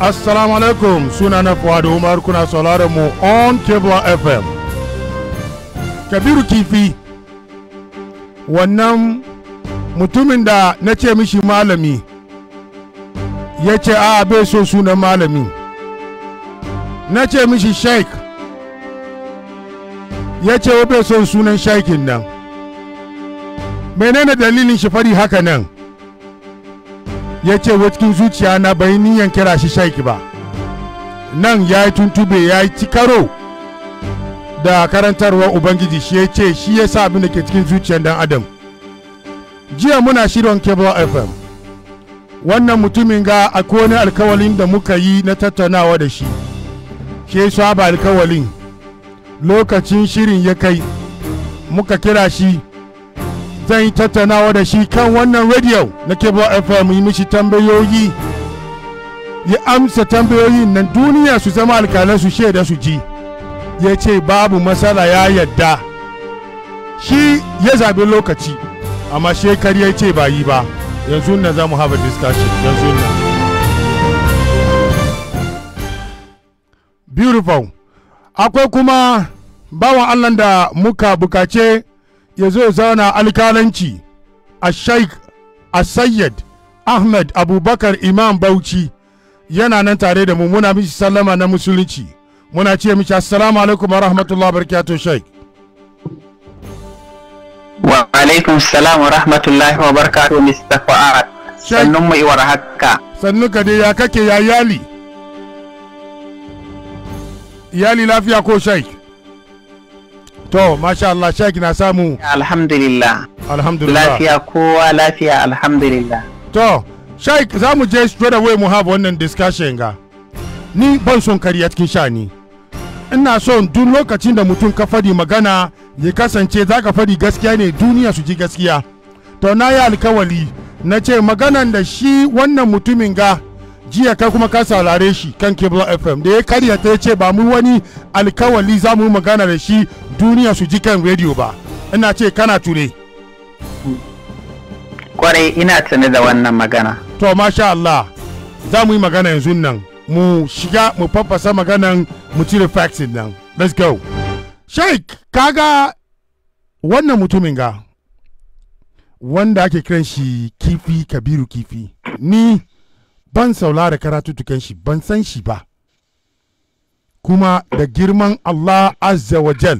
Assalamu alaikum suna na Fuad Umar kuna sauraron mu on Kebwa FM. Kabiru Kifi wannan mutumin da na ce mishi malami ya ce a bai so sunan malami na ce mishi sheik ya ce bai so sunan shaikin nan menene dalilin shi fari haka nan ya ce cikin zuciya na bai niyan kira shi shaiki ba nan ya yi tuntube ya yi ci karo da karantarwar ubangiji shi ya ce shi ya sa abin da ke cikin zuciyar dan adam jiya muna shirin cable fm wannan mutumin ga akwai wani alkawalin da muka yi na tattaunawa da shi shi saba alkawalin lokacin shirin ya kai muka kira shi zan yi tattaunawa da shi kan wannan radio na kebo fm yi mishi tambayoyi ya amsa tambayoyi nan duniya su zama alkalan su shaida su ji ya ce babu masala ya yadda shi ya zabi lokaci amma shekari ya ce ba yi ba yanzu nan za mu haɓa discussion yanzu nan beautiful akwai kuma bawan allah da muka bukace ya zo ya zauna alkalanci a sheikh a Sayyad ahmed abubakar imam bauchi yana nan tare da mu muna mishi sallama na musulunci muna ce mishi assalamu alaikum wa rahmatullahi barakatuh sheikh wa alaikum salam wa rahmatullahi wa barakatuh mr fa'ad sannun mu iwar haka sannu ka dai ya kake ya yali iyali lafiya ko sheikh to masha Allah shaki na samu alhamdulillah alhamdulillah lafiya kowa lafiya alhamdulillah to shaik za mu je straight away mu have wannan discussion ga ni ban son kariya cikin ni. ina son duk lokacin da mutum ka fadi magana ya kasance za ka fadi gaskiya ne duniya su ji gaskiya to na yi alkawali na ce maganan da shi wannan mutumin ga jiya kai kuma ka saurare shi kan cable fm da ya karya ta ce ba mu wani alkawali za mu magana da shi duniya su ji kan radio ba ina ce kana ture kwarai ina tuni da wannan magana to masha Allah za mu yi magana yanzu nan mu shiga mu faffasa maganan mu cire faxin nan let's go sheik kaga wannan mutumin ga wanda ake kiran shi kifi kabiru kifi ni ban saulara karatutukan shi ban san shi ba kuma da girman Allah azza wa jal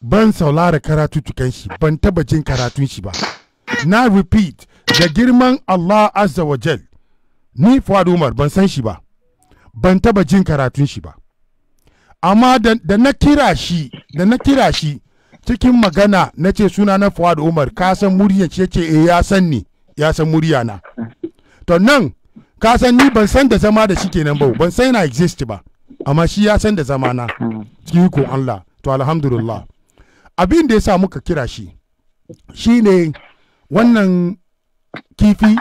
ban saulara karatutukan shi ban taba jin karatun shi ba na repeat da girman Allah azza wa jal ni Fuad Umar ban san shi ba ban taba jin karatun shi ba amma da na kira shi da na kira shi cikin magana na ce suna na Fuad Umar ka san muryar ce ce eh ya san ni ya san murya na to nan ka san ni ban san da zama da shi kenan ba ban san yana exist ba amma shi ya san da zama na cikin ko Allah to alhamdulillah abin da ya sa muka kira shi shine wannan kifi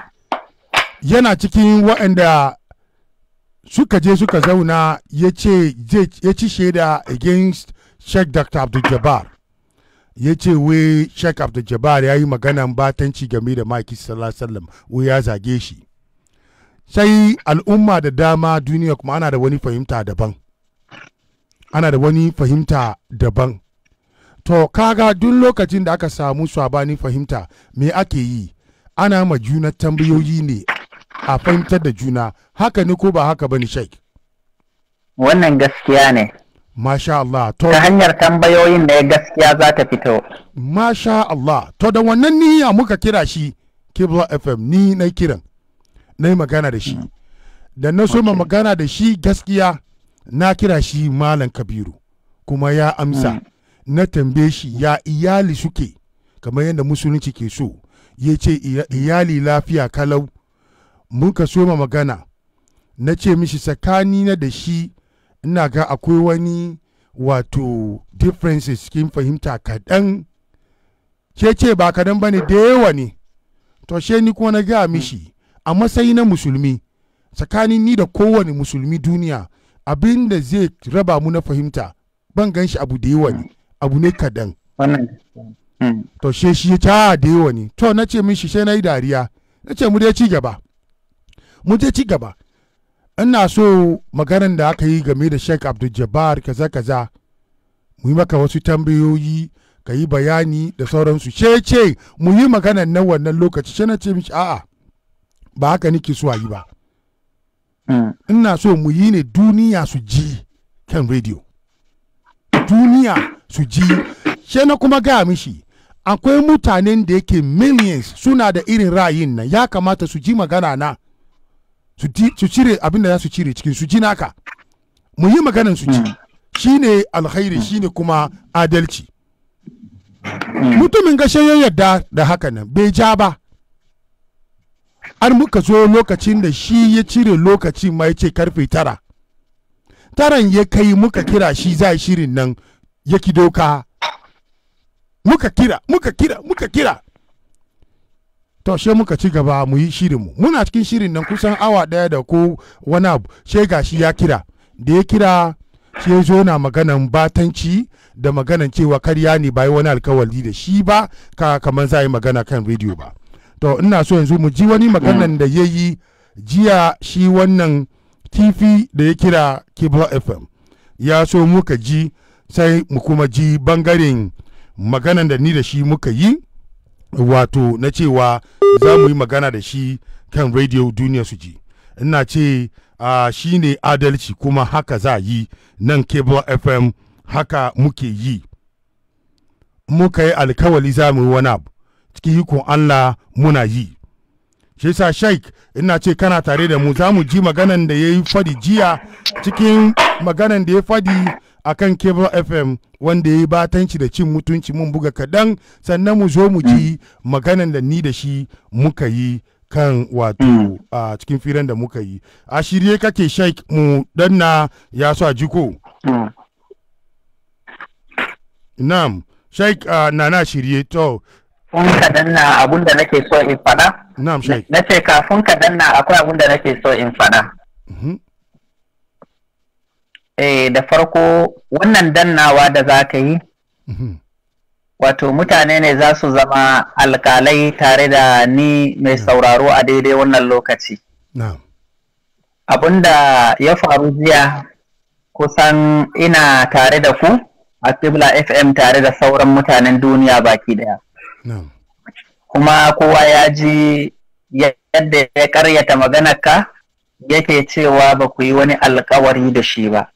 yana cikin waɗanda suka je suka zauna ya ce ya ci shaida against Sheikh Dr. Abdul Jabbar ya ce wai Sheikh Abdul Jabbar ya yi maganan batanci game da Maki sallallahu alaihi wasallam ya zage shi sai al'umma da dama duniya kuma ana da wani fahimta daban ana da wani fahimta daban to kaga duk lokacin da aka samu swabani fahimta me ake yi ana ma juna tambayoyi ne a fahimtar da juna haka ne ko ba haka ba ni wannan gaskiya ne Masha Allah. To, ta hanyar tambayoyin da ya gaskiya za ta fito. Masha Allah. To, da wannan niyya muka kira shi, Kibla FM, ni na kiran. na yi magana da shi mm. da na so ma magana da shi gaskiya na kira shi malam kabiru kuma ya amsa mm. na tambaye shi ya iyali suke kamar yadda musulunci ke so ya ce iyali lafiya kalau muka so ma magana na ce mishi tsakani na da shi ina ga akwai wani wato differences kin fahimta kaɗan ce ce ba kaɗan ba ne da yawa ne to she ni kuma na gaya mishi a matsayi na musulmi tsakanin ni da kowane musulmi duniya abin da zai raba mu na fahimta ban gan shi abu da yawa ne abu ne kadan hmm. to she shi ta da yawa ne to na ce min shi sai na yi dariya na ce mu dai ci gaba mu dai ci gaba ina so maganar da aka yi game da sheik abdul jabbar kaza kaza mu yi maka wasu tambayoyi ka yi bayani da sauransu she ce mu yi maganar na wannan lokaci shi na ce shi a'a ba haka nake so a ba hmm. ina so mu yi ne duniya su ji kan rediyo duniya su ji she na kuma gaya mishi akwai mutanen da yake millions suna da irin ra'ayin nan ya kamata su ji magana na su cire abin da za su cire cikin su ji naka mu yi maganan su ji hmm. shine alkhairi hmm. shine kuma adalci mutumin gashe ya yarda da haka nan bai ja ba har muka zo lokacin da shi ya cire lokaci ma ya karfe tara taran ya kai muka kira shi za shirin nan ya ki doka muka kira muka kira muka kira to she muka ci gaba mu yi shirin mu muna cikin shirin nan kusan awa daya da ko wani abu she gashi ya kira da ya kira shi ya zo na maganan batanci da maganan cewa karya ne ba wani alkawari da shi ba ka kamar za yi magana kan rediyo ba to ina so yanzu mu ji wani maganan mm. da ya yi jiya shi wannan kifi da ya kira kibla fm ya so muka ji sai mu kuma ji bangaren maganan da ni da shi muka yi wato na cewa za mu yi magana da shi kan radio duniya su ji ina ce uh, shi ne adalci kuma haka za yi nan kebo fm haka muke yi muka yi alkawali za mu yi wani abu cikin ikon Allah muna yi shi sa ina ce kana tare da mu za mu ji maganan da ya yi fadi jiya cikin maganan da ya fadi a kan cable fm wanda ya yi batanci da cin mutunci mun buga kaɗan sannan mu zo mu ji maganan da ni da shi muka yi kan wato a cikin firan da muka yi a shirye kake sheik mu danna ya sa jiko nam sheik na na shirye to kun ka danna abun da nake so in fada? Na'am Sheikh. Na ce kafin ka danna akwai abun da nake so in fada. Mm-hmm. Eh da farko wannan dannawa da za ka yi mm-hmm. wato mutane ne za su zama alkalai tare da ni mai sauraro a daidai wannan lokaci. Abun da ya faru jiya kusan ina tare da ku a Fibla FM tare da sauran mutanen duniya baki daya. kuma kowa ya ji yadda ya karyata maganarka yake cewa ba ku yi wani alkawari da shi ba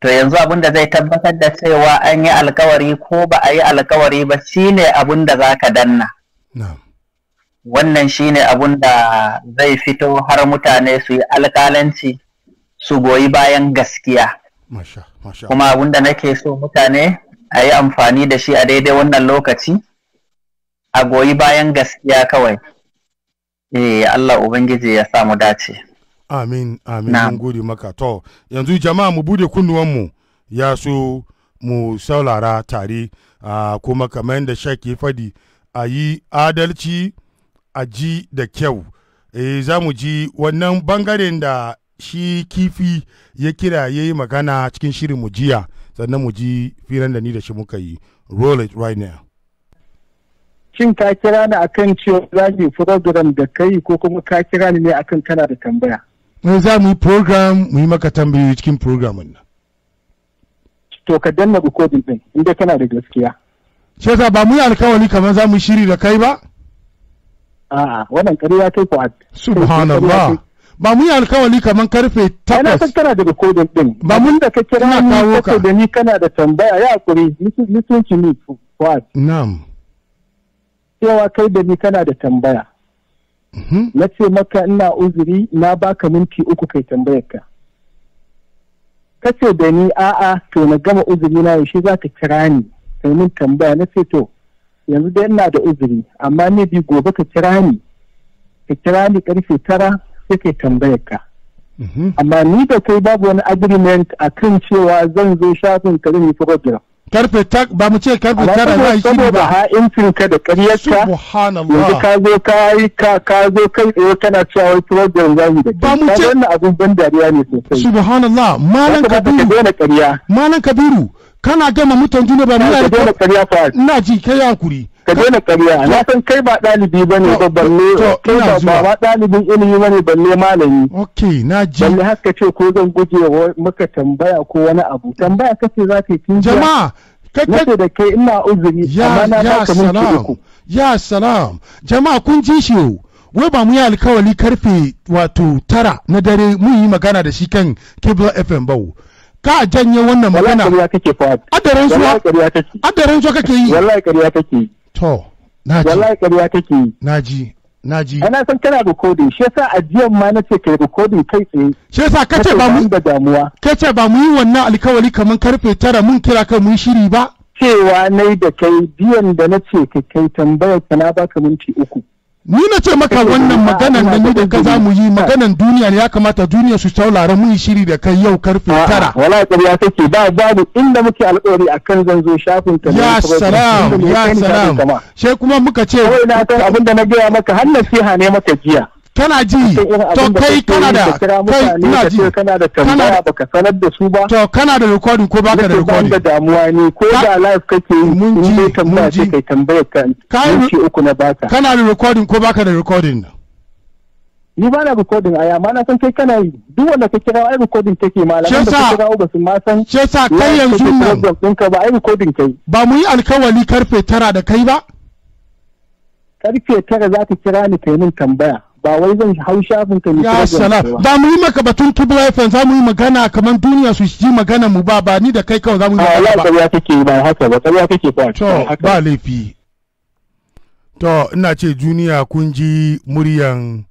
to yanzu abin da zai tabbatar da cewa an yi alkawari ko ba a yi alkawari ba shine abin da za ka danna wannan shine abin da zai fito har mutane su yi alkalanci su goyi bayan gaskiya kuma abin da nake so mutane a yi amfani da shi a daidai wannan lokaci a goyi bayan gaskiya kawai eh Allah ubangiji ya sa mu dace amin amin mun gode maka to yanzu jama'a mu bude kunnuwan mu ya so mu saulara tare uh, kuma kamar yadda shaki fadi a yi adalci a ji da kyau eh za mu ji wannan bangaren da shi kifi ya kira ya yi magana cikin shirin mu jiya sannan mu ji firan da ni da shi muka yi roll it right now shin ka kira ni akan cewa za ki yi program da kai ko kuma ka kira ni ne akan kana da tambaya mun za mu yi program mu yi maka tambayoyi cikin program nan to ka danna recording din inda kana da gaskiya shi ba mu yi alkawari kamar za mu shiri da kai ba a'a wannan ƙarya kai ku ko subhanallah ba mu yi alkawali kamar karfe takwas. Yana kana da rikodin din. Ba mun da ka kira ni da ni kana da tambaya ya hakuri mutunci ni Fuad. Na'am. cewa kai da ni kana da tambaya mhm. na ce maka ina uzuri na baka minti uku kai tambayar ka ce da ni a'a to na gama uzuri na yaushe za ka kira ni kai min tambaya na ce to yanzu dai ina da uzuri amma ne bi gobe ka kira ni ka kira ni karfe tara sai kai tambayar ka mhm. amma ni da kai babu wani agreement kan cewa zan zo shafin ka zan program karfe tak ba mu ce karfe tara za a yi shiri ba ha'incin ka da ƙaryarka yanzu ka zo ka yi ka ka zo kai tsaye kana cewa wai program za mu da ba mu ce wannan abun ban dariya ne sosai subhanallah malam kabiru malam kabiru kana gama mutan juna ba mu yi na ji kai hakuri ka daina karya na san kai ba ɗalibi ba ne ba balle kai ba ba ɗalibin ilimi ba ne balle malami ok na ji balle haka ce ko zan guje maka tambaya ko wani abu tambaya kace za ka yi tun jama'a kake da kai ina uzuri amma na ba ka mun ya salam jama'a kun ji shi yau wai ba mu yi alkawali karfe wato tara na dare mun yi magana da shi kan kibla fm ba. ka janye wannan magana adaren su adaran su kake yi wallahi kariya kake yi To, naji. Wallahi ƙarya take yi. Naji, naji. Ana san kana rikodin, shi yasa ajiyan ma nace kai rikodin kai tsaye. Shi yasa kace ba mu da damuwa. Kace ba mu yi wannan alkawari kaman karfe tara mun kira kan mun shiri ba. Cewa nai da kai biyan da nace ka kai tambayar sana na baka minti uku. ni na ce maka wannan maganan ni da ka za mu yi maganan duniya ne ya kamata duniya su saurara mu yi shiri da kai yau karfe tara wala ƙarya take ba babu inda muke alƙawari akan zan zo shafin ka ya salam ya salam Shai kuma muka ce kawai na kan abin na gaya maka har nasiha ne maka jiya kana ji to kai kanada da kai kana ji kana da tambaya baka sanar da su ba to kana da recording ko baka da recording da damuwa ne ko da live kake yi mun ji mun ji kai tambayar ka kai uku na baka kana da recording ko baka da recording ni ba na recording aya ma na san kai kana yi duk wanda ka kira ai recording take malaman da ka kira ba su ma san shi yasa kai yanzu nan ba ai recording kai ba mu yi alkawali karfe tara da kai ba karfe tara za ka kira ni kai min tambaya ba wai zan hau shafin ka ne ya sana ba mu yi maka batun tubula fm za mu yi magana kamar duniya su ji magana mu ba ba ni da kai kawai za mu yi magana ba Allah kake ba haka ba tsariya kake ba to ba laifi to ina ce duniya kun ji muryan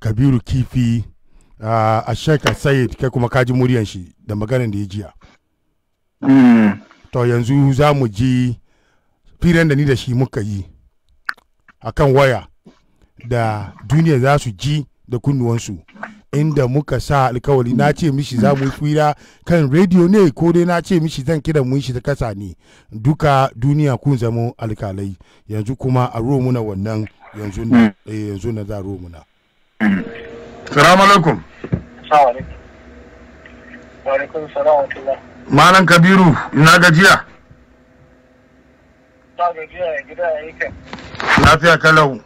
Kabiru Kifi uh, a Sheikh Sayid kai kuma kaji muryan shi da maganar da ya jiya mm. to yanzu za mu ji firan da ni da shi muka yi akan waya da duniya za su ji da kunnuwansu inda muka sa alkawari na ce mishi za mu yi kan rediyo ne ko dai na ce mishi zan kira mun shi ta kasa ne duka duniya kun zama alkalai yanzu kuma a romuna wannan yanzu na eh, yanzu na za romuna salamu alaikum malam kabiru ina gajiya na gajiya gida ya yi kan lafiya kalau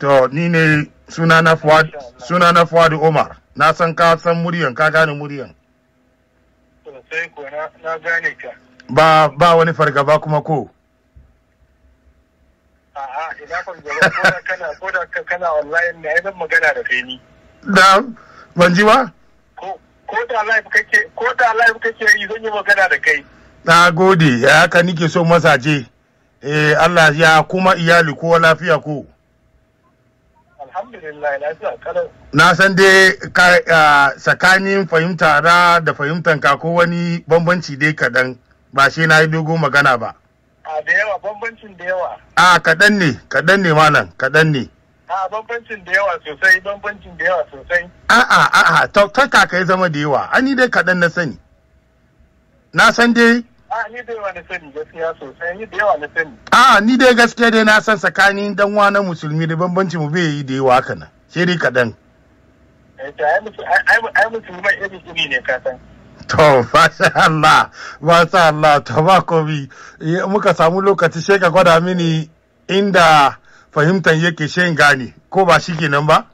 To ni ne suna Fuad sunana Fuad Umar. Na san ka san muryan ka gane muryan. ko na gane ka. Ba ba wani fargaba kuma ko. A'a ina fargaba ko da kana ko da kana online ne idan magana da kai ni. Da ban ji ba? Ko ko da live kake ko da live kake yi zan yi magana da kai. Na gode, ya haka nike so masaje. Eh Allah ya kuma iyali kowa lafiya ko. Na san dai tsakanin fahimta da da fahimtan ka ko wani bambanci dai kaɗan ba shi na yi dogo magana ba. A da yawa bambancin da yawa. A kaɗan ne kaɗan ne malam kaɗan ne. A bambancin da yawa sosai bambancin da yawa sosai. A'a a'a ta kaka ya zama da yawa ani dai kaɗan na sani. Na san dai A ni da yawa na sani gaskiya sosai ni da yawa na sani. A ni dai gaskiya dai na san tsakanin dan na musulmi da bambanci mu bai yi da yawa haka nan. Sai dai kaɗan. Eh, ai musulman iri iri ne ka san. To, masha Allah, masha Allah, to ba komi, eh, muka samu lokaci sai ka gwada mini inda fahimtan yake shayin gane, ko ba shi ke nan ba?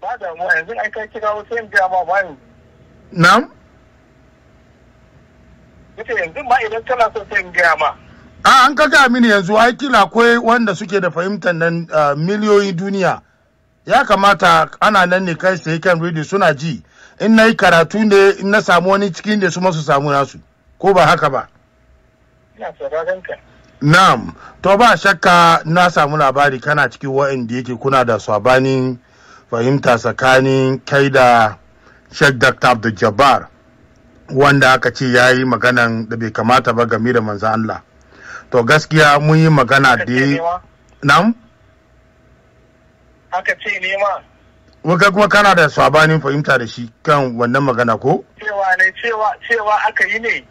Ba damuwa yanzu an kai kira wasu yin biya ba bayan. Na'am? yace yanzu ma idan kana son sai in gaya ma a an kaga mini yanzu ai kila akwai wanda suke da fahimtar nan miliyoyin duniya ya kamata ana nan ne kai sai kan radio suna ji in na yi karatu ne in na samu wani cikin da su masu samu nasu ko ba haka ba na'am to ba shakka na samu labari kana cikin wa'anda yake kuna da sabanin fahimta tsakanin kai da Sheikh Dr. Abdul Jabbar wanda aka ce ya yi maganan da bai kamata ba game da manzan Allah to gaskiya mun yi magana da ya nan? aka ce ne ma waka kuma kana da sabanin fahimta da shi kan wannan magana ko? cewa ne cewa cewa aka yi ne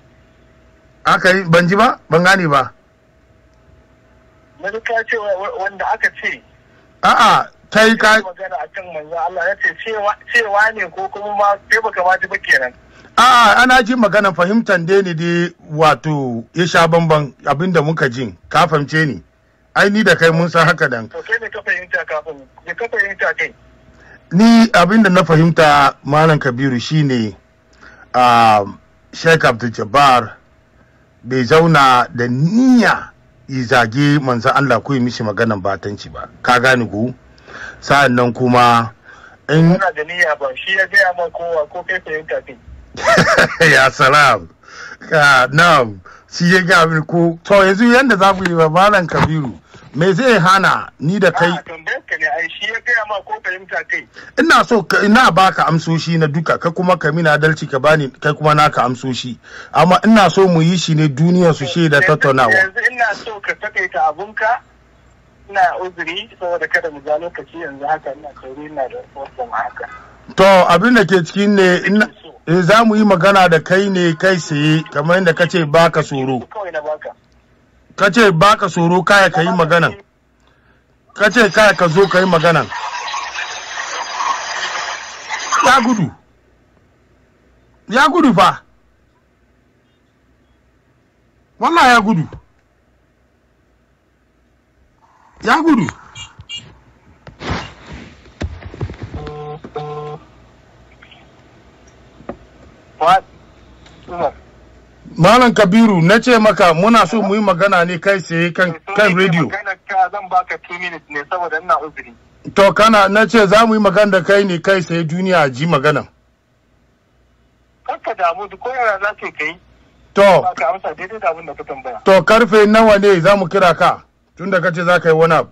aka yi ban ji ba ban gane ba ka cewa wanda aka ce a'a ta yi ka magana akan manzo Allah ya ce cewa ne ko kuma ma sai baka ba ji ba kenan A'a ana ji magana fahimtar dai ne dai wato ya sha bamban abinda muka jin ka fahimce ni. Ai ni da kai mun san haka dan. To kai ne ka fahimta kafin ne ka fahimta kai. Ni abinda na fahimta Malam Kabiru shine a Sheikh Abdul Jabbar bai zauna da niyya ya zage manzo Allah ku yi mishi maganan batanci ba. Ka gane ku? Sa'an nan kuma in yana da niyya ba shi ya gaya man kowa ko kai fahimta kai. ya salam na shi ya ga abin ko to yanzu yanda za ku yi ba malam kabiru me zai hana ni da kai ina so ina baka amsoshi na duka ka kuma ka mina adalci ka bani kai kuma naka amsoshi amma ina so mu yi shi ne duniyar su shaida tattaunawa yanzu ina so ka takaita abunka ina uzuri saboda kada mu ja lokaci yanzu haka ina sauri ina da wasu haka to abin da ke cikin ne ina Eh za mu yi magana da kai ne kai tsaye kamar yadda ka ce ba ka tsoro. Ka ce ba ka tsoro kaya ka yi magana. Ka ce kaya ka zo ka yi magana. Ya gudu. Ya gudu fa. wannan ya gudu. Ya gudu. Malam Kabiru na ce maka muna so mu yi magana ne kai sai kan eh, kan radio. zan baka 2 minutes ne saboda ina uzuri. To kana na ce za mu yi magana da kai ne kai sai duniya ji magana. Kakka damu ko yara za ke kai. To. ka amsa daidai da abin da ka tambaya. To karfe nawa ne za mu kira ka tunda ka ce za ka yi wani abu.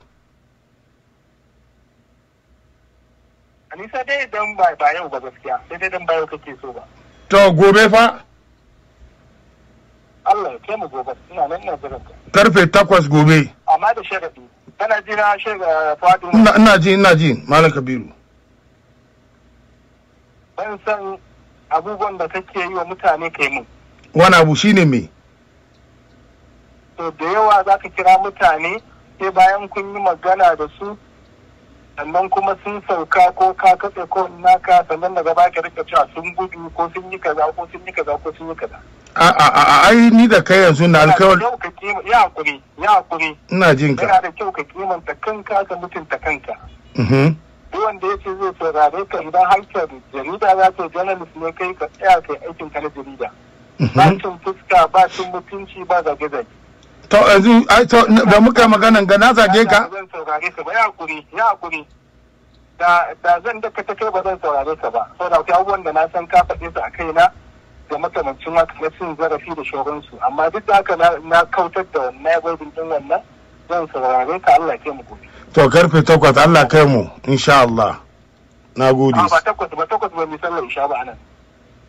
Anisa dai dan ba yau ba gaskiya dai dan ba yau kake so ba. to gobe fa Allah ya kai mu gobe ina nan na jiran karfe takwas gobe amma da sharadi kana ji na shaida fadu ina ina ji ina ji malam kabiru ban san abubuwan da kake yi wa mutane kai mu wani abu shine me to da yawa zaka kira mutane sai bayan kun yi magana da su sannan kuma sun sauka ko ka katse ko ka sannan daga ba ka rika cewa sun gudu ko sun yi kaza ko sun yi kaza ko sun yi kaza. A a a ai ni da kai yanzu na alkawar. Ya kuri ya kuri. Ina jin ka. Yana da kyau ka kimanta kanka ka mutunta kanka. Mhm. Duk wanda ya ce zai saurare ka idan hankali, jarida za ta journalist ne kai ka tsaya kai aikin ka na jarida. Mhm. Ba cin fuska ba cin mutunci ba zage-zage. To yanzu ai to da muka maganan ga na zage ka. Zan saurare ka ba ya hakuri ya hakuri. Da da zan daka ta kai ba zan saurare ka ba. Saboda akwai abubuwan da na san ka faɗe su a kaina da makamancin haka na cin zarafi da shoransu amma duk da haka na kautar da na yi gurbin din wannan zan saurare ka Allah ke mu gobe. To karfe takwas Allah kai mu insha Allah. Na gode. Ba takwas ba takwas ba misalin isha ba anan.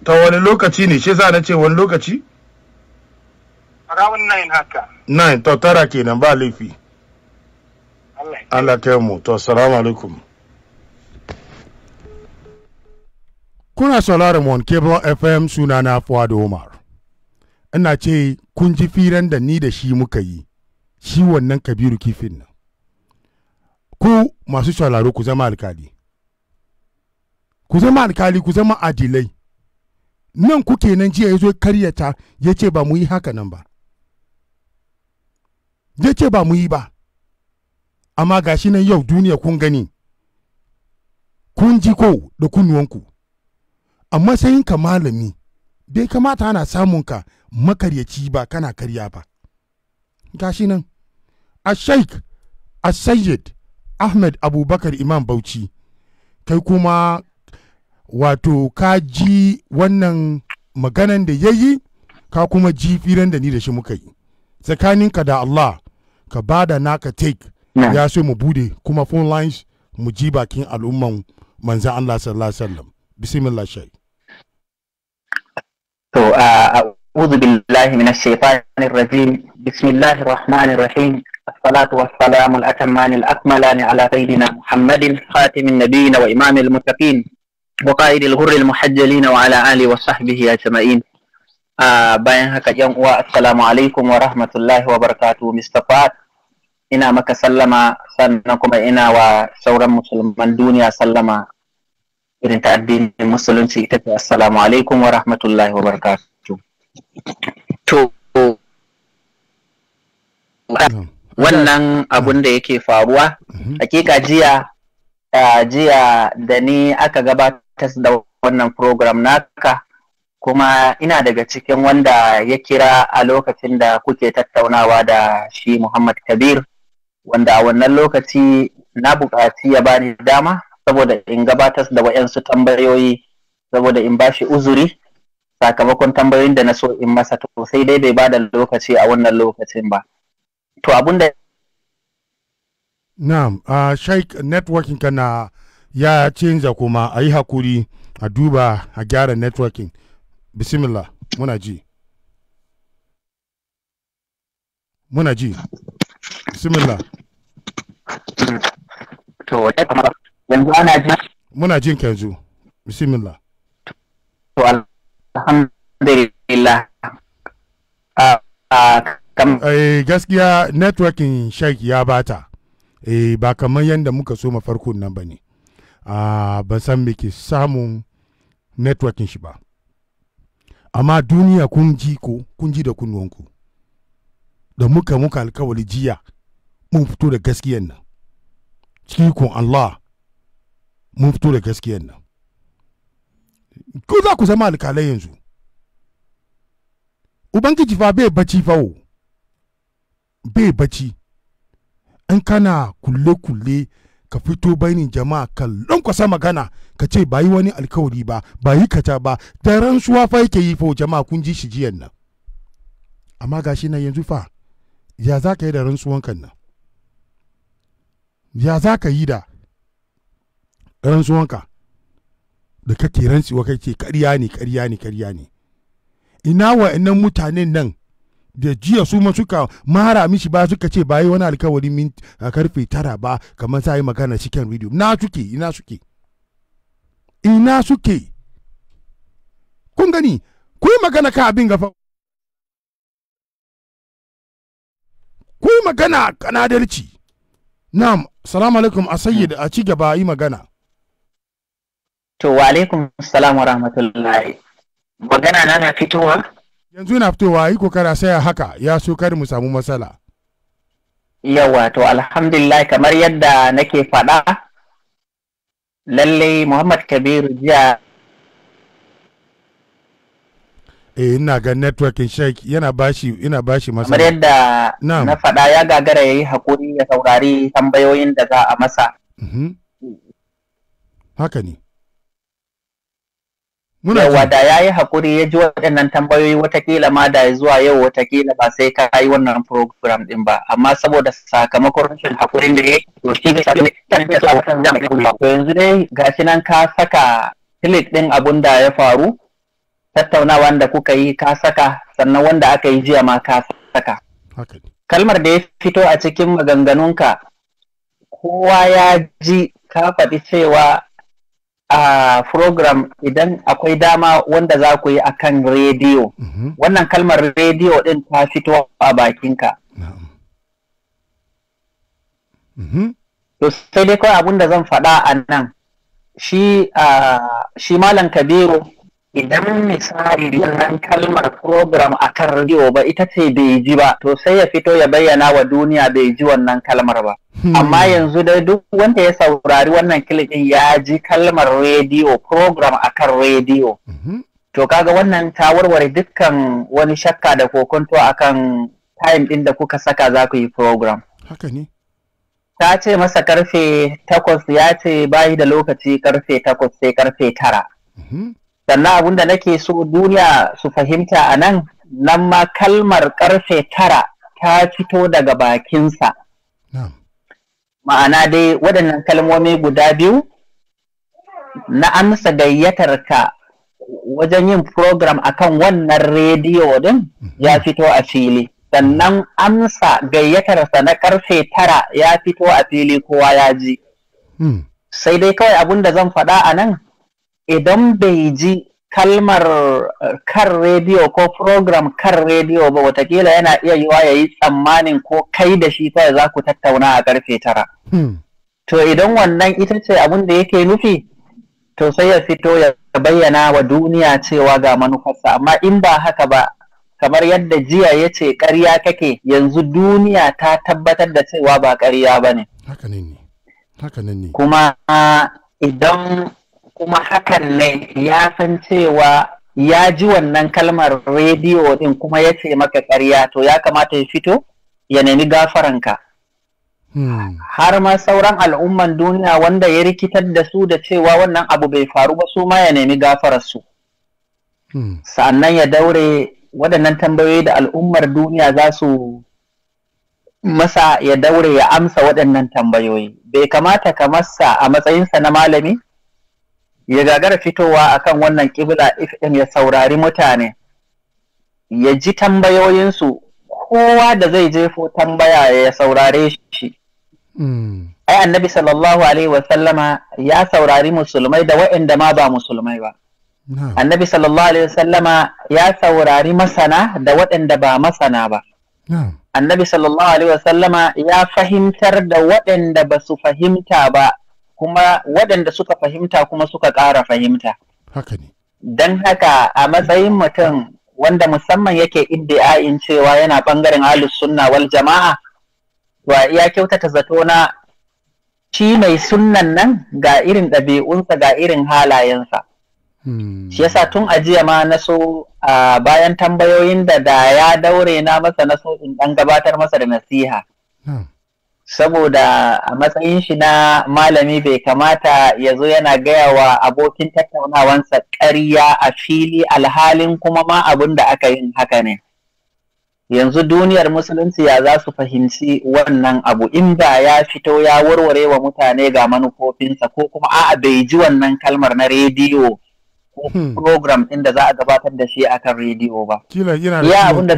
Ta wani lokaci ne shi sa na ce wani lokaci? Around nine haka. 9 to tara kenan ba laifi Allah kai mu to salamu alaikum kuna sauraron mon cable fm suna na fuad omar ina ce kun ji firan da ni da shi muka yi shi wannan kabiru kifin nan ku masu sauraro ku zama alkali ku zama alkali ku zama adilai nan kuke nan jiya ya zo karyata ya ce ba mu yi haka nan ba zai ce ba mu yi ba amma gashi nan yau duniya kun gani kun ji ko da kunnuwanku a ka malami bai kamata ana samun ka makaryaci ba kana karya ba gashi nan a sheik a sayyid ahmed abubakar imam bauchi kai kuma wato ka ji wannan maganan da ya yi ka kuma ji firan da ni da shi muka yi tsakaninka da allah ka ba da naka take ya so mu bude kuma phone lines mu ji bakin al'umman manzan Allah sallallahu alaihi wasallam bismillah shay to a'udhu billahi minash shaitanir rajim bismillahir rahmanir rahim الصلاة والسلام الأتمان الأكملان على سيدنا محمد خاتم النبيين وإمام المتقين وقائد الغر المحجلين وعلى آله وصحبه أجمعين a ah, bayan haka yan uwa assalamu alaikum wa rahmatullahi wa barakatu Mr. Fat ina maka sallama sannan kuma ina wa sauran musulman duniya sallama irin ta addinin musulunci ita ce assalamu alaikum wa rahmatullahi wa barakatu wannan abun da yake faruwa mhm. hakika jiya ah, jiya da ni aka gabatar da wannan program naka kuma ina daga cikin wanda ya kira a lokacin da kuke tattaunawa da shi Muhammad Kabir wanda a wannan lokaci na buƙaci ya bani dama saboda in gabatar da wayansu tambayoyi saboda in bashi uzuri sakamakon tambayoyin da na so in masa to sai dai bai bada lokaci a wannan lokacin ba to abun da na'am uh, Sheikh networking kana ya canza kuma a yi hakuri a duba a gyara networking bismillah muna ji muna ji bismillah to yanzu ana ji muna jin ka yanzu bismillah to alhamdulillah eh gaskiya networking shake ya bata eh ba kamar yadda muka so mafarkon nan ne a ah, ban san me ke samun networking shi ba amma duniya kun ji ko kun ji da kunnuwanku da muka muka alkawali jiya mun fito da gaskiyan nan cikon Allah mun fito da gaskiyan nan ko za ku zama alkalai yanzu ubangiji fa bai bacci fa o bai bacci an kana kulle-kulle ka fito bainin jama'a ka lankwasa magana ka ce ba yi wani alkawari ba ba yi kaca ba da rantsuwa fa yake yi fa jama'a kun ji shi jiyan nan amma gashi nan yanzu fa ya za ka yi da rantsuwan kan nan ya za ka yi da rantsuwanka da kake rantsuwa kake karya ne karya ne karya ne ina wa'annan mutanen nan da jiya su ma suka mara mishi ba suka ce ba yi wani alkawari min karfe tara ba kamar sa yi magana cikin rediyo na suke ina suke ina suke kun gani ku yi magana ka abin gafa ku yi magana kanadarci na'am salamu alaikum a sayyada, a ci gaba yi magana to wa alaikum salamu rahmatullahi magana na na fitowa yanzu yana fitowa yi kokara saya haka ya so kar mu samu matsala yawa to alhamdulillah kamar yadda nake faɗa lalle muhammad kabir jiya eh ina ga networking shek yana bashi ina bashi masa kamar yadda na faɗa ya gagara yayi hakuri ya saurari tambayoyin da za a masa mm-hmm. haka ne yawa da ya yi haƙuri ya ji waɗannan tambayoyi watakila ma da zuwa yau watakila ba sai ka yi wannan program ɗin ba amma saboda sakamakon rashin haƙurin da ya yi to shi ga sakamakon yanzu dai nan ka saka clip ɗin abun da ya faru tattaunawa da kuka yi ka saka sannan wanda aka yi jiya ma ka saka kalmar da ya fito a cikin maganganunka kowa ya ji ka faɗi cewa a program idan akwai dama wanda za ku yi a kan rediyo mhm. wannan kalmar rediyo din ta fito a bakinka mhm. to sai dai kawai abin da zan faɗa a nan shi malam kabiru idan misali wannan kalmar program a kan radio ba ita ce bai ji ba to sai ya fito ya bayyana wa duniya bai ji wannan kalmar ba hmm. amma yanzu dai duk wanda ya saurari wannan kilifin ya ji kalmar radio program a kan radio mm-hmm. to kaga wannan ta warware dukkan wani shakka da kokonto a kan time ɗin da kuka saka za ku yi program haka ne ta ce masa karfe takwas ya ce bayi da lokaci karfe takwas sai karfe tara mm-hmm. sannan abin da nake so duniya su fahimta a nan nan ma kalmar karfe tara ta fito daga bakinsa ma'ana dai waɗannan kalmomi guda biyu na amsa gayyatar ka wajen yin program akan wannan rediyo din ya mhm. fito a fili sannan amsa gayyatarsa na karfe tara ya fito a fili kowa ya ji hmm. sai dai kawai abin da zan faɗa a nan idan bai ji kalmar kan rediyo ko program kan rediyo ba watakila yana iya yiwa ya yi tsammanin ko kai da shi fa za ku tattauna a karfe tara. To idan wannan ita ce abin da yake nufi, to sai ya fito ya bayyana wa duniya cewa ga manufarsa, amma in ba haka ba, kamar yadda jiya ya ce ƙarya kake yanzu duniya ta tabbatar da cewa ba ƙarya ba ne. Kuma idan kuma hakan ne ya san cewa ya ji wannan kalmar rediyo din kuma ya ce maka karya to ya kamata ya fito ya nemi gafaranka hmm. har ma sauran al'umman duniya wanda ya rikitar da su da cewa wannan abu bai faru ba su ma ya nemi gafararsu hmm. sannan ya daure waɗannan tambayoyi da al'ummar duniya za su masa ya daure ya amsa waɗannan tambayoyi bai kamata ka masa a matsayinsa na malami ya gagara fitowa akan wannan kibla FM ya saurari mutane ya ji tambayoyinsu kowa da zai jefo tambaya ya saurare shi hmm. ai annabi sallallahu alaihi wasallama ya saurari musulmai da waɗanda ma ba musulmai ba annabi sallallahu alaihi wasallama ya saurari masana da waɗanda ba masana ba annabi sallallahu alaihi wasallama ya fahimtar da waɗanda ba su fahimta ba kuma waɗanda suka fahimta kuma suka ƙara fahimta. Haka ne. Don haka a matsayin mutum wanda musamman yake iddi'ayin cewa yana ɓangaren alis sunna wal jama'a, wa iya kyautata zato na shi mai sunnan nan ga irin ɗabi'unsa ga irin halayensa. Hmm. Shi yasa tun ajiya ma na so a bayan tambayoyin da da ya daure na masa na so in ɗan gabatar masa da nasiha. saboda a matsayin shi na malami bai kamata ya zo yana gaya wa abokin tattaunawansa ƙarya a fili alhalin kuma ma abin da aka yin haka ne yanzu duniyar musulunci ya za su fahimci wannan abu in ba ya fito ya warware wa mutane ga manufofinsa ko kuma a'a bai ji wannan kalmar na rediyo ko hmm. program inda za a gabatar da shi akan rediyo ba. Ya abin da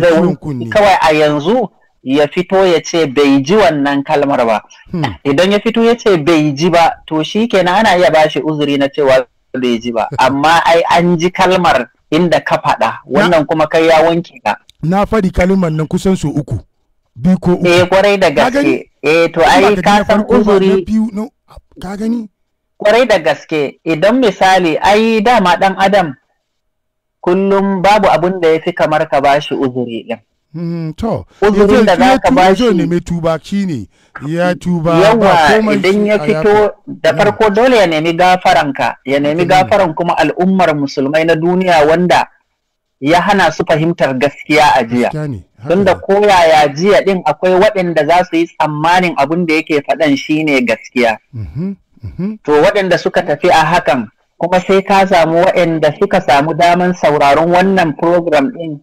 kawai a yanzu ya fito ya ce bai ji wannan kalmar ba hmm. idan ya fito ya ce bai ji ba to shi kenan ana iya bashi uzuri na cewa bai ji ba amma ai an ji kalmar inda ka faɗa wannan kuma kai ya wanke ka na faɗi kalmar nan kusan su uku Bi ko uku eh kwarai da gaske eh to ai ka san uzuri ka gani kwarai da gaske idan misali ai dama ɗan adam kullum babu abin da ya fi kamar ka bashi uzuri ɗin. Hmm, to da za ka ba shi ne mai tuba shi ne ya tuba yawa idan ya fito da hmm. farko dole ya nemi gafaranka ya nemi hmm. gafaran kuma al'ummar musulmai na duniya wanda ya hana su fahimtar gaskiya a jiya tunda koyaya jiya din akwai waɗanda za su yi tsammanin abin da yake faɗan shine gaskiya mm-hmm, mm-hmm. to waɗanda suka tafi a hakan kuma sai ka samu waɗanda suka samu daman sauraron wannan program ɗin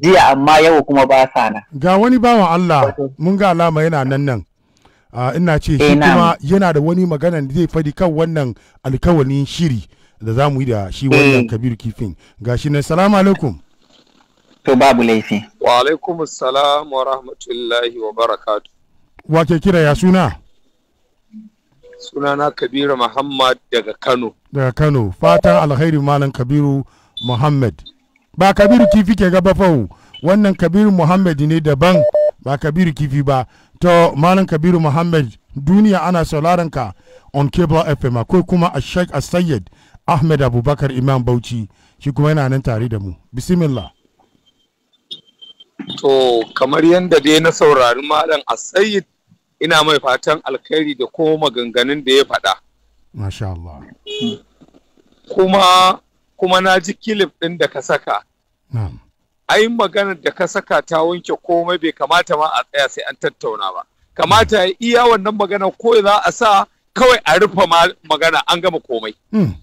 jiya amma yau kuma ba sa na. Ga wani bawan Allah mun ga alama yana nan nan. ina ce shi eh, kuma yana da wani magana da zai fadi kan wannan alkawalin shiri da za mu yi da shi wannan eh. kabir kifin ga shi na salamu alaikum to babu laifi wa alaikum salam wa rahmatullahi wa barakatu wa ke kira ya suna sunana kabiru muhammad daga kano daga kano fatan alkhairi malam kabiru muhammad ba kabiru kifi ke gaba fawo wannan kabiru muhammad ne daban ba kabiru kifi ba to malam kabiru muhammad duniya ana sauraron ka on cable fm akwai kuma a sheikh asayyad ahmed abubakar imam bauchi shi kuma yana nan tare da mu bismillah to kamar yadda dai na saurari malam asayid ina mai fatan alkhairi da ko maganganun da ya faɗa. Kuma kuma na ji kilif ɗin da ka saka. Ai maganar da ka saka ta wanke komai bai kamata ma a tsaya sai an tattauna ba. Kamata ya iya wannan magana ko za a sa kawai a rufe magana an gama komai. Hmm.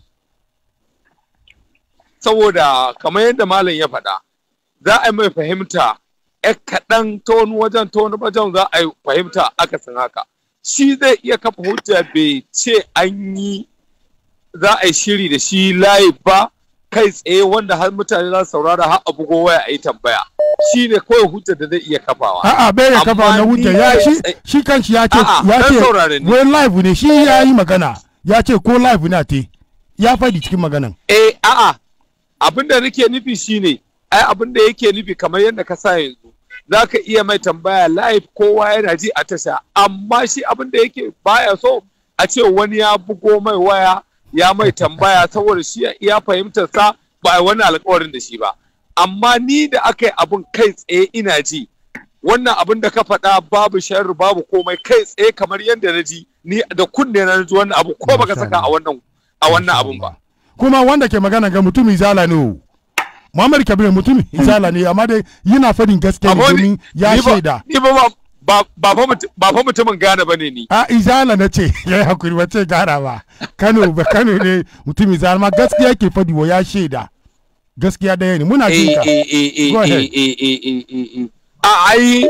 Saboda kamar yadda malam ya faɗa, za a yi mai fahimta ya kaɗan ta wani wajen ta wani wajen za a yi fahimta aka san haka. Shi zai iya kafa hujja bai ce an yi za a yi shiri da shi layi ba kai tsaye wanda har mutane za su saurara har abu go waya ayi yi tambaya shi ne kawai hujjar da zai iya kafawa a bai da kafa na hujja ya shi shi kanshi ya ce ya ce wai live ne shi ya yi magana ya ce ko live na te ya faɗi cikin maganan eh a'a abin da nake nufi shine ai abin da yake nufi kamar yadda ka sa yanzu za ka iya mai tambaya live kowa yana ji a tasha amma shi abin da yake baya so a ce wani ya bugo mai waya ya mai tambaya saboda shi ya fahimtar sa ba a wani alkawarin da shi ba amma ni da aka yi abin kai tsaye ina ji wannan abin da ka faɗa babu shayar babu komai kai tsaye kamar yadda na ji ni da kunne na ji wannan abu ko baka saka a wannan a wannan abun ba kuma wanda ke magana ga mutumin zala ne Muhammad Kabir mutumin zala ne amma dai yana fadin gaskiya domin ya shaida ni ba ba fa mutumin Ghana ne ni. A ah, izala na ce ya yi hakuri wace Ghana ba. Kano ba Kano ne mutum izala ma gaskiya ke fadi wa ya shaida. Gaskiya ɗaya ne muna jin ka. A ai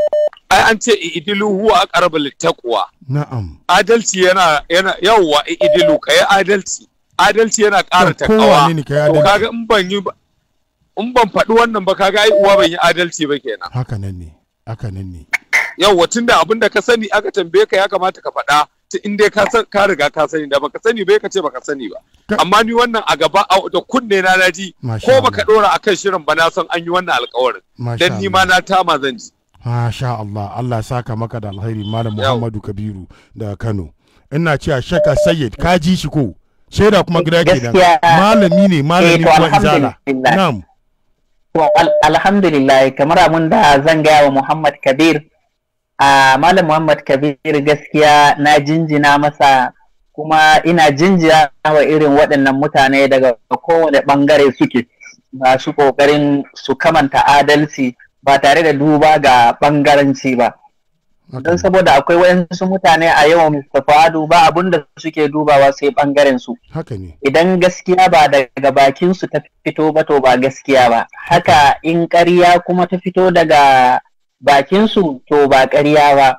ai an ce idilu huwa aqrabu littaqwa. Na'am. Adalci yana yana yawwa idilu kai adalci. Adalci yana ƙara takawa. Kowane ne kai adalci. Kaga in ban yi in ban faɗi wannan ba kaga ai uwa ban yi adalci ba kenan. Haka nan ne. Haka nan ne. Yau, watun da abin da ka sani aka tambaye ka ya kamata ka faɗa in dai ka riga ka sani da baka sani bai ka ce baka sani ba amma ni wannan a gaba da kunne na naji ko baka dora akan shirin ba na san an yi wannan alkawarin dan ni ma na tama zan ji masha Allah Allah ya saka maka da alheri malam Muhammadu Kabiru daga Kano ina cewa Shaka Sayyid ka ji shi ko shaida kuma gida ke nan malami ne malami eh, kuma izala na'am to alhamdulillah kamar mun da zan gaya wa Muhammad Kabir a malam muhammad kabir gaskiya na jinjina masa kuma ina jinjina wa irin waɗannan mutane daga kowane ɓangare suke masu ƙoƙarin su kamanta adalci ba tare da duba ga ɓangaranci ba don saboda akwai wayansu mutane a yau Mr. ba abun suke dubawa sai bangaren su idan gaskiya ba daga bakin su ta fito ba to ba gaskiya ba haka in ƙarya kuma ta fito daga bakinsu to ba ƙarya ba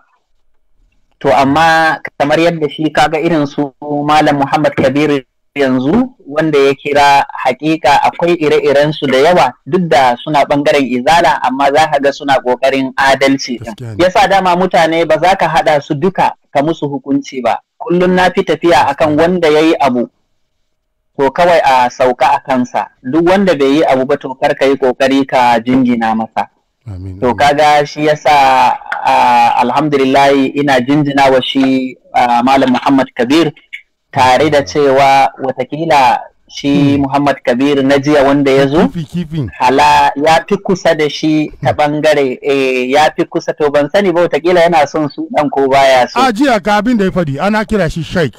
to amma kamar yadda shi kaga irin su malam muhammad kabir yanzu wanda ya kira hakika akwai ire-iren su da yawa duk da suna bangaren izala amma za ka ga suna kokarin adalci yasa dama mutane ba za ka haɗa su duka ka musu hukunci ba kullum na fi tafiya akan wanda ya yi abu to kawai a sauka a kansa duk wanda bai yi abu ba to kar ka yi ƙoƙari ka jingina masa to kaga shi yasa alhamdulillah ina jinjina wa shi malam muhammad kabir tare da cewa watakila shi hmm. muhammad kabir na jiya wanda ya zo hala ya fi kusa da shi ta hmm. bangare eh, ya fi kusa to ban sani ba watakila yana son su dan ko baya so a jiya ga abin da ya fadi ana kira shi sheik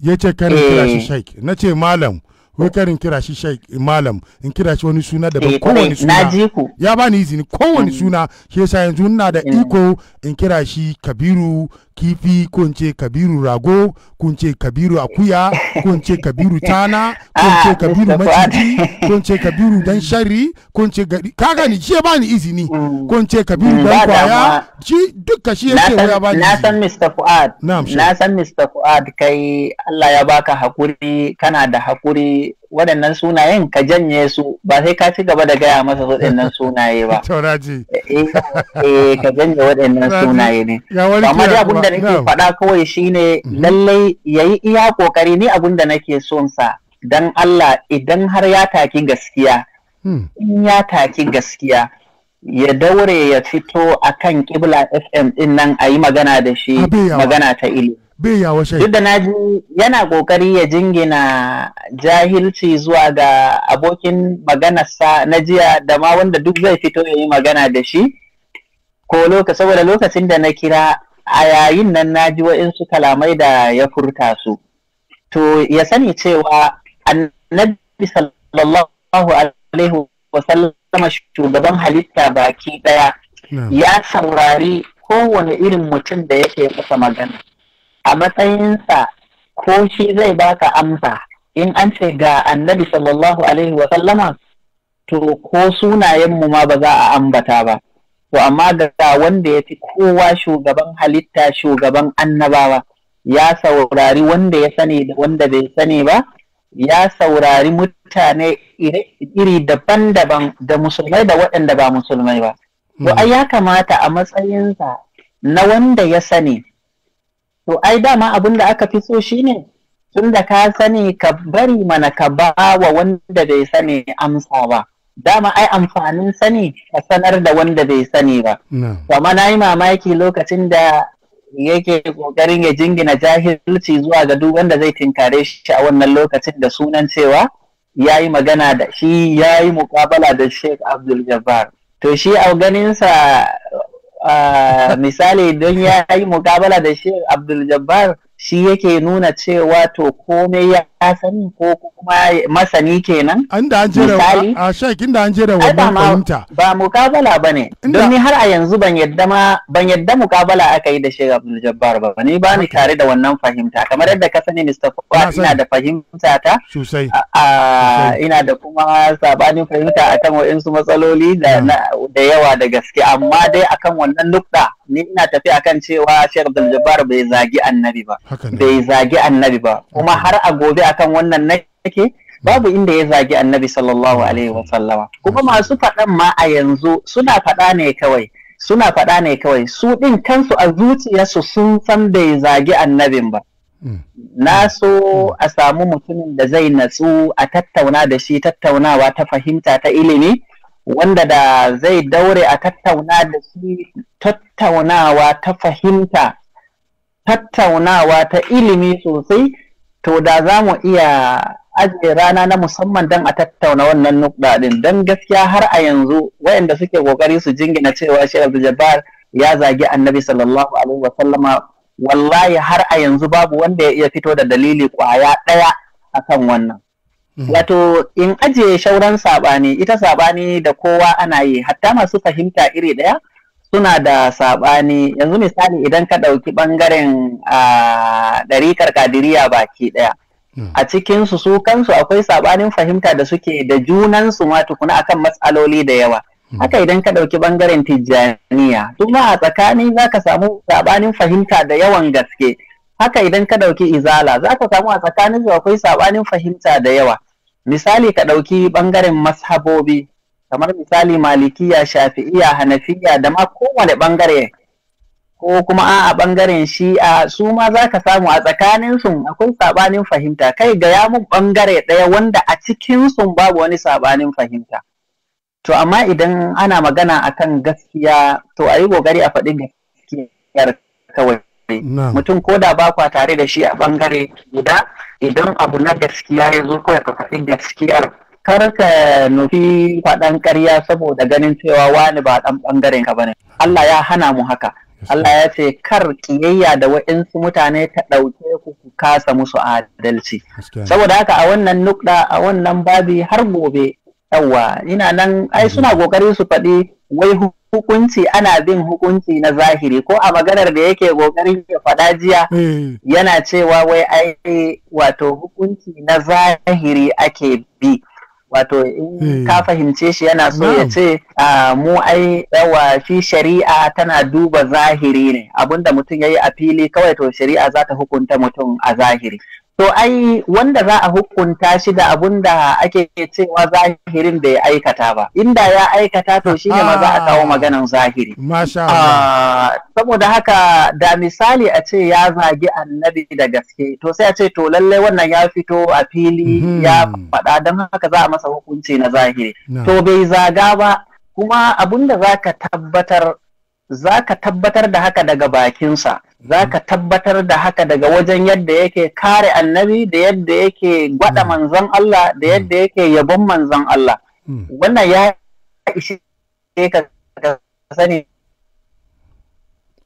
ya ce kan kira shi eh. sheik na ce malam wai karin kira shi sheik malam in kira shi wani suna daban eh, kowani suna ya bani izini kowani mm. suna shi yasa yanzu ina da mm. iko in kira shi kabiru kifi ko in ce kabiru rago ko in ce kabiru akuya ko in ce kabiru tana ko in ce ah, kabiru maciji ko in ce kabiru dan shari ko in ce ka gani shi ya bani izini mm. ko in ce kabiru mm, dan kwaya shi duka shi ya ce ya bani na san Mr Fuad na san Mr Fuad kai Allah ya baka hakuri kana da hakuri waɗannan sunayen ka janye su ba sai ka ci gaba da gaya masa waɗannan sunaye ba. Tauraji. Eh, eh, eh ka janye waɗannan sunaye ne. Amma dai abin da nake faɗa kawai shine mhm. lallai yayi iya kokari ni abin da nake son sa dan Allah idan har ya taki gaskiya. Hmm. In ya taki gaskiya. ya daure ya fito akan kibla fm din nan a yi magana da shi magana ta ilimi bai ya washe duk da na ji yana kokari ya jingina jahilci zuwa ga abokin maganarsa na jiya da ma wanda duk zai fito ya yi magana da shi ko loka saboda lokacin da na kira a yayin nan na ji wa'insu kalamai da ya furta su to ya sani cewa annabi sallallahu alaihi wasallama shugaban halitta baki ɗaya, ya saurari kowane irin mutum da yake masa magana a matsayinsa ko shi zai baka amsa in an ce ga annabi sallallahu alaihi wa sallama to ko sunayenmu ma ba za a ambata ba to amma ga wanda ya fi kowa shugaban halitta shugaban annabawa ya saurari wanda ya sani da wanda bai sani ba ya saurari mutane iri daban-daban da musulmai da waɗanda ba musulmai ba to ai ya kamata a matsayinsa na wanda ya sani to ai dama abin da aka fi so shine tun da ka sani ka bari mana ka ba wa wanda bai sani amsa ba dama ai amfanin sani ka sanar da wanda bai sani ba amma na yi mamaki lokacin da yake kokarin ya jingina jahilci zuwa ga duk wanda zai tinkare shi a wannan lokacin da sunan cewa ya yi magana da shi ya yi mukabala da sheikh abdul jabbar to shi a ganinsa misali don ya yi mukabala da shi Abdul Jabbar shi yake nuna cewa to komai ya Ka sani ko kuma masani kenan. An da an jera a shek inda an jera wannan fahimta. Ba mukabala ba ne. Don ni har a yanzu ban yadda ma ban yadda mukabala aka yi da Sheikh Abdul Jabbar ba. Ni ba ni tare da wannan fahimta. Kamar yadda ka sani Mr. Kwa ina da fahimta ta. Sosai. Ina da kuma sabanin fahimta a akan waɗansu matsaloli da yawa da gaske amma dai akan wannan nukta ni ina tafi akan cewa Sheikh Abdul Jabbar bai zagi annabi ba. Bai zagi annabi ba. Kuma har a gobe akan wannan nake babu inda ya zagi annabi sallallahu alaihi wa sallama kuma masu faɗan ma a yanzu suna faɗa ne kawai suna faɗa ne kawai su ɗin kansu a zuciyarsu sun san bai zagi annabin ba hmm. na so a samu mutumin da zai natsu a tattauna da shi tattaunawa ta fahimta ta ilimi wanda da zai daure a tattauna da shi tattaunawa ta fahimta tattaunawa ta ilimi sosai to da za mu iya ajiye rana na musamman don a tattauna wannan nukɗa ɗin don gaskiya har a yanzu wayanda suke kokari su jingina cewa shi Abdul Jabbar ya zagi Annabi sallallahu alaihi wasallama wallahi har a yanzu babu wanda ya iya fito da dalili kwaya ɗaya akan wannan hmm. wato in ajiye shauran saɓani ita saɓani da kowa ana yi hatta masu fahimta iri ɗaya suna da saɓani yanzu misali idan ka ɗauki ɓangaren ɗarikar kadiriya baki ɗaya hmm. a cikinsu su kansu akwai saɓanin fahimta da suke da junansu ma tukuna akan matsaloli da yawa hmm. haka idan ka ɗauki ɓangaren tijjaniya kuma a tsakani za ka samu saɓanin fahimta da yawan gaske haka idan ka ɗauki izala za ka samu a tsakanin akwai saɓanin fahimta da yawa misali ka ɗauki ɓangaren mashabobi kamar misali malikiya shafi'iya hanafiya da ma kowane bangare ko kuma a bangaren shi'a su ma za ka samu a tsakanin sun akwai sabanin fahimta kai ga ya mun bangare ɗaya wanda a cikin sun babu wani sabanin fahimta to amma idan ana magana akan gaskiya to a yi kokari a faɗi gaskiyar kawai mutum ko da ba kwa tare da shi a bangare guda idan abu na gaskiya ya zo kawai ka faɗi gaskiyar kar ka nufi faɗan ƙarya saboda ganin cewa wani ba ɗan ɓangaren ka bane Allah ya hana mu haka Allah ya ce kar ƙiyayya da waɗansu mutane ta ɗauke ku ku kasa musu adalci saboda haka a wannan nukɗa a wannan babi har gobe yawa ina nan ai suna kokari mm-hmm. su faɗi wai hukunci ana bin hukunci na zahiri ko a maganar da yake kokarin ya faɗa jiya eh. yana cewa wai ai wato hukunci na zahiri ake bi wato in ka eh. fahimce shi yana so ya ce ah, mu ai yawa fi shari'a tana duba zahiri ne abinda mutum ya yi a fili kawai to shari'a za ta hukunta mutum a zahiri to ai wanda za a hukunta shi da abun da ake cewa zahirin da ya aikata ba inda ya aikata to shine ma za a ah. kawo maganan zahiri ah, saboda haka da misali a ce ya zagi annabi da gaske to sai a ce to lalle wannan ya fito a fili mhm. ya faɗa don haka za a masa hukunci na zahiri to bai zaga ba kuma abun da za ka tabbatar da haka daga bakinsa za ka tabbatar da haka daga wajen yadda yake kare annabi da yadda yake gwada hmm. manzon Allah da hmm. yadda yake yabon manzon Allah hmm. wannan ya ishi ka sani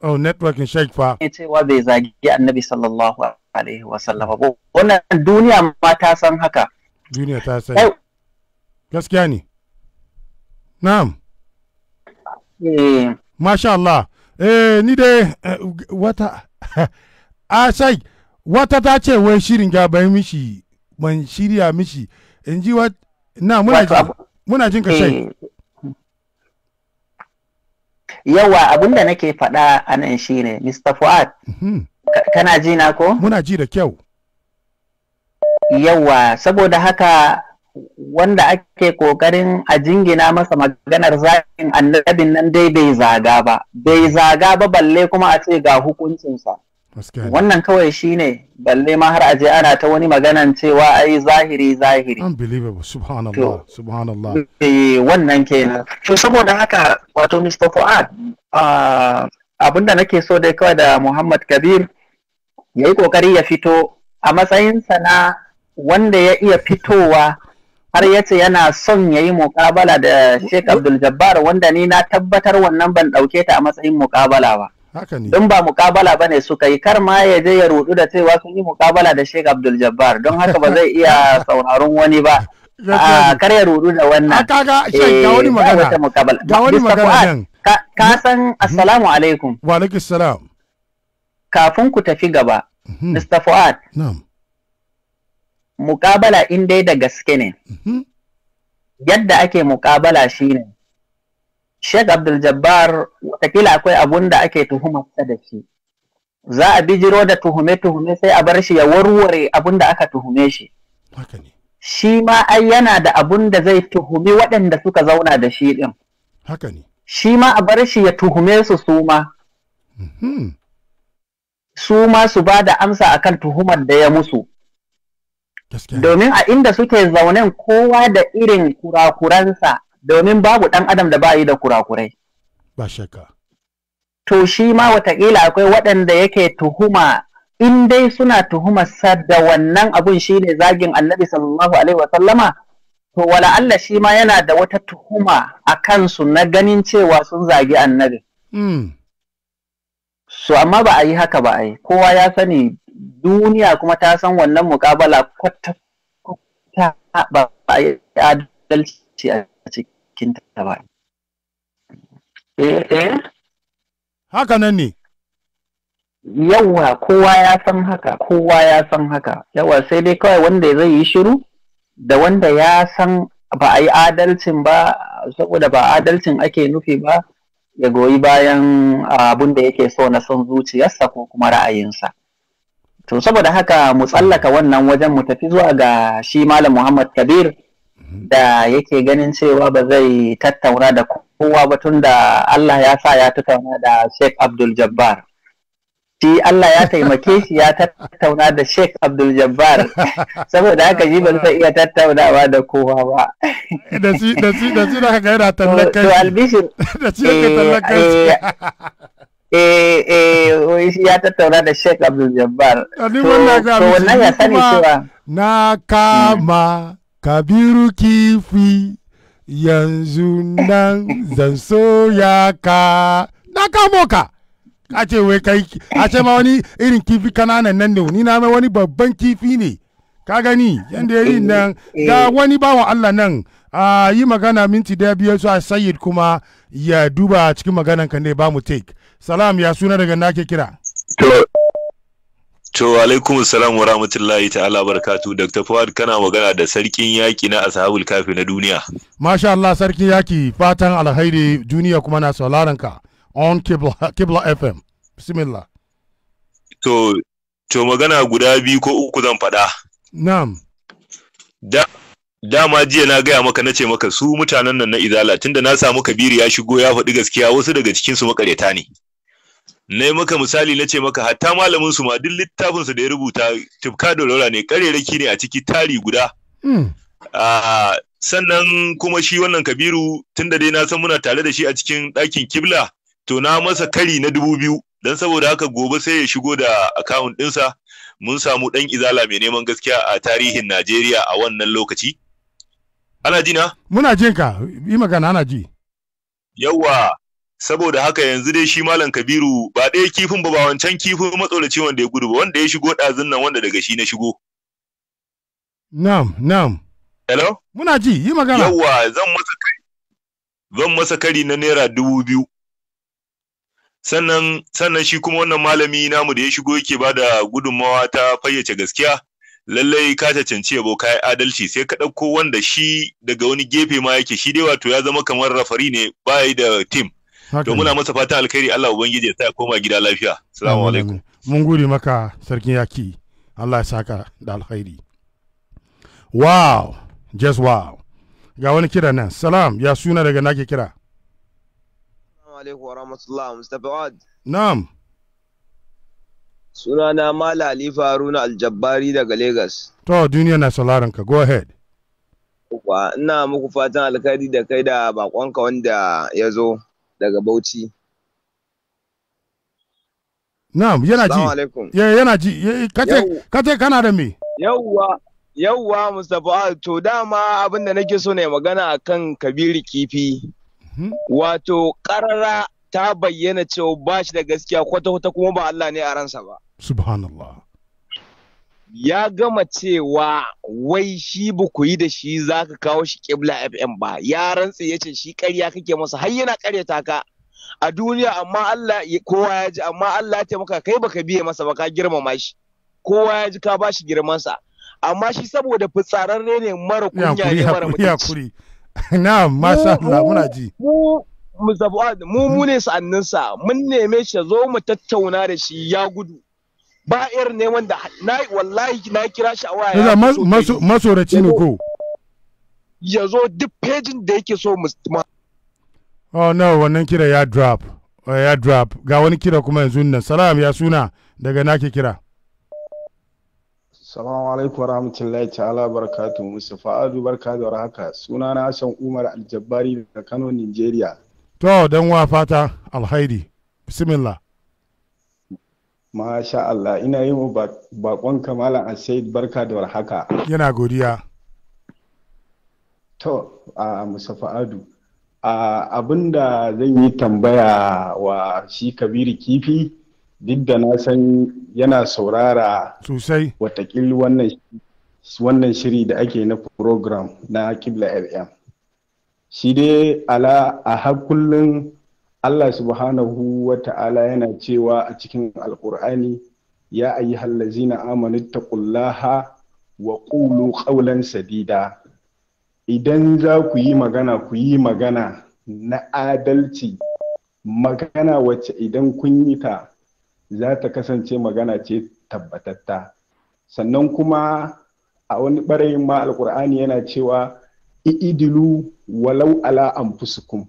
oh in shake fa cewa bai zagi annabi sallallahu alaihi wasallam ba wannan duniya ma ta san haka duniya ta san gaskiya ne na'am eh. masha Allah eh ni dai eh, wata a sai wata ta ce wai shirin ga bai mishi man shirya mishi in ji wa na muna jin muna jin ka sai eh. yawa abin da nake faɗa a nan shine Mr. Fuad mhm. kana ji na ko muna ji da kyau yawa saboda haka wanda ake kokarin a jingina masa maganar zagin annabin nan dai bai zaga ba bai zaga ba balle kuma a ce ga hukuncinsa wannan kawai shine balle ma har aje ana ta wani maganan cewa ai zahiri zahiri unbelievable subhanallah subhanallah eh, wannan kenan to saboda haka wato Mr. Fuad abinda nake so dai kawai da Muhammad Kabir ya yi kokari ya fito a matsayinsa na wanda ya iya fitowa har ya ce yana son ya yi muƙabala da Sheikh Abdul Jabbar wanda ni na tabbatar wannan ban ɗauke ta a matsayin muƙabala ba. Don ba muƙabala ba ne suka yi kar ma ya je ya rudu da cewa sun yi muƙabala da Sheikh Abdul Jabbar don haka ba zai iya sauraron wani ba. Ah, kar ya rudu da wannan. Ah, Kaga eh, ga wani magana. Ga wani magana Ka san assalamu alaikum. Wa alaikum salam. Kafin ku tafi gaba. Mhm. Mr. Fuad. Na'am. Mukabala in dai da gaske ne mhm. yadda ake mukabala shi ne. Sheikh Abdul Jabbar watakila akwai abun da ake tuhumarsa da shi za a bijiro da tuhume-tuhume sai a bar shi ya warware abun da aka tuhume shi shi ma ai yana da abun da zai tuhumi waɗanda suka zauna da shi ɗin shi ma a bar shi ya tuhume su su ma mhm. su ma su ba da amsa akan tuhumar da ya musu domin a inda suke zaunen kowa da irin kurakuransa domin babu ɗan adam da yi da kurakurai ba shakka to shi ma watakila akwai waɗanda yake tuhuma in dai suna tuhuma da wannan abun shi ne zagin annabi sallallahu alaihi wasallama to wala Allah shi ma yana da wata tuhuma a kansu na ganin cewa sun zagi annabi. Hmm. So amma ba a yi haka ba a yi, kowa ya sani duniya kuma ta san wannan mukabala kwata kwata ba a yi adalci a cikin ta ba. Eh, eh? Haka nan ne. Yawa kowa ya san haka, kowa ya san haka. Yawa sai dai kawai wanda zai yi shiru da wanda ya san ba a yi adalcin ba, saboda ba adalcin ake nufi ba, ya goyi bayan abin da yake so na son zuciyarsa ko kuma ra'ayinsa. to saboda haka mu tsallaka wannan wajen mu tafi zuwa ga shi malam muhammad kabir da yake ganin cewa ba zai tattauna da kowa ba tun da allah ya sa ya tattauna da sheikh abdul jabbar shi Allah ya taimake shi ya tattauna da Sheikh Abdul Jabbar saboda haka shi ba zai iya tattaunawa da kowa ba. Da shi da shi da shi da shi. Da shi da shi. eh eh shi ya tattauna da Sheikh Abdul Jabbar to wannan ya sani cewa ah. na kama Kabiru kifi yanzu nan zan so ya ka na kamo ka a ce wai kai a ce ma wani irin kifi kananan nan ne ni na mai wani babban kifi ne ka gani yadda yi eh, nan da eh. wani bawan Allah nan a yi magana minti da biyar su a sayid kuma ya duba cikin maganan kan ne ba mu take salam ya suna daga nake kira To alaikum salam wa rahmatullahi ta'ala barakatu Dr. fawad kana magana da sarkin yaki na ashabul kafi na duniya. Masha Allah sarkin yaki fatan alhaire duniya kuma na sauraron ka on Kibla FM. Bismillah. To to magana guda biyu ko uku zan faɗa. Na'am. Da dama jiya na gaya maka na ce maka su mutanen nan na izala tunda na samu kabiri ya shigo ya faɗi gaskiya wasu daga cikin su makareta ne. na maka misali na ce maka hatta malamin su ma duk littafin su da ya rubuta tufka da laura ne kareraki ne a ciki tari guda hmm. ah, sannan kuma shi wannan kabiru tunda dai na san muna tare da shi a cikin ɗakin kibla to na masa kari na dubu biyu don saboda haka gobe sai ya shigo da akawun ɗinsa mun samu ɗan izala mai neman gaskiya a tarihin najeriya a wannan lokaci ana ji na muna jin ka yi magana ana ji yawwa saboda haka yanzu dai shi malam kabiru ba ɗaya kifin ba ba wancan kifin matsoraci wanda ya gudu ba wanda ya shigo ɗazun nan wanda daga shi na shigo na'am hello muna ji yi magana zan masa kari zan masa kari na naira dubu biyu sannan sannan shi kuma wannan malami namu da ya shigo yake ba da gudunmawa ta fayyace gaskiya lallai ka cancanci yabo kayan adalci sai ka ɗauko wanda shi daga wani gefe ma yake shi dai wato ya zama kamar rafari ne ba da tim to muna masa fata alkhairi Allah ubangiji ya sa koma gida lafiya assalamu alaikum mun gode maka sarkin yaki Allah ya saka da alkhairi wow just wow ga wani kira nan salam ya suna daga nake kira assalamu alaikum wa rahmatullah mustafa na'am na Mala Ali Faruna Aljabbari daga Lagos. To duniya na sauraron ka go ahead. ina muku fatan alkhairi da kai da bakonka wanda ya zo. daga Bauchi. Na'am, yana ji. Yana ji. Kace kana da me? Yawwa. yauwa Mustapha to dama abinda nake so ne magana akan Kabiru kifi. Mhm. Wato karara ta bayyana cewa ba shi da gaskiya kwata-kwata kuma ba Allah ne a ransa ba. Subhanallah. ya gama cewa wai shi buku yi da shi za ka kawo shi kibla fm ba ya rantse ya ce shi karya kake masa har yana karyata ka a duniya amma Allah kowa ya ji amma Allah ya taimaka kai baka biye masa ba ka girmama shi kowa ya ji ka ba shi girmansa amma shi saboda fitsararre ne mara kunya ne mara mutunci na'am masha Allah muna ji mu mu ne sa'anninsa mun neme shi zo mu tattauna da shi ya gudu ba irin ne wanda na wallahi na kira shi a waya ya masoraci ne ko ya zo duk pejin da yake so musulma oh no wannan kira ya drop oh, ya drop ga wani kira kuma yanzu nan salam ya suna daga nake kira Salamu alaikum wa rahmatullahi ta'ala barakatu musu Fa'adu barka da suna na Hassan Umar aljabari daga Kano Nigeria. To dan wa fata alhaidi bismillah. Masha Allah ina yi wa bakon kamala a sai barka da warhaka. Yana godiya. To, a Mustapha Adu, da zan yi tambaya wa shi Kabiru Kifi duk da na san yana saurara sosai watakil wannan shiri da ake na program na Kibla FM. Shi dai ala a har kullum Allah subhanahu wa ta'ala yana cewa a cikin alkur'ani ya ayi hallazina amanu taqullaha wa qulu qawlan sadida idan za ku yi magana ku yi magana na adalci magana wacce idan kun yi ta za ta kasance magana ce tabbatatta sannan kuma a wani ɓarayin ma alkur'ani yana cewa i'idilu walau ala anfusukum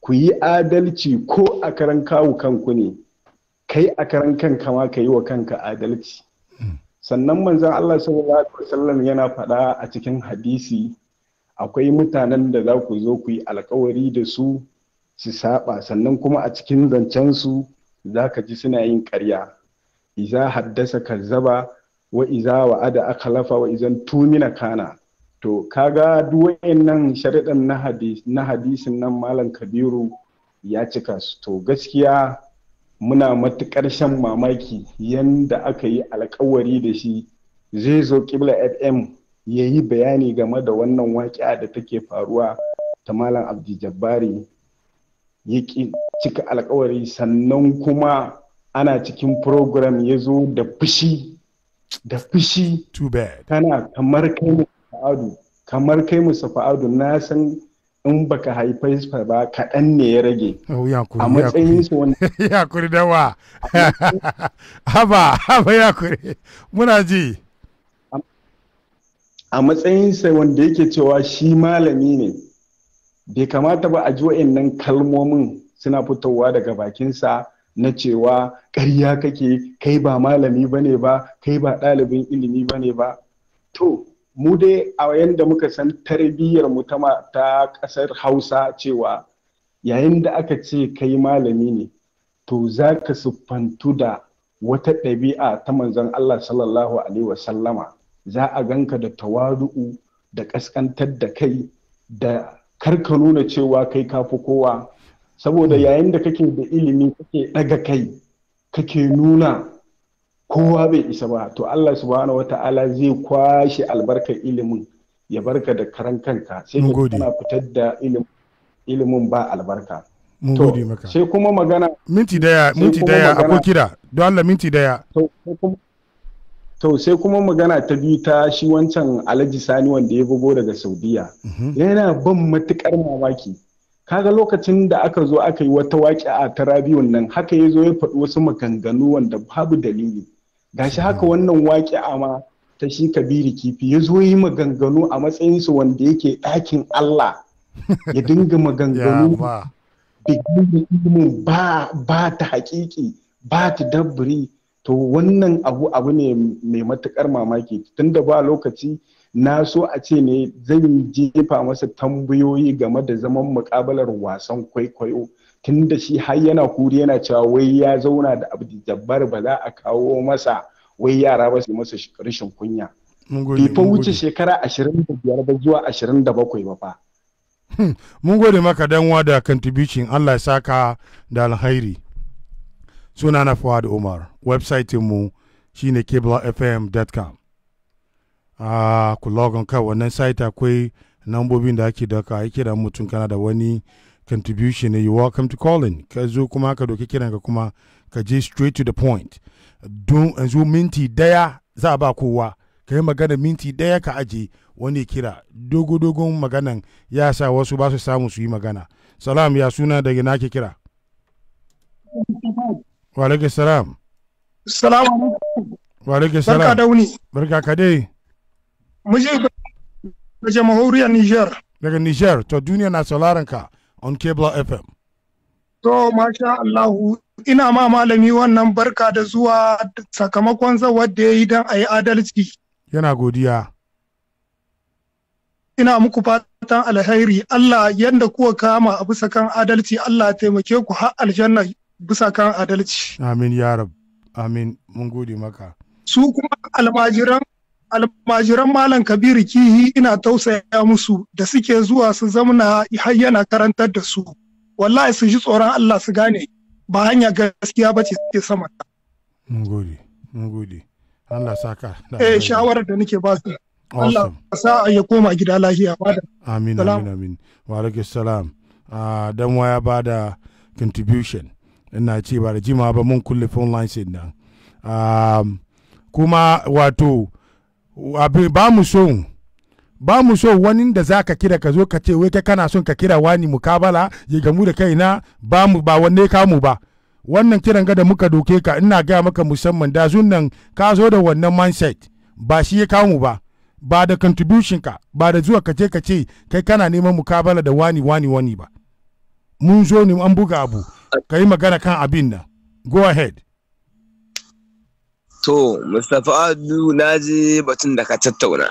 ku yi adalci ko a karan kawu kanku ne kai a karan kanka ma ka yi wa kanka adalci hmm. sannan manzan Allah sallallahu alaihi wasallam yana faɗa a cikin hadisi akwai mutanen da za ku zo ku yi alkawari da su su saba sannan kuma a cikin zancensu za ka ji suna yin ƙarya iza haddasa kazzaba wa iza wa'ada akhlafa wa izan tumina kana to kaga duk wayannan sharidan na na hadisin nan malam kabiru ya cika su to gaskiya muna matuƙar shan mamaki yanda aka yi alkawari da shi zai zo kibla fm ya yi bayani game da wannan waƙiya da take faruwa ta malam abdi jabbari ya cika alkawari sannan kuma ana cikin program ya da fushi da fushi too bad kana kamar kai fa'adu kamar kai musa Adu na san in baka haifai sa ba kaɗan ne ya rage a matsayin su wani yakuri dawa haba haba yakuri muna ji a matsayin sa wanda yake cewa shi malami ne bai kamata ba a ji wa'annan kalmomin suna fitowa daga bakinsa na cewa ƙarya kake kai ba malami bane ba kai ba ɗalibin ilimi bane ba to mu dai a yanda muka san tarbiyyar mu ta ƙasar hausa cewa yayin da aka ce kai malami ne to za ka siffantu da wata ɗabi'a ta manzon Allah sallallahu alaihi wasallama za a ganka da tawadu'u da ƙasƙantar da kai da karka nuna cewa kai kafi kowa saboda hmm. yayin da kake da ilimi kake ɗaga kai kake nuna kowa bai isa ba to Allah subhanahu wata'ala zai kwashe albarkar ilimin ya barka da karan kanka sai ka tana fitar da ilimin ba albarka mun gode maka sai kuma magana minti daya minti daya akwai kira don Allah minti daya to sai kuma magana ta biyu ta shi wancan alhaji sani wanda ya bugo daga saudiya mhm. yana ban matukar mamaki kaga lokacin da aka zo aka yi wata waƙi a ta rabiun nan haka ya zo ya faɗi wasu maganganu wanda babu dalili gashi haka wannan waƙi ma ta shi Kabiru kifi ya zo yi maganganu a matsayinsu wanda yake ɗakin Allah ya dinga maganganu ilimin ba ba ta hakiki ba ta dabbiri. to wannan abu abu ne mai matuƙar mamaki tunda ba lokaci na so a ce ne zan jefa masa tambayoyi game da zaman muƙabalar wasan kwaikwayo tunda shi har yana kuri yana cewa wai ya zauna da abu jabbar ba za a kawo masa wai yara ba su masa rashin kunya bai wuce shekara ashirin da biyar ba zuwa ashirin da bakwai ba fa hmm, mun gode maka danwa da contribution allah ya saka da alhairi suna na fawad umar website mu shine cablefm.com a ah, ku logon ka wannan site akwai lambobin da ake daka ake da mutum kana da wani contribution you welcome to in ka zo kuma ka doki kiran ka kuma ka je straight to the point don yanzu minti daya za a ba kowa ka yi magana minti daya ka aje wani kira dogo dogon maganan ya sa wasu ba su samu su yi magana salam ya suna daga nake kira wa alaikum salam salam wa alaikum salam barka dauni barka ka dai muje ga jama'uriyar niger daga niger to duniya na sauraron ka on Kebla FM. To, masha Allahu, ina ma malami wannan barka da zuwa sakamakon zawar da ya yi don a yi adalci. Yana godiya. Ina muku fatan alheri Allah yadda kuwa kama a bisa kan adalci Allah taimake ku har aljanna bisa kan adalci. Amin ya rab, amin, mun gode maka. Su kuma almajiran almajiran malam kabiru kihi ina tausaya musu da suke zuwa su zamna har yana karantar da su wallahi su ji tsoron Allah su gane ba hanya gaskiya ba ce suke sama ta. Mun gode, mun gode. Allah saka. Eh shawarar da nake ba su. Allah sa ya koma gida lafiya ba da. Amin amin amin. Wa alaikum salam. Ah, dan waya ba da contribution. Ina ce ba da jima ba mun kulle phone line din nan. Ah, kuma wato abin ba mu so ba mu so wani da za ka kira ka zo ka ce wai kai kana son ka kira wani mukabala ya gamu da kaina ba mu ba wanne ka mu ba wannan kiran ga da muka doke ka ina gaya maka musamman da nan ka zo da wannan mindset ba shi ya kamu ba ba da contribution ka ba da zuwa ka je ka ce kai kana neman mukabala da wani wani wani ba mun zo ne an buga abu ka yi magana kan abin nan go ahead To, Mustapha Adu na ji batun da ka tattauna.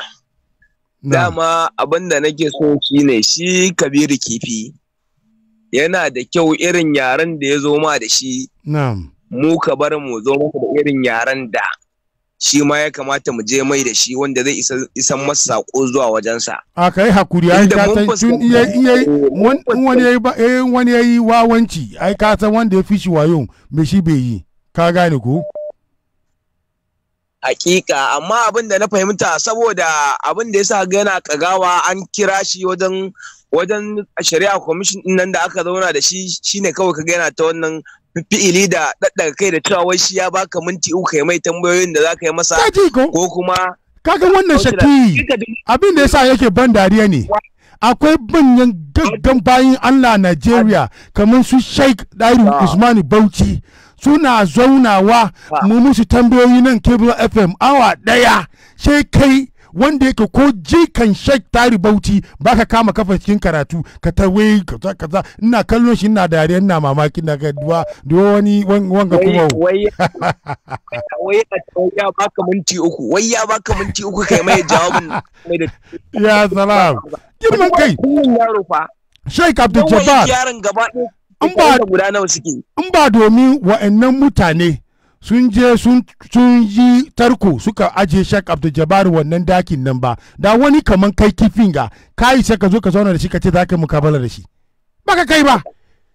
Dama abin da nake so shi ne shi kabiru kifi. Yana da kyau irin yaren da ya zo ma da shi. Mu ka bar mu zo maka da irin yaren da shi ma ya kamata mu je mai da shi wanda zai isan masa sako zuwa wajensa. A kai hakuri ai ka san tun wani ya wani eh, wawanci ai ka san wanda ya fi shi wayo me shi bai yi. Ka gane ko? hakika amma abin da na fahimta saboda abin da yasa ga yana kagawa an kira shi wajen wajen shari'a commission din nan da aka zauna da shi shine kawai kaga yana ta wannan fi'ili da daddaga kai da cewa wai shi ya baka minti uku kai mai tambayoyin da zaka yi masa ko kuma kaga wannan shakki abin da yasa yake ban dariya ne akwai manyan gaggan bayin Allah Najeriya kamar su Sheikh Dairu ah. Usmani Bauchi suna zaunawa mu musu tambayoyi nan cable fm awa daya sai kai wanda yake ko jikan shek tari bauti ba ka kama kafa cikin karatu ka ta wai kaza kaza ina kallon shi ina dariya ina mamaki na ga duwa duwa wani wanga kuma wai ya baka minti uku wai ya baka minti uku kai mai jawabin ya salam girman kai shek abdul jabbar in ba domin wa'annan mutane sun je sun yi tarko suka ajiye shak abdul wannan dakin nan ba da wani kaman kai kifin ga kai sai ka zo ka zauna da shi ka ce za ka yi mukabala da shi baka kai ba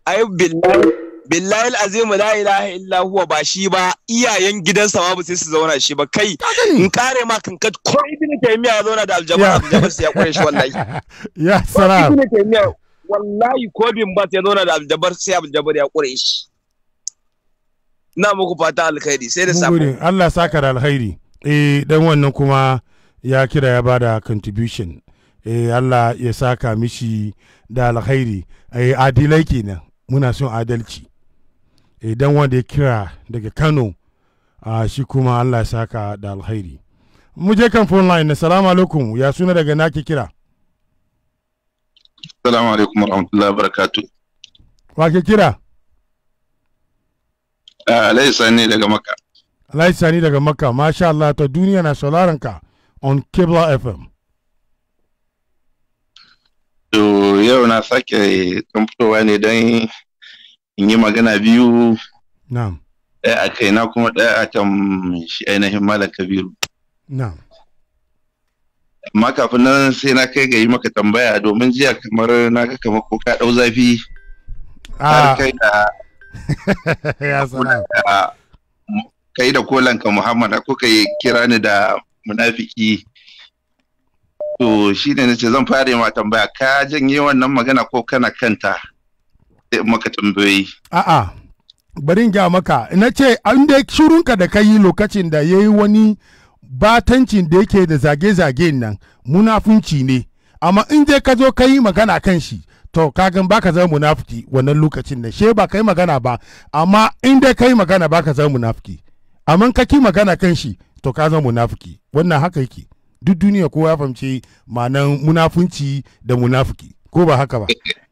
ai billahi billahi la ilaha illa huwa ba shi ba iyayen gidansa ma ba sai su zauna shi ba kai in kare ma kan ka ko ibn taymiya zauna da aljabar aljabar sai ya kware shi wallahi ya salam ibn taymiya wallahi ko bin bat ya nuna da aljabar sai aljabar ya kure shi na muku fata alkhairi sai da safe Allah saka da alkhairi eh dan wannan kuma ya kira ya bada contribution eh Allah ya saka mishi da alkhairi eh adilai kenan muna son adalci eh wanda ya kira daga Kano a shi kuma Allah ya saka da alkhairi mu je kan phone line assalamu alaikum ya suna daga naki kira Salamu alaikum wa rahmatullahi Wa ke kira? Ah, Alhaji Sani daga Makka. Alhaji Sani daga Makka, masha Allah ta duniya na sauraron ka on Kibla FM. To yau na sake kan fitowa ne don in yi magana biyu. Na'am. Ɗaya a kaina kuma ɗaya a can shi ainihin Malam Kabiru. Na'am. amma kafin nan sai na kai ga yi maka tambaya domin jiya kamar na ga kamar ko ka dau zafi ah. har kai da ya ah, kai da kolanka Muhammad ko kai kira ni da munafiki to shi ne nace zan fara ma tambaya ka janye wannan magana ko kana kanta sai maka tambayi. a'a bari in gya maka na ce an dai shirunka da kai lokacin da yayi wani batancin da yake da zage-zage nan munafunci ne amma in dai ka zo ka yi magana kan shi to kagan ka zama munafiki wannan lokacin nan she ba kai magana ba amma in dai kai magana ba ka zama munafiki amma ka ki magana kan shi to ka zama munafiki wannan haka yake duk duniya kowa ya fahimci ma'anan munafunci da munafuki ko ba haka ba eh, eh,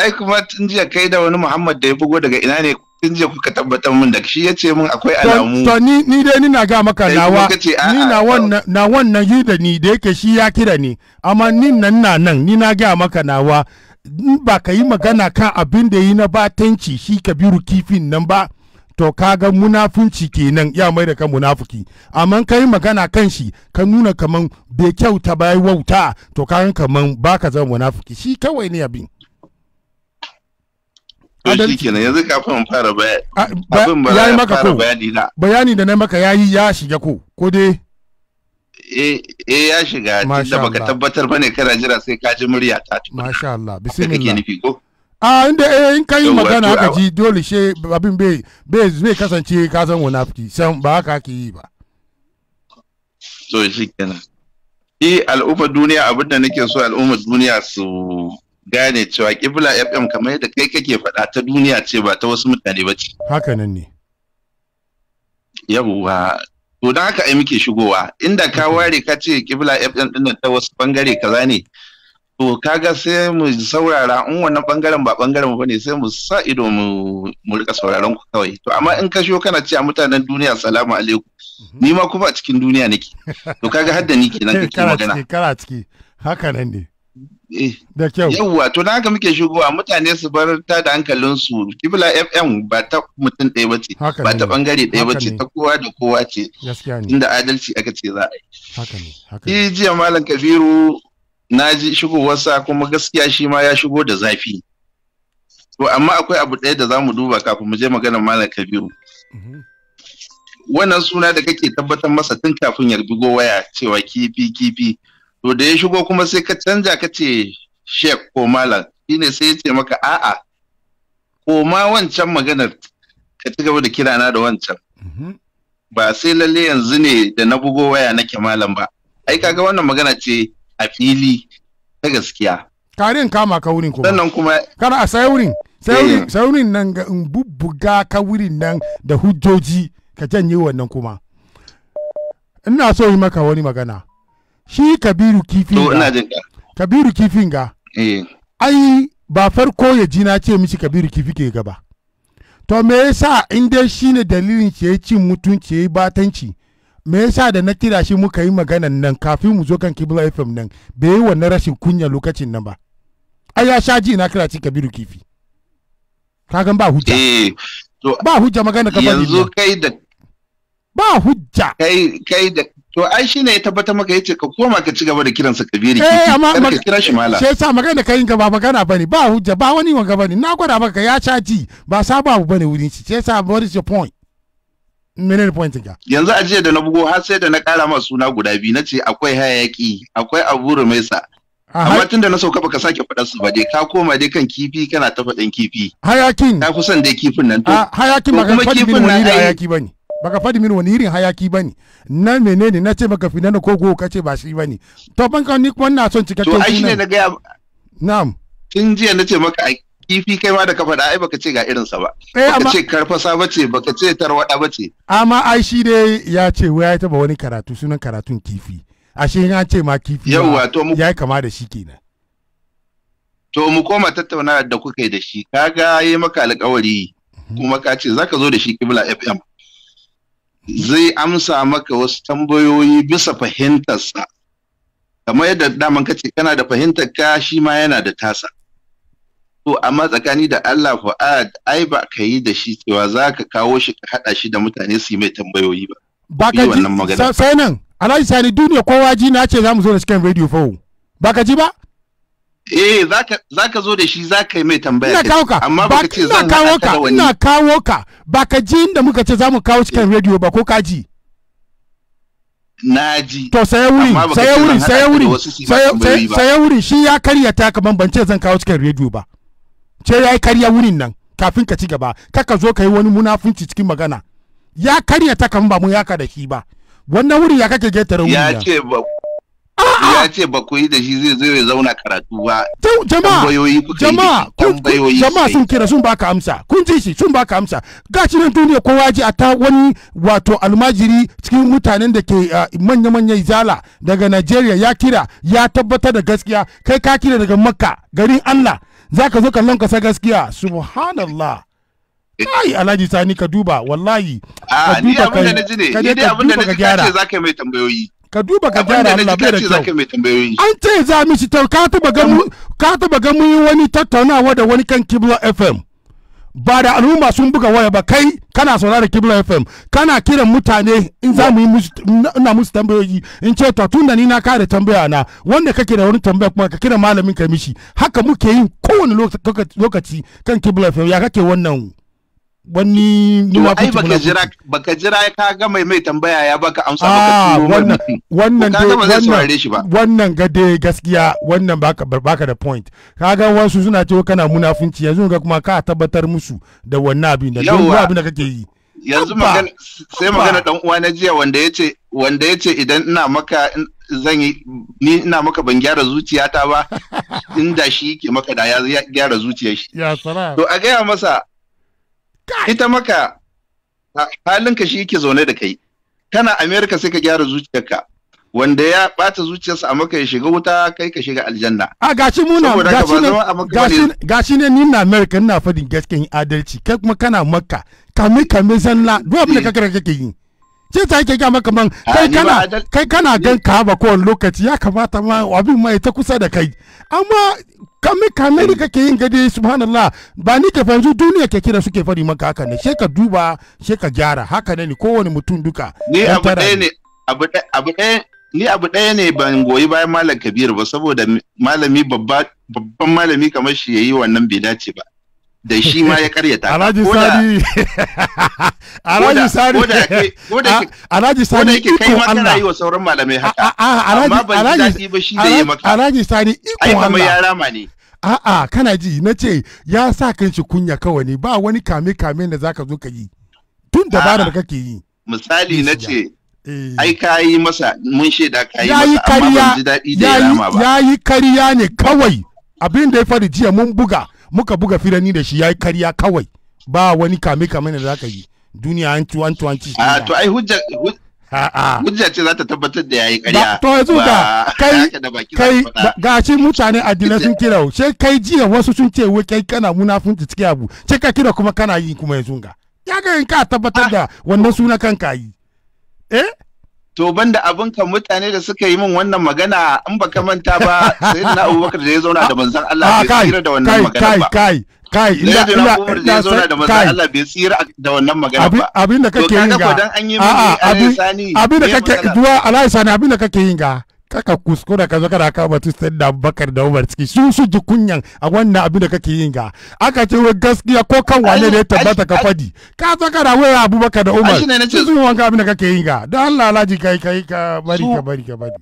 ai kuma tun jiya kai da wani Muhammad da ya bugo daga ina ne tun jiya kuka tabbatar min da shi ya ce min akwai alamu to ni ni dai na ga maka nawa ni na wannan na wannan yi da ni da yake shi ya kira ni amma ni nan na nan ni na ga maka nawa ba ka yi magana kan abin da yi na batanci shi kabiru kifin nan ba to kaga munafunci kenan ya mai da ka munafuki amma ka yi magana kan shi ka nuna kaman bai kyauta bai wauta to kaga kaman baka zama munafuki shi kawai ne abin adalci kenan yanzu kafin fara bayani maka ko bayani da na maka ya yi ya shiga ko ko dai eh, eh ya shiga tunda baka tabbatar bane kana jira sai ka ji murya ta masha Allah bismillah kake nufi ko a inda eh in kai magana haka ji dole she abin bai bai zai kasance ka san munafiki san ba haka ke yi ba to shi kenan eh al'ummar duniya abin da nake so al'ummar duniya su gane cewa kibla fm kamar yadda kai kake faɗa ta duniya ce ba ta wasu mutane ba ce haka nan ne yawwa to don haka ai muke shigowa inda ka ware ka ce kibla fm din ta wasu bangare kaza ne to kaga sai mu saurara in wannan bangaren ba bangaren ba ne sai mu sa ido mu mu rika sauraron ku kawai to amma in ka shigo kana ce a mutanen duniya salamu alaikum mhm. ni ma kuma a cikin duniya nake to kaga hadda ni kenan kake magana kana ciki haka nan ne Eh, da kyau yawwa to na haka muke shigowa mutane su bar ta da hankalin su kibla fm ba ta mutum ɗaya ba ce ba ta bangare ɗaya ba ce ta kowa da kowa ce inda adalci aka ce za a yi jiya malam kabiru na ji shigowarsa kuma gaskiya shi ma ya shigo da zafi to amma akwai abu ɗaya da za mu duba kafin mu je magana malam kabiru mhm. wannan suna da kake tabbatar masa tun kafin ya waya cewa kifi kifi to da ya shigo kuma sai ka canja ka ce shek ko malam ne sai ya ce maka a'a ko ma wancan maganar ka ci gaba da kira na da wancan mhm. ba sai lalle yanzu ne da na bugo waya nake malam ba ai kaga wannan magana ce a fili ta gaskiya karin kama ka wurin kuma sannan kuma kana a sai wurin sai eh. wurin nan ga in bubbuga ka wurin nan da hujjoji ka janye wannan kuma ina so yi maka wani magana shi kabiru kifin ga kabiru kifin ga eh. ai ba farko ya ji na ce mishi kabiru kifi ke gaba to me yasa in dai shine dalilin shi ya cin mutunci ya yi batanci me yasa da na kira shi muka yi maganan nan kafin mu zo kan kibla fm nan bai yi wannan rashin kunya lokacin nan ba ai ya sha ji na kira ci kabiru kifi Ka gan ba hujja eh, ba hujja magana ka yanzu kai da ba hujja kai kai da To ai shi ne ya tabbatar maka yace ka koma ka ci gaba da kiran sa kabiri kiki. Eh amma ka kira shi mala. Shi yasa magana da kai ga ba magana bane ba hujja ba wani wanga bane na gwada maka ya caji ba saba abu bane wurin shi shi yasa what is your point? Menen point ga? Yanzu ajiye da na bugo har sai da na kara masa suna guda biyu nace akwai hayaki akwai aburu mai sa. amma tunda na sauka baka sake faɗa su ba dai ka koma dai kan kifi kana ta faɗin kifi hayakin ka kusan dai kifin nan to ah, hayakin ba kuma kifin nan hayaki bane baka faɗi min wani irin hayaki ba ne na menene na ce maka fina na kogo ka ce ba shi ba ne to ban ka ni kuma na son cikakken sunan to ai shi ne na gaya na'am tun jiya na ce maka kifi kai ma da ka faɗa ai baka ce ga irinsa ba eh, baka ce karfasa ba ce baka ce tarwada ba ce amma ai shi ne ya ce wai ya taba wani karatu sunan karatun kifi ashe ya ce ma kifi yawwa to mu ya kama da shi kenan to mu koma tattauna da kuka yi da shi kaga yayi maka alƙawari mhm. kuma ka ce zaka zo da shi kibla fm zai amsa maka wasu tambayoyi bisa fahimtarsa kamar yadda daman kace kana da fahimtar ka shi ma yana da tasa to amma tsakani da Allah fa'ad ai ba ka yi da shi cewa za ka kawo shi ka haɗa shi da mutane su yi mai tambayoyi ba ba ka ji sai nan alhaji sani duniya kowa ji na ce za mu zo da cikin radio fa ba ka ji ba eh za ka zo da shi za ka yi mai tambaya ina kawo ka amma ba ce zan kawo ka ina kawo ka ba ka ji inda muka ce za mu kawo cikin eh. rediyo ba ko ka ji na ji to saya wuri saya wuri saya wuri saya wuri shi ya karya ta kaman ban ce zan kawo cikin rediyo ba ce ya yi karya wurin nan kafin ka ci gaba kaka zo ka yi wani munafunci cikin magana ya karya ta kaman ba mu yaka da shi ba wannan wuri ya kake getare wuri ya ce ba ya ce ba ku yi da shi zai zo ya zauna karatu ba jama'a jama'a jama'a sun kira sun baka amsa kun ji shi sun baka amsa gashi nan duniya kowa ji a ta wani wato almajiri cikin mutanen da ke ah, manya-manya izala daga Najeriya ya kira ya tabbatar da gaskiya kai ka kira daga Makka garin Allah zaka zo kallon ka sa gaskiya subhanallah eh. ai alhaji sani ka duba wallahi ka duba ka ka ka gyara ni abin da na ji ka ce mai tambayoyi ka duba ka gyara Allah bai da kyau an ce za mu shi ka ta baga mu ka taba ga mu wani tattaunawa da wani kan Kibla FM ba da al'umma sun buga waya ba kai kana saurara Kibla FM kana kiran mutane in za mu yi ina musu tambayoyi in ce to da ni na kare tambaya na wanda kake da wani tambaya kuma ka kira malamin ka mishi haka muke yin kowane lokaci kan Kibla FM ya kake wannan wani nuna kuma baka jira baka jira ka ga mai mai tambaya ya baka amsa ah, baka tuno wannan wannan wannan wannan gade gaskiya wannan baka baka da point kaga wasu suna wa kana munafunci yanzu ga kuma ka tabbatar musu da wannan abin da don abin da kake yi yanzu magana sai magana dan uwa na jiya wanda yace wanda yace idan ina maka zan yi ni ina maka ban gyara zuciyata ba inda shi ke maka da ya gyara zuciyar shi ya sara to a gaya masa ita maka halinka shi yake zaune da kai kana amerika sai ka gyara zuciyarka wanda ya bata zuciyarsa a maka ya shiga wuta kai ka shiga aljanna a gashi muna gashi ne ni na amerika ina fadin gaskiyar adalci kai kuma kana makka kame kame zalla duk abin da kake yi ce ta yake gama kaman kai kana kai kana gan kaba wani lokaci ya kamata ma abin mai ta kusa da kai amma kame kame ni kake yin gadi subhanallah ba ni ke fanzu duniya ke kira suke fari maka haka ne sai ka duba sai ka gyara haka ne kowane mutum duka ni abu ɗaya ne abu ɗaya ni abu ɗaya ne ban goyi bayan malam kabir ba saboda malami babban malami kamar shi yayi wannan bai dace ba da shi ma ya karyata alhaji sani alhaji sani alhaji sani ikon Allah yi wa sauran malamai haka amma ban daɗi ba shi da maka alhaji sani ikon Allah ai ya rama ne a'a kana ji na ce ya sa kan shi kunya kawai ne ba wani kame kame da zaka zo ka yi tun da kake yi misali na ce eh. ai ka yi masa mun shaida ka yi masa amma ban ji daɗi da ya rama ba ya yi kariya ne kawai abin da ya faru jiya mun buga muka buga firani da shi yayi kariya kawai ba wani kame kame da zaka yi duniya an ci an ci an ci a to ai hujja hujja ce za ta tabbatar da yayi kariya to yanzu ga kai kai gashi mutane addinai sun kira sai kai jiya wasu sun ce wai kai kana munafunci cikin abu sai ka kira kuma kana yi kuma yanzu ga ya ga in ka tabbatar ah. da wannan suna kanka yi eh to ban da abin kan mutane da suka yi min wannan magana in baka manta ba sai na abubakar da ya zauna da manzon Allah ah, bai tsira da wannan magana ba kai kai illa illa da ya zauna da manzon Allah bai tsira da wannan magana ba abin da kake yin ga abin da kake duwa alai sani abin da kake yin ga kaka kuskura ka zo kana kama tustar da bakar da umar ciki su su ji kunyan a wannan abin da kake yin ga aka ce wai gaskiya ko kan wane ne tabbata ka fadi ka zo kana wai abubakar da umar su wanka abin da kake yin ga don allah kai kai ka bari ka bari ka bari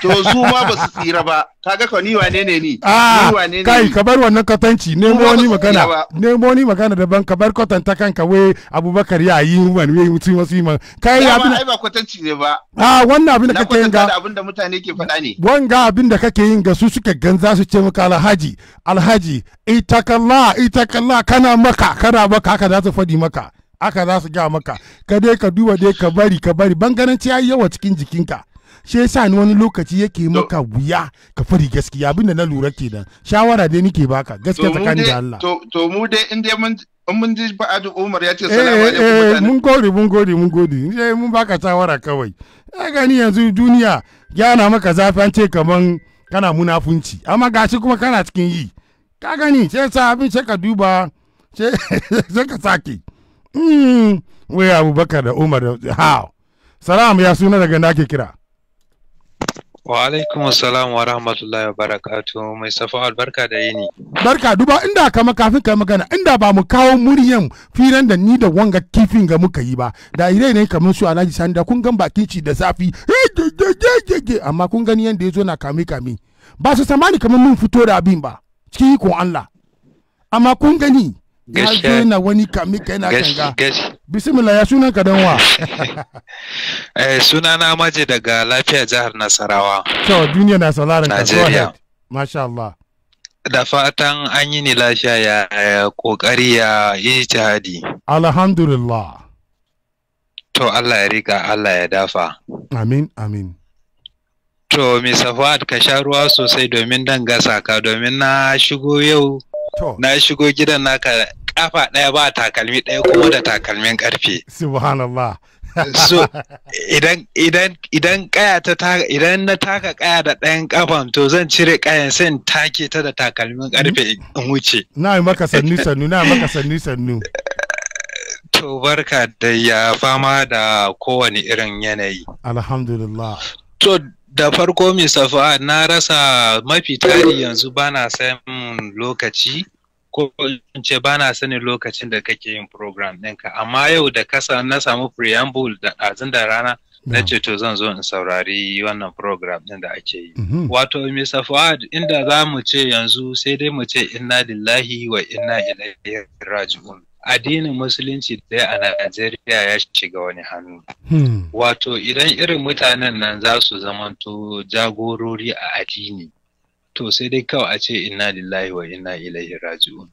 to su ma ba su tsira ba kaga ko ni wane ne ni ah, ni kai ka bar wannan katanci nemo wani magana nemo wani magana daban ka bar kwatanta kanka we abubakar ya yi man we mutum wasu yi kai ya abin ba kwatanci ne ba a ah, wannan abin da kake yin ga abin da mutane ke faɗa ne wanga abin da kake yin ga su suka ganza su ce maka alhaji alhaji itakalla itakalla kana maka kana maka haka za su faɗi maka aka za su ga maka ka dai ka duba dai ka bari ka bari bangaranci ya yi yawa cikin jikinka shi yasa ni wani lokaci yake maka wuya ka fari gaskiya abin da na lura kenan shawara dai nike baka gaskiya tsakanin da Allah to mu dai in dai mun in mun ji adu Umar ya ce eh, salamu alaikum eh, mun gode mun gode mun gode eh mun baka shawara kawai ya gani yanzu duniya yana maka zafi an ce kaman kana munafunci amma gashi kuma kana cikin yi ka gani sai sa abin sai ka duba sai ka sake hmm, wai abubakar da umar da how salam ya suna daga nake kira Wa alaikum assalam wa rahmatullahi wa barakatu mai safa albarka da yini. Barka duba inda maka kafin kai magana inda ba mu kawo muryan firan da ni da wanga kifin ga muka yi ba da ire ne kamar su Alhaji Sani da kun gan bakin ci da safi amma kun gani yanda ya zo na kame kame ba su samani kamar mun fito da abin ba cikin ikon Allah amma kun gani Gashi daina wani kami kanga bismillah ya suna ka wa eh suna na maje daga lafiya jihar nasarawa to duniya na sauraron ka Najeriya masha Allah da fatan an yi ni lafiya ya kokari ya yi jihadi alhamdulillah to Allah ya rika Allah ya dafa amin amin To, mi Fuad, ka sha ruwa sosai domin dan gasa ka domin na shigo yau, na shigo gidan naka kafa ɗaya ba takalmi ɗaya kuma da takalmin ƙarfe. Subhanallah. so idan idan idan kaya ta taka idan na taka kaya da ɗayan kafan to zan cire kayan sai in take ta da takalmin ƙarfe in hmm? wuce. Na yi maka sannu sannu na maka sannu sannu. To barka da ya fama da kowane irin yanayi. Alhamdulillah. To da farko mai safa na rasa mafi tari yanzu bana samun lokaci. ko in ce ba na sanin lokacin da kake yin program ɗinka amma yau da kasa na samu preamble da azin da rana na ce to zan zo in saurari wannan program ɗin da ake yi mm-hmm. wato Mr. Fuad inda za mu ce yanzu sai dai mu ce inna lillahi wa inna ilaihi raji'un addinin musulunci dai a Najeriya ya shiga wani hannu. Hmm. Wato idan irin mutanen nan za su zamanto jagorori a addini. to sai dai kawai a ce inna lillahi wa inna ilaihi raji'un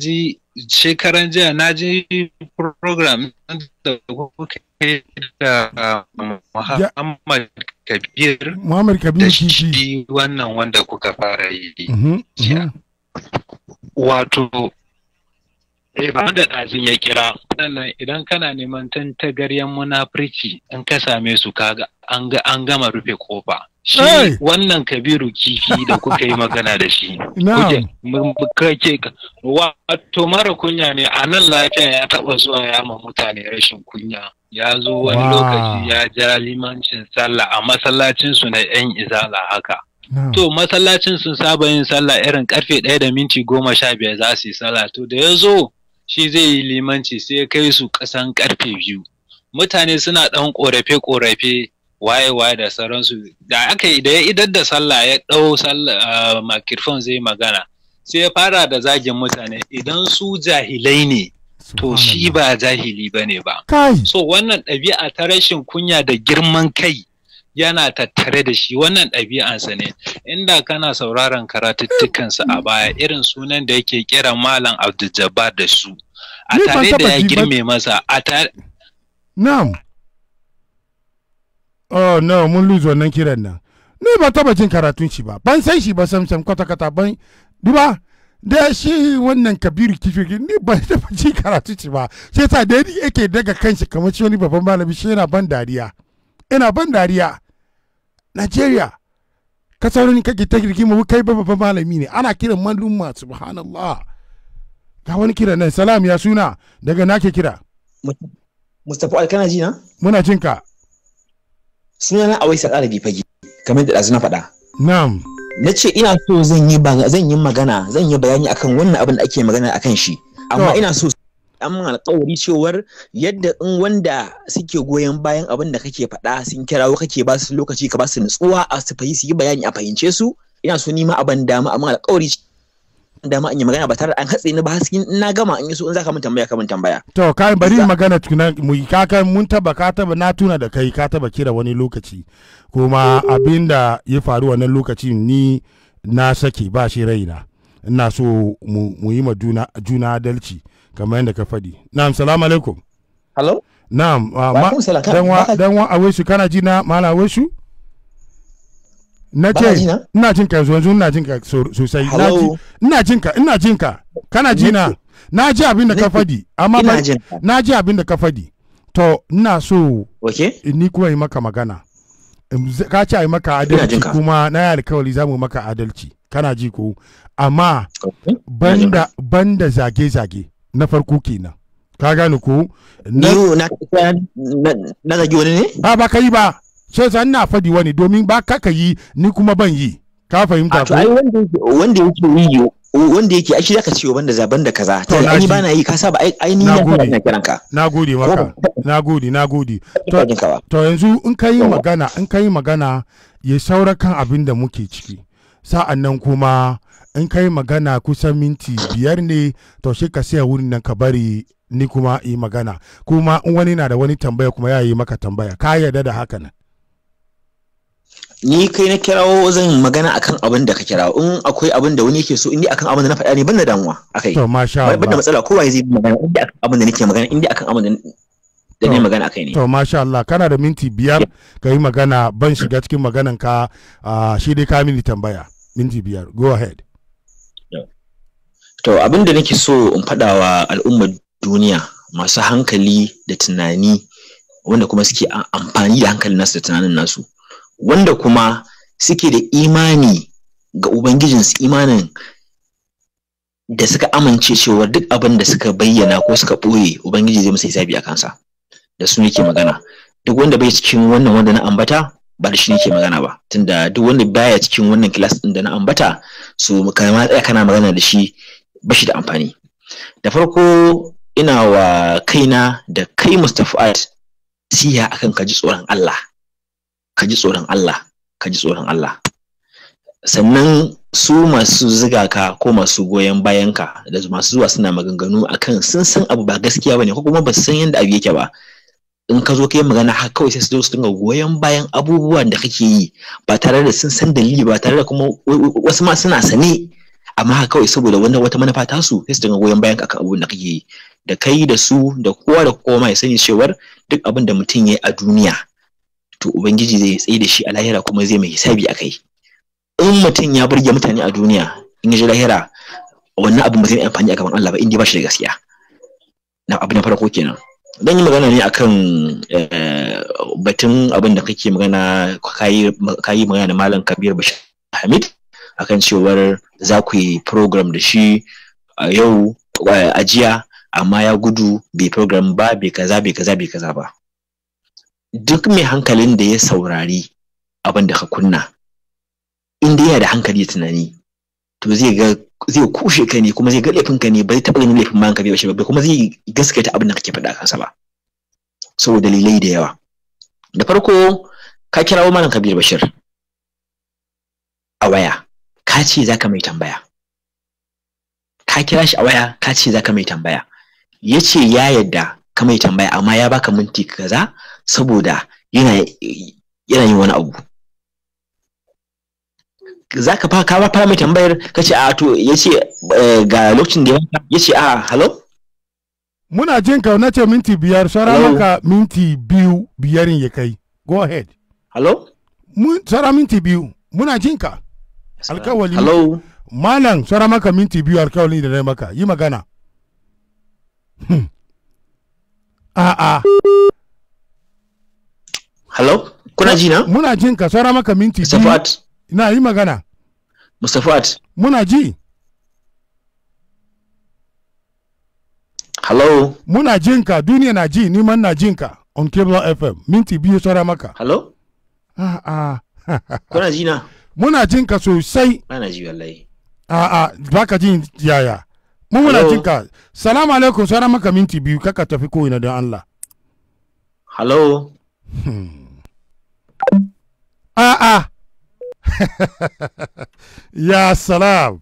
ji shekaran jiya na ji program da kuka yi da um, Muhammad Kabir Muhammad Kabir da shi wannan wanda kuka fara yi mhm, mhm. wato Eh ba da ɗazin ya kira. Sannan idan kana neman tantagaryen munafurci in ka same su kaga an gama rufe kofa. Shi wannan kabiru kifi da kuka yi magana da shi. Wato mara kunya ne a nan lafiya ya taɓa zuwa ya ma mutane rashin kunya. Ya zo wani lokaci ya ja limancin sallah a masallacin su na 'yan izala haka. To masallacin sun saba yin sallah irin karfe ɗaya da minti goma sha biyar za su yi sallah to da ya zo shi zai yi limanci sai ya kai su ƙasan ƙarfe biyu mutane suna ɗan ƙorafe-ƙorafe waye-waye da sauransu da aka yi da ya idar da sallah ya ɗau makirfon zai magana sai ya fara da zagin mutane idan su jahilai ne to shi ba jahili ba ne ba so wannan ɗabi'a ta rashin kunya da girman kai yana tattare da shi wannan ɗabi'ansa ne inda kana sauraron karatuttukansa a baya irin sunan da yake kira malam abdul da su a tare da ya girme masa a tare na'am oh no mun lose wannan kiran nan ni ba taba jin karatun shi ba ban san shi ba sam sam kwata kwata ban duba da shi wannan kabiru kifi ni ba taba jin karatun shi ba sai ta da yake daga kanshi kamar shi wani babban malami shi yana ban dariya ina ban dariya Najeriya Kasar sauran kake ta mu kai babban malami ne ana kiran mallum'a, subhanallah ga wani kira nan salam ya suna daga nake kira Mustapha Alkana ji na muna jin ka suna na Awaisa Alabi fage kamar da ɗazu na faɗa na'am na ce ina so zan yi magana zan yi bayani akan wannan abin da ake magana akan shi amma ina so an alkawari cewar yadda in wanda suke goyon bayan abin da kake faɗa sun kirawo kake ba su lokaci ka ba su nutsuwa a su fahimci su yi bayani a fahimce su ina so nima aban dama amma alkawari dama in yi magana ba tare da an hatsi ni ba haskin na gama in yi so in zaka mun tambaya ka mun tambaya to kai bari magana tunan mu ka kai mun taba ka taba na tuna da kai ka taba kira wani lokaci kuma abinda ya faru wannan lokacin ni na saki ba shi raina ina so mu yi ma juna adalci kamar yadda ka faɗi na'am salamu alaikum hello na'am uh, dan wa aweshu kana ji na mala aweshu na ce ina jin ka yanzu ina jin ka sosai ina jin ka ina jin ka kana ji na na ji abin da ka faɗi amma ba na ji abin da ka faɗi to ina so ni kuma yi maka magana ka ce yi maka adalci kuma na yi alkawari za mu maka adalci kana ji ko amma banda banda zage zage na farko kenan ka gane ko na na zagi wani ne ba ba kai ba sai san na fadi wani domin ba ka yi ni kuma ban yi ka fahimta ko ai wanda yake yi wanda yake ashe zaka ce banda zaban da kaza to ni na yi ka saba ai ni na kiran ka nagode maka nagode nagode to to yanzu in kai magana in kai magana ya saura kan abin da muke ciki sa'an nan kuma in kai magana kusan minti biyar ne to shi ka siya wurin nan ka bari ni kuma yi magana kuma in wani na da wani tambaya kuma ya yi maka tambaya ka yarda da haka nan ni kai na kirawo zan magana akan abin da ka kirawo in akwai abin da wani yake so in dai akan abin da na faɗa ne ban da damuwa akai to masha Allah ban da matsala kowa zai yi magana in akan abin da nake magana in akan abin da da ne magana akai ne to masha Allah kana da minti biyar ka yi magana ban shiga cikin maganan ka ah, shi dai ka mini tambaya minti biyar go ahead To abin da nake so in faɗa wa al'ummar duniya masu hankali da tunani wanda kuma suke amfani da hankalin nasu da tunanin nasu wanda kuma suke da imani ga Ubangijinsu imanin da suka amince cewa duk abin da suka bayyana ko suka ɓoye Ubangiji zai musu hisabi a kansa da su nake magana duk wanda bai cikin wannan wanda na ambata ba da shi nake magana ba tunda duk wanda baya cikin wannan kilas ɗin da na ambata su kana ya kana magana da shi bashi da amfani da farko ina wa kaina da kai mustafa'at siya akan ka ji tsoron Allah ka ji tsoron Allah ka ji tsoron Allah sannan su masu ziga ka ko masu goyon bayan ka da masu zuwa suna maganganu akan sun san abu ba gaskiya bane ko kuma ba san yadda abu yake ba in ka zo ka magana har kawai sai su su dinga goyon bayan abubuwan da kake yi ba tare da sun san dalili ba tare da kuma wasu ma suna sane amma kawai saboda wannan wata manufa ta su sai su dinga goyon bayan ka akan abin da kake da kai da su da kowa da kowa ya sani cewar duk abin da mutum ya yi a duniya to ubangiji zai tsaye da shi a lahira kuma zai mai hisabi a kai in mutum ya burge mutane a duniya in ya ji lahira wannan abin ba zai amfani a gaban Allah ba in ba shi da gaskiya na abu farko kenan dan yi magana ne akan eh, batun abin da kake magana kayi magana da malam Kabir Bashir Hamid akan cewar za ku yi program da shi a yau a amma ya gudu bai program ba bai kaza bai kaza bai kaza ba duk mai hankalin da ya saurari abin da ka kunna inda yana da hankali tunani to zai ga zai kushe ka ne kuma zai ga laifin ka ne bai taɓa ganin laifin ma ka bai shi ba kuma zai gaskata abin da kake faɗa kansa ba saboda dalilai da yawa da farko ka kirawo malam kabir bashir a waya ka ce za ka mai tambaya ka kira shi a waya ka ce za ka mai tambaya ya ce ya yadda ka mai tambaya amma ya baka minti kaza saboda yana yin wani abu za ka fa ka fara mai tambayar ka ce a to ya ce eh, ga lokacin da ya ce a hello muna jin ka na ce minti biyar shara maka minti biyu biyarin ya kai go ahead hello mun minti biyu muna jin ka alkawali hello malam sara maka minti biyu alkawali da na maka yi magana hmm. a'a hello kuna ji na muna jin ka sara maka minti biyu na yi magana mustafat muna ji hello muna jin ka duniya na ji ni na jin ka on cable fm minti biyu sara maka hello a'a kuna ji na muna jin ka sosai ana ji wallahi a'a ba ka jin yaya mu muna jin ka salamu alaikum sauran maka minti biyu kaka tafi ko ina don Allah hello hmm. a'a ya salam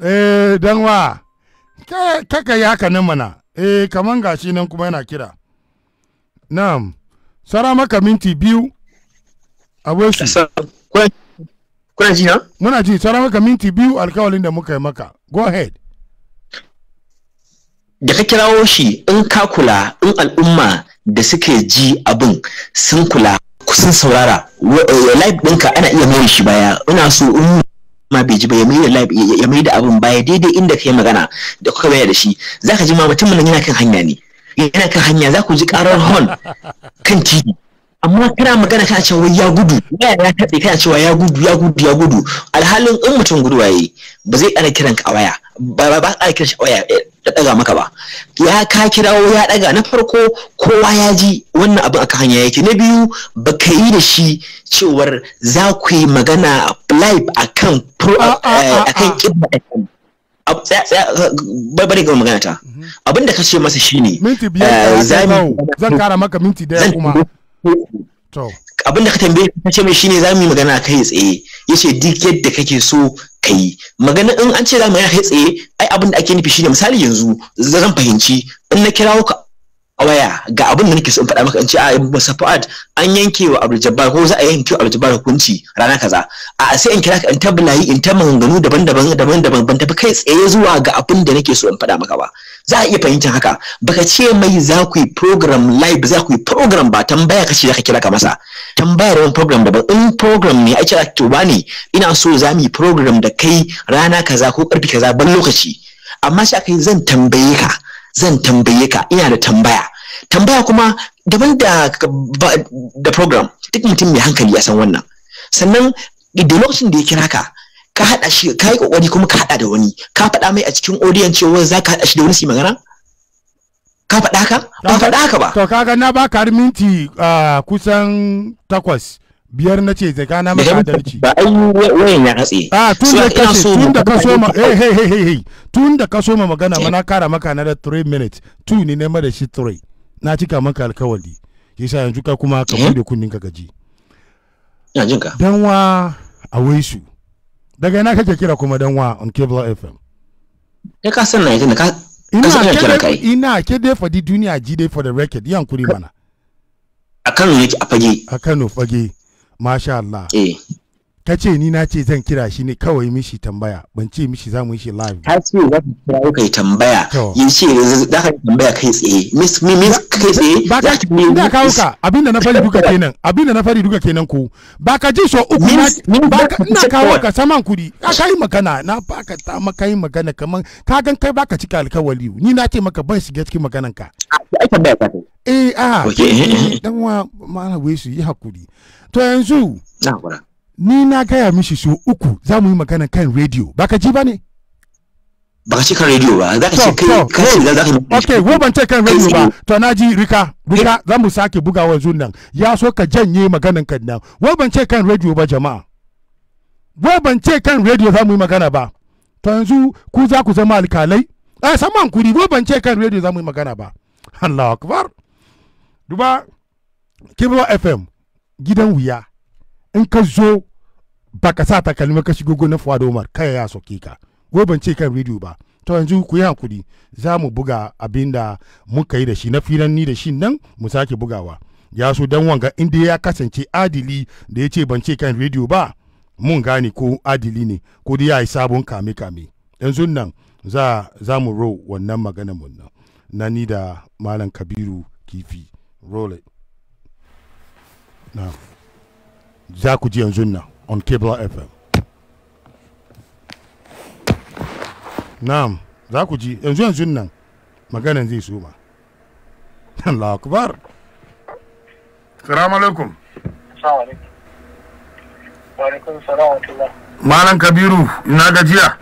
eh dan wa kaka ya ka nan mana eh kaman gashi nan kuma yana kira na'am Sara maka minti biyu a wasu. kuna ji na muna ji tsara maka minti biyu alkawalin da muka yi maka go ahead da ka kirawo shi in ka kula in al'umma da suke ji abin sun kula sun saurara eh, live ɗinka ana iya mai shi baya ina so in ma bai ji ba ya mai da abin baya daidai inda ka yi magana da kuka bayar da shi za ka ji ma mutumin yana kan hanya ne yana kan hanya za ku ji karar hon kan titi amma kana magana kana cewa ya gudu waya ya katse kana cewa ya gudu ya gudu ya gudu alhalin in mutum gudu waye ba zai ƙara kiran ka waya ba ba ƙara kiran shi waya ta eh, daga maka ba ya ka kirawo ya daga na farko kowa ya ji wannan abu aka hanya yake na biyu ba ka yi da shi cewar za ku yi magana live akan pro akan eh, kibba bari ga magana ta mhm. abinda ka ce masa shine minti biyar eh, zan kara maka minti daya kuma abin da ka tambaye ka ce mai shine za mu yi magana kai tsaye ya ce duk yadda kake so ka yi magana in an ce za mu yi kai tsaye ai abin da ake nufi shine misali yanzu zan fahimci in na kirawo ka a waya ga abin da nake so in faɗa maka in ce a Musa Fuad an yanke wa Abdul Jabbar ko za a yanke wa Abdul Jabbar hukunci rana kaza a sai in kira ka in ta bulayi in ta maganganu daban-daban daban-daban ban tafi kai tsaye zuwa ga abin da nake so in faɗa maka ba za a iya fahimtar haka baka ce mai za ku yi program live za ku yi program ba tambaya kace za ka kira ka masa tambaya da program daban in program ne ake to ba ne ina so za mu yi program da kai rana kaza ko karfi kaza ban lokaci amma shi kai zan tambaye ka zan tambaye ka ina da tambaya tambaya kuma daban da da program duk mutum mai hankali ya san wannan sannan da lokacin da ya kira ka ka haɗa shi ka yi ƙoƙari kuma ka haɗa da wani ka faɗa mai a cikin odiyan cewa za ka haɗa shi da wani su magana ka faɗa haka ba faɗa haka ba to ga na ba ka minti ah, kusan takwas biyar na ce zaga na maka adalci ba ai wayan ya hatsi a ah, tun da ka tun da ka so ma eh, hey hey hey hey tun da ka so ma magana ma na kara maka na da 3 minutes ni ne ma da shi 3 na cika maka alkawali yasa yanzu ka kuma ka eh? bude kunnin ka gaji ya jinka. dan wa a waisu daga ina kake kira kuma dan wa on cable fm ya eh, ka san na yanzu ka ina kira kai ina ke dai fadi duniya ji dai for the record yan kuri mana a Kano yake a fage a Kano fage masha Allah eh ka ce ni na ce zan kira shi ne kawai mishi tambaya ban ce mishi za mu yi shi live ta ce za ka kira ka yi tambaya ya ce za ka tambaya kai tsaye miss miss kai tsaye ba ka ina kawo ka abinda na fari duka kenan abinda na fari duka kenan ko ba ka ji so uku na ba ka ina kawo ka saman kudi ka kai magana na ba ka ta maka yi magana kaman ka gan kai ba ka cika alkawali ni na ce maka ban shiga cikin maganan ka ka eh a ah, eh, eh, eh. dan wa ma na wai yi hakuri to yanzu na ni na gaya mishi so uku za mu yi magana kan rediyo ba ka ji ba ne ba ka ce kan rediyo ba za ka ce kai ka ce za ka ok wo ban ce kan rediyo ba to na ji rika rika eh. za mu sake buga yanzu nan ya so ka janye maganan kan nan wo ban ce kan rediyo ba jama'a wo ban ce kan rediyo za mu yi magana ba to yanzu ku za ku zama alkalai a eh, saman kuri wo ban ce kan rediyo za mu yi magana ba Allahu akbar duba kibro fm gidan wuya in ka zo ba ka sa takalmi ka shigo gona fuwa umar kai ya soke ka gobe ban ce kan rediyo ba to yanzu ku yi hakuri za mu buga abin da muka yi da shi na firan ni da shi nan mu sake bugawa ya so dan wanga in dai ya kasance adili da ya ce ban ce kan rediyo ba mun gane ko adili ne ko dai ya yi sabon kame kame yanzu nan za za mu ro wannan magana mun nan na ni da malam kabiru kifi roll it now za ku ji yanzu na on Kebla FM. Na'am, za ku ji yanzu yanzu nan maganin zai suma. Allah akbar. Salamu alaikum. salam wa Malam Kabiru, ina gajiya.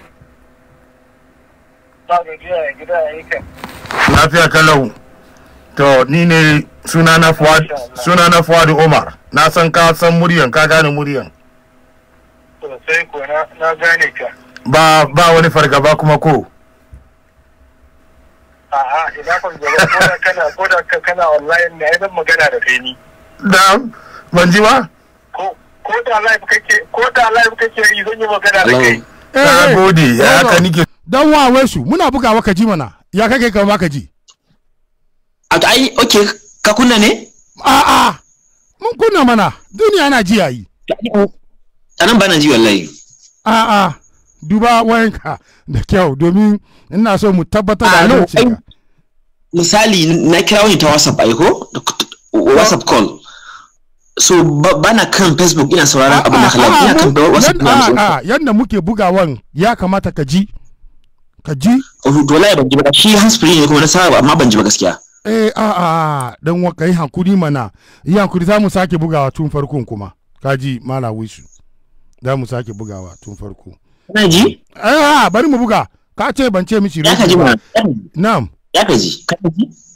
Ba gida Lafiya kalau. To, ni ne sunana na sunana omar na san ka san muryan ka gane muryan sai ko na gane ka ba ba wani fargaba kuma ko a'a ina fargaba gaba kana ko da kana online ne idan magana da kai ni da ban ji ba ko ko da live kake ko da live kake yi zan yi magana da kai na eh, eh. gode ya ka nike dan wawe su muna buga waka ji mana ya kake ka ba ka ji a ai okay ka kunna ne a'a mun kunna mana duniya na ji yayi a nan na ji wallahi a'a duba wayanka da kyau domin ina so mu tabbatar da alheri misali na kira wani ta whatsapp ko? whatsapp call so ba na kan facebook ina sauraron abin da kalam ina kan whatsapp na yanda muke bugawan ya kamata ka ji ka ji ya oh, ban ji ba shi hands free ne kuma na saba amma ban ji ba gaskiya eh a ah, a ah, ah, dan wa kai hakuri mana yi hakuri za mu sake bugawa tun farkon kuma kaji mala wisu za mu sake bugawa tun farko ji eh bari mu buga ka ce ban ce miki rufi ji na'am ya ka ji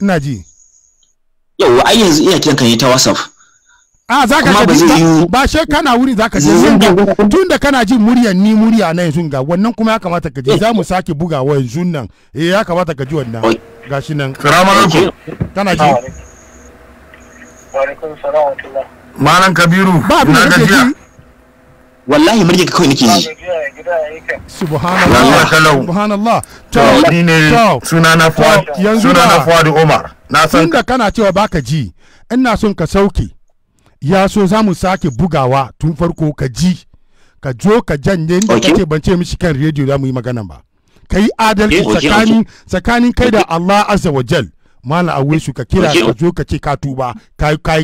ina ji yau ai yanzu iya kiran kan ta whatsapp a za ka ji ba she kana wurin za ka ji tun da kana jin muryar ni murya na yanzu ga wannan kuma ya kamata ka ji eh. za mu sake bugawa yanzu nan eh ya kamata ka ji wannan gashi nan salamu alaikum tana ji ah. wa alaikum salam wa malam kabiru ba da gajiya wallahi murje kawai nake yi subhanallah subhanallah to ni ne sunana fuad sunana fuad umar na san kana cewa baka ji ina son ka sauke ya so za mu sake bugawa tun farko ka ji ka jo ka janye inda kake ban ce mishi kan rediyo za mu yi magana ba ka yi adalci tsakanin tsakanin kai da Allah azza wa jal mala awe su ka kira ka zo ka ce ka tuba kai kai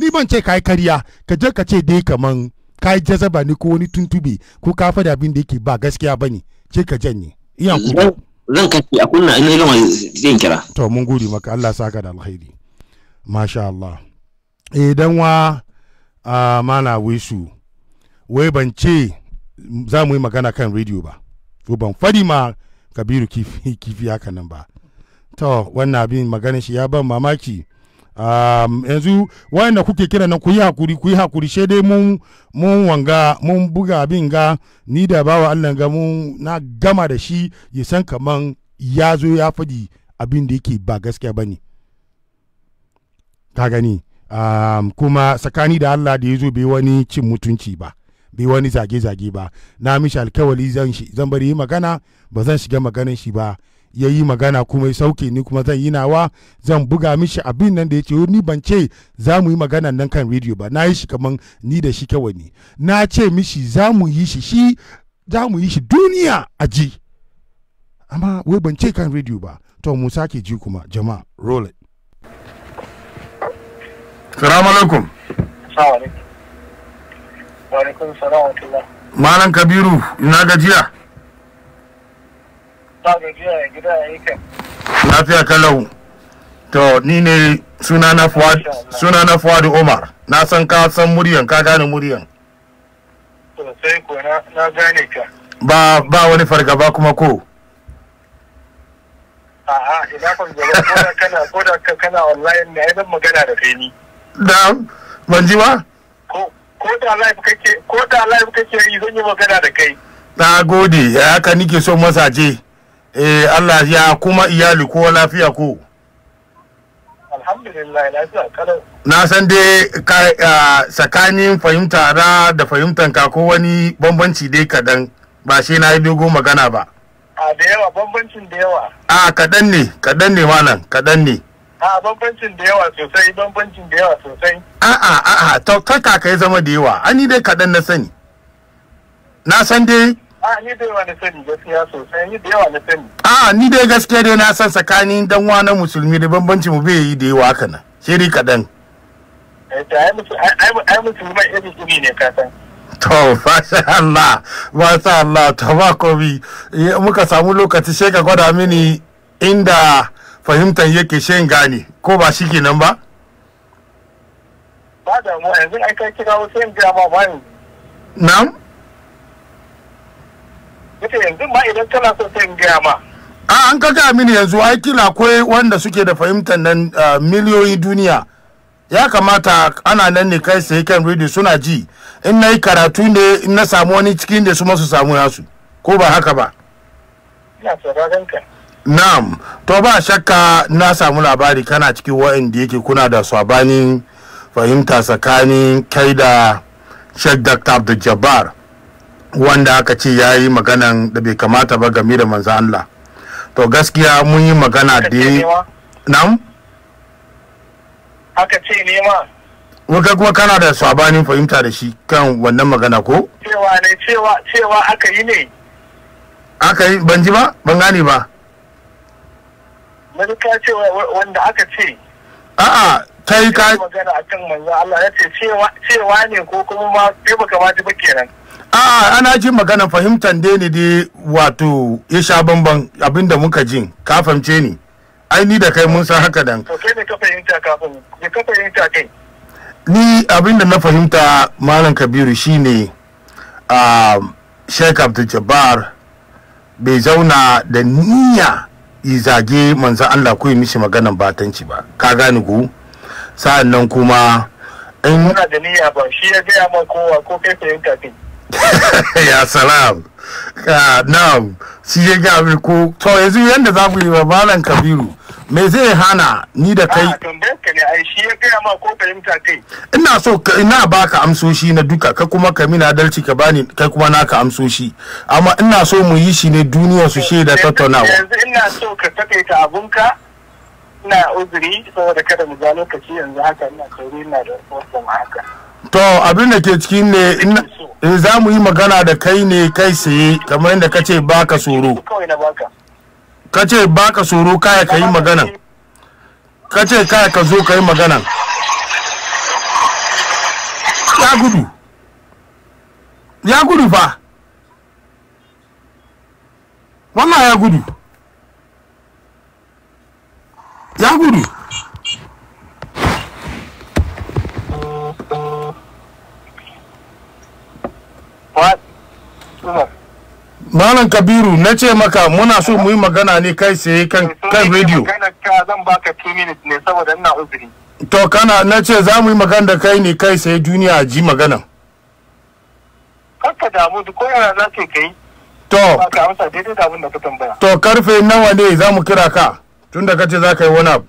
ni ban ce kai kariya ka je ka ce dai kaman kai jazaba ni ko wani tuntube ko ka fada abin da yake ba gaskiya bane ce ka janye iya ku zan kace a kunna ina gama zan kira to mun gode maka Allah saka da alkhairi masha Allah eh dan wa a ah, awe su wai ban ce za mu yi magana kan rediyo ba ko ban fari ma kabiru kifi, kifi haka nan ba to wannan abin maganin shi ya ban mamaki um, yanzu wayanda kuke kira nan ku yi hakuri ku yi hakuri sai dai mun mun wanga mun buga abin ga ni da bawa Allah ga mun na gama da shi ya san kaman ya zo ya faɗi abin da yake ba gaskiya bane ka gani um, kuma tsakani da Allah da ya zo bai wani cin mutunci ba bai wani zage-zage ba na mishi alkawali zan bari yi magana ba zan shiga maganin shi ba ya yi magana kuma ya sauke ni kuma zan yi nawa zan buga mishi abin nan da ya ce oh, ni ban ce za mu yi magana nan kan rediyo ba na yi shi kaman ni da shi kawai ne na ce mishi za mu yi shi shi za mu yi shi duniya a ji amma wai ban ce kan rediyo ba to mu sake ji kuma jama'a roll it salamu Malam Kabiru, ina gajiya? Ba gajiya ya gida ya yi kai Lafiya kalau. To, ni ne suna na Fuad Umar. Na san ka san muryan, ka gane muryan. to sai ko na gane ka. Ba ba wani fargaba kuma ko. A'a, ina fargaba ko da kana ko da kana online ne idan magana da kai ni. Da ban ji ba? ko da live kake yi zan yi magana da kai na gode ya haka nike so masaje eh Allah ya kuma iyali ko lafiya ko alhamdulillah na san dai tsakanin fahimta ra da fahimtan ka ko wani bambanci dai kadan ba shi na yi dogo magana ba a da yawa bambancin da yawa a kadan ne kadan ne malam kadan ne a bambancin da yawa sosai bambancin da yawa sosai a'a a'a to kanka kai zama da yawa An yi dai kaɗan na sani na san dai a ni da yawa na sani gaskiya sosai da yawa na sani a ni dai gaskiya dai na san tsakanin dan wani na musulmi da bambanci mu bai yi da yawa haka nan shiri kaɗan eh, ai musulman iri iri ne ka to masha Allah sa Allah to ba komi eh, muka samu lokaci sai gwada mini inda fahimtan yake shan gane ko ba shi kenan ba ba da mu yanzu ai kai kira wasu yin gaya ma bani. na'am kace yanzu ma idan kana so sai in gaya ma a an gaya mini yanzu ai kila akwai wanda suke da fahimtar nan miliyoyin duniya ya kamata ana nan ne kai sai kan radio suna ji in na yi karatu ne in na samu wani cikin da su masu samu nasu ko ba haka ba ina sauraron ka Na'am, to ba shakka na samu labari kana cikin wa'anda yake kuna da sabanin fahimta tsakanin kai da Sheikh Dr. Abdul Jabbar wanda aka ce ya yi maganan da bai kamata ba game da manzo Allah. To gaskiya mun yi magana da Na'am? Aka ce ne ma. Waka kuma kana da sabanin fahimta da shi kan wannan magana ko? Cewa ne cewa cewa aka yi ne. Aka yi ban ji ba? Ban gane ba. manufa ce wanda aka ce a'a ta kai ka magana akan manzo Allah ya ce cewa ne ko kuma ma bai baka ma ji ba kenan a'a ana jin magana fahimtar dai ne dai wato ya sha bamban abinda muka jin ka fahimce ni ai ni da kai mun san haka dan to kai ne ka fahimta kafin ne ka fahimta kai ni abinda na fahimta malam kabiru shine a ah, sheikh abdul jabbar bai zauna da niyya zage manzan Allah ko mishi maganan batanci ba ka gane ku sa'an nan kuma in muna da niyya ba shi ya gaya ma kowa ko kai fahimta kafi ya salam ah, nan shi ya gaya ko to yanzu yanda za ku yi ba malam kabiru me zai hana ni da kai ina so ina baka amsoshi na duka ka kuma ka mina adalci ka bani kai kuma naka amsoshi amma ina so mu yi shi ne duniya su da tattaunawa yanzu ina so ka takaita ka ina uzuri saboda kada mu ga lokaci yanzu haka ina sauri ina da wasan haka to abin da ke cikin ne in eh, za mu yi magana da kai ne kai tsaye kamar yadda ka ce baka tsoro kawai na baka ka ce ba ka tsoro kaya ka yi maganan ka ce kaya ka zo ka yi maganan ya gudu ya gudu fa wannan ya gudu ya gudu What? Malam Kabiru na ce maka muna so mu yi magana ne kai sai kan kan radio. zan baka 2 minutes ne saboda ina uzuri. To kana na ce za mu yi magana da kai ne kai sai duniya ji magana. Kakka damu ko yana za ka kai. To. Ba ka amsa daidai da abin da ka tambaya. To karfe nawa ne za mu kira ka tun da kace za ka yi wani abu.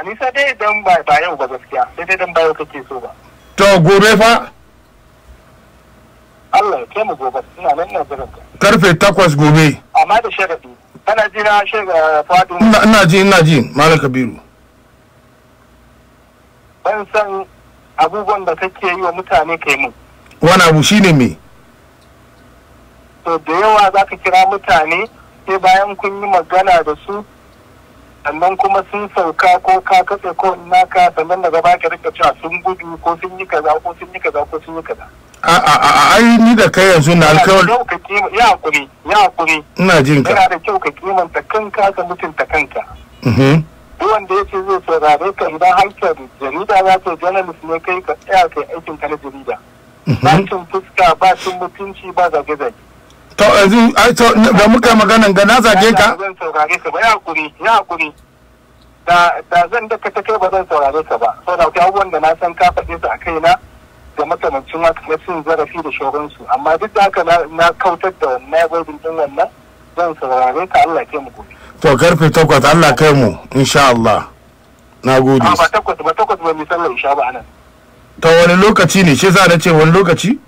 Anisa dai dan ba yau ba gaskiya sai dai dan ba yau kake so ba. To gobe fa. Allah ya kai mu gobe ina nan na gurin karfe takwas gobe amma da sharadi kana ji na shi fadu ina ji ina ji malam kabiru ban san abubuwan da kake yi wa mutane kai mu wani abu shine me to da yawa za ka kira mutane sai bayan kun yi magana da su sannan kuma sun sauka ko ka katse ko naka sannan daga baki rika cewa sun gudu ko sun yi kaza ko sun yi kaza ko sun yi kaza a a a ni da kai yanzu na alkawar ya hakuri ya hakuri ina jin ka yana da kyau ka kimanta kanka ka mutunta kanka mhm. duk wanda ya ce zai saurare ka idan harkar jarida za ta journalist ne kai ka tsaya kai aikin ka na jarida mhm. ba cin fuska ba cin mutunci ba zage-zage to yanzu ai to da muka magana ga na zage ka zan saurare ka ba ya hakuri ya hakuri da da zan daka ta kai ba zan saurare ka ba saboda abubuwan da na san ka faɗe su a kaina da matsanancin na cin zarafi da shauransu amma duk da haka na kautar da na gwajin din wannan zan saurare ka Allah ke mu gobe. to karfe takwas Allah kai mu insha Allah na gode. ba takwas ba takwas ba mi sallar isha ba anan. ta wani lokaci ne shi za na ce wani lokaci?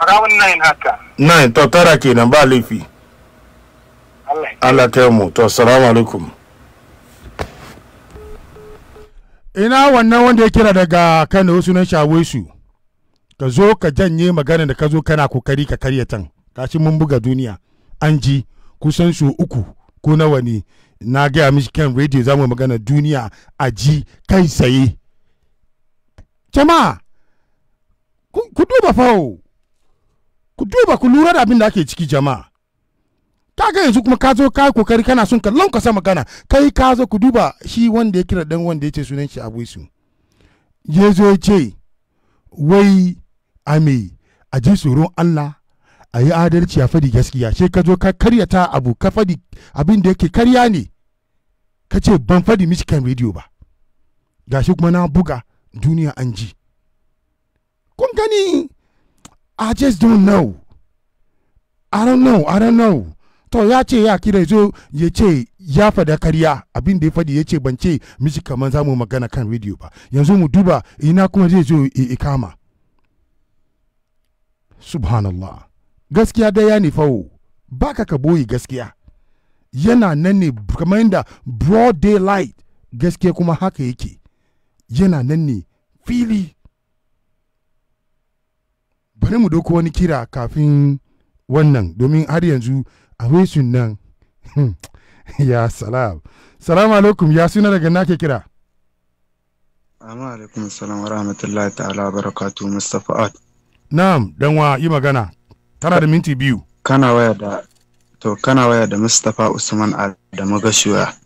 around nine haka. nine to tara kenan ba laifi. Allah ta yi mu to salamu alaikum. ina wannan wanda ya kira daga kano sunan shawesu ka zo ka janye magana da ka zo kana kokari ka karya can kashi mun buga duniya an ji kusan su uku ko nawa ne na gaya mishi kan radio za mu magana duniya a ji kai tsaye jama'a ku duba fawo ku duba ku lura da abin da ake ciki jama'a kaga yanzu kuma ka zo ka kokari kana son kallon ka sama gana kai ka zo ku duba shi wanda ya kira dan wanda ya ce sunan shi abu su ya ya ce wai ame a ji tsoron Allah a yi adalci a fadi gaskiya sai ka zo ka karyata abu ka fadi abin da yake karya ne ka ce ban fadi michigan radio ba gashi kuma na buga duniya an ji kun gani i just don't know i don't know i don't know to ya ce ya kira zo ya ce ya fada karya abin da ya faɗi ya ce ban ce miji kamar za mu magana kan rediyo ba yanzu mu duba ina kuma zai zo ikama subhanallah gaskiya da ya fawo baka ka boye gaskiya yana nan ne kamar yadda broad daylight gaskiya kuma haka yake yana nan ne fili bari mu doko wani kira kafin wannan domin har yanzu awisun nan hmm. ya salam salamu alaikum ya suna daga nake kira amma alaikum salam wa rahmatullahi ta'ala wa barakatu mustafa'at na'am dan wa yi magana tara da minti biyu kana waya da to kana waya da mustapha usman adamu magashuwa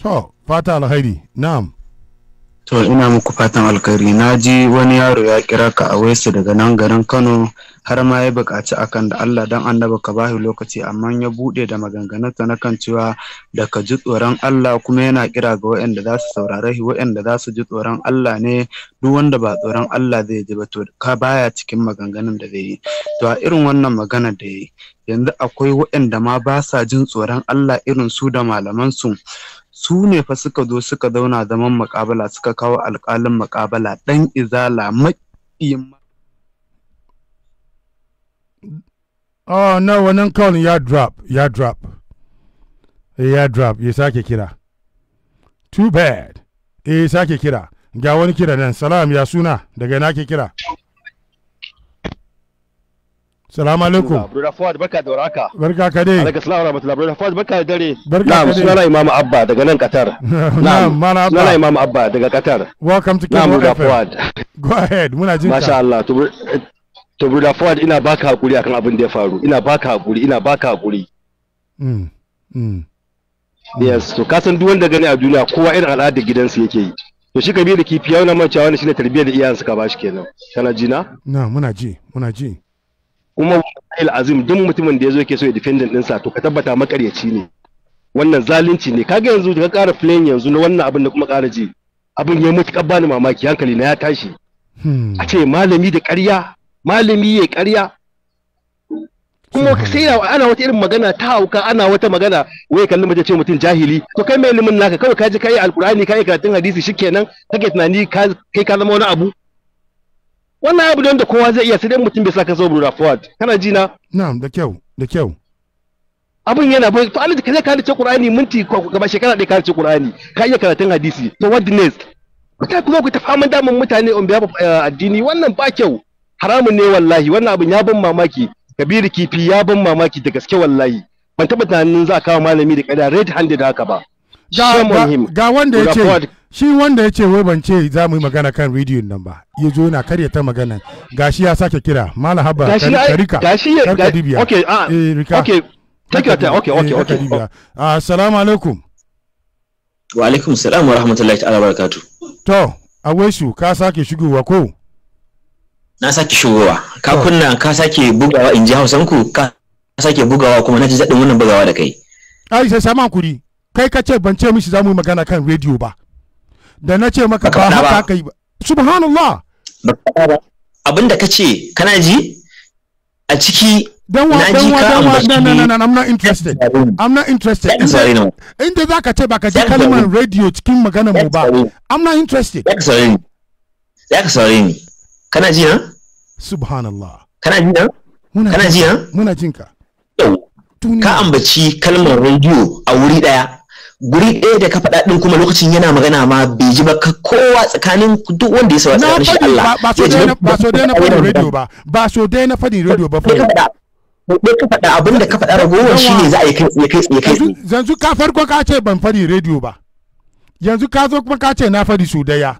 to fata alhaidi na'am To ina muku fatan alkhairi na ji wani yaro ya kira ka a waisu daga nan garin Kano har ma ya buƙaci akan da Allah dan annaba ka bahi lokaci amma ya buɗe da maganganunsa na kan cewa da ka ji tsoron Allah kuma yana kira ga waɗanda za su saurari shi waɗanda za su ji tsoron Allah ne duk wanda ba tsoron Allah zai ji ba to ka baya cikin maganganun da zai yi to a irin wannan magana da yi yanzu akwai waɗanda ma ba sa jin tsoron Allah irin su da malaman su su ne fa suka zo suka zauna zaman makabala suka kawo alƙalin makabala ɗan izala maƙiyin Oh ah, no, wannan kawai ya drop, ya drop. Eh, ya drop, ya sake kira. Too bad. Eh sake kira. Ga wani kira nan, salam ya suna daga na ke kira. Salamu alaikum. Bruna Fuad barka da waraka Barka ka dai. Alaikum salam rahmatullah. Bruna Fuad barka da dare. Barka ka dai. Sunana Imam Abba daga nan Qatar. Na'am, mana Abba. Sunana Imam Abba daga Qatar. Welcome to Kano Bruna Fuad. Go ahead, muna jin ka. Masha Allah. To Bruna eh, Fuad ina baka hakuri akan abin da ya faru. Ina baka hakuri, ina baka hakuri. Mm. Mm. Yes, to ka san duk wanda gani a duniya kowa irin al'adar gidansa yake yi. to shi kabiru kifi yau na mace wannan shine tarbiyyar da iyayen suka bashi kenan kana ji na na muna ji muna ji kuma wallahi azim duk mutumin da yazo yake so ya defendant ɗinsa to ka tabbata makaryaci ne wannan zalunci ne kaga yanzu da ka ƙara playing yanzu na wannan abin da kuma ƙara ji abin ya mutu bani mamaki hankali na ya tashi hmm. a ce malami da ƙarya malami ya ƙarya kuma sai ana wata irin magana ta hauka ana wata magana wai kalli mace ce mutum jahili to kai mai ilimin naka kawai ka ji kai alkurani kai karatun hadisi shikenan kake tunani kai ka zama wani abu wannan abu ne da kowa zai iya sai dai mutum bai sa zo bura forward kana ji na na'am da kyau da kyau abin yana bai to Allah kaje ka hadice Qur'ani minti gaba shekara ɗaya ka hadice Qur'ani ka iya karatun hadisi to what the next kuka ku zo ku tafi mun damun mutane on behalf eh, addini wannan ba kyau haramun ne wallahi wannan abin ya ban mamaki kabiru kifi ya ban mamaki da gaske wallahi ban taɓa tunanin za a kawo malami da kada red handed haka ba ga wanda ya ce shi wanda ya ce wai ban ce za mu yi magana kan rediyon nan ba ya zo yana karya ta magana gashi ya sake kira mala haba karika karka dibiya ok uh, eh rika ok take your time okay okay eh, ah, alaikum wa alaikum salam wa rahmatullahi ta'ala barakatu to waisu ka sake shigowa ko na sake shigowa ka kunna ka sake bugawa in ji hausanku ka sake bugawa kuma na ji daɗin wannan bugawa da kai ai sai sama kuri kai ka ce ban ce mishi za mu yi magana kan rediyo ba da na ce maka ba haka aka yi ba subhanallah abin ka ce kana ji a ciki na ka ji cikin magana mu ba I'm not ya ka ni ya ka ni kana ji na subhanallah kana ji na kana ji na muna ka ambaci kalmar rediyo a wuri ɗaya. guri ɗaya da ka faɗa ɗin kuma lokacin yana magana ma bai ji ba ka kowa tsakanin duk wanda ya sawa tsakanin shi Allah ba so dai na faɗi radio ba ba so dai na faɗi radio ba fa ka faɗa abin da ka faɗa ragowar shi ne za a yi kai tsaye kai tsaye. Yanzu ka farko ka ce ban faɗi rediyo ba. Yanzu ka zo kuma ka ce na faɗi su daya.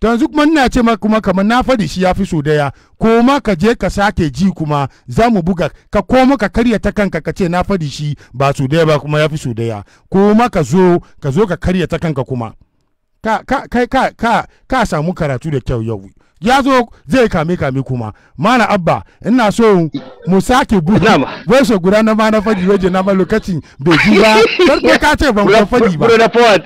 tanzu kuma ina ce maka kuma kamar na faɗi shi ya fi so daya ko ma ka je ka sake ji kuma za mu buga ka koma ka karya ta kanka ka ce na faɗi shi ba so daya ba kuma ya fi so daya ko ma ka zo ka zo ka karya ta kanka kuma ka ka ka ka ka, ka samu karatu da kyau yau ya zo zai kame kame kuma mana abba ina so mu sake bugu wai so guda na ma na faɗi waje na ma lokacin bai ji ba ka ce ban faɗi ba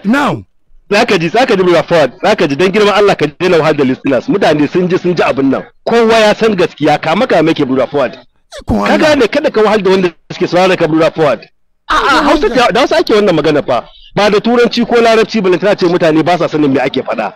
na'am zaka ji zaka ji mura fawad zaka ji dan girman Allah ka daina wahal da listeners mutane sun ji sun ji abin nan kowa ya san gaskiya kama kama yake mura fawad ka gane kada ka wahal da wanda suke saurara ka mura fawad a'a hausa ta da wasu ake wannan magana fa ba da turanci ko larabci ta ce mutane ba sa sanin me ake faɗa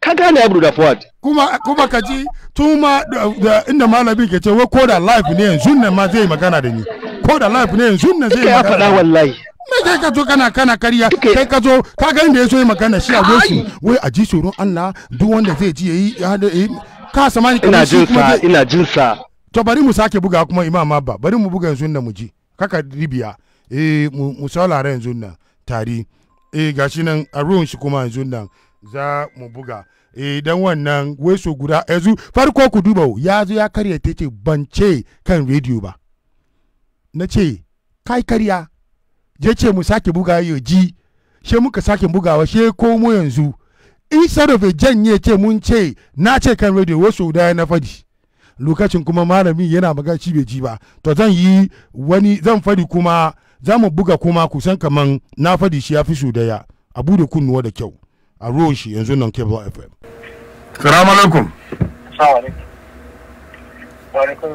ka gane ya mura fawad kuma kuma ka ji tuma da inda malabi ke ce wai ko da live ne yanzu ne ma zai magana da ni ko da live ne yanzu ne zai magana ya faɗa wallahi me kai ka zo kana kana kariya kai ka zo ka ga inda ya so yi magana shi a gosu wai a ji tsoron Allah duk wanda zai ji yayi ka sama ni ina jin sa ina jin sa to bari mu sake buga kuma imam abba bari mu buga yanzu nan mu ji kaka ribiya eh mu saurara yanzu nan tari eh gashi nan a ruwan shi kuma yanzu nan za mu buga idan eh, wannan weso guda yanzu farko ku duba ya zo ya karya ta ce ban ce kan rediyo ba na ce kai karya je ce mu sake buga ya ji she muka sake bugawa she komo yanzu instead of janye ce mun ce na ce kan radio wasu da na fadi lokacin kuma malami yana magana shi bai ji ba to zan yi wani zan fadi kuma za mu buga kuma kusan kaman na fadi shi ya fi su daya a bude kunnuwa da kyau a ruwan shi yanzu nan cable fm salamu alaikum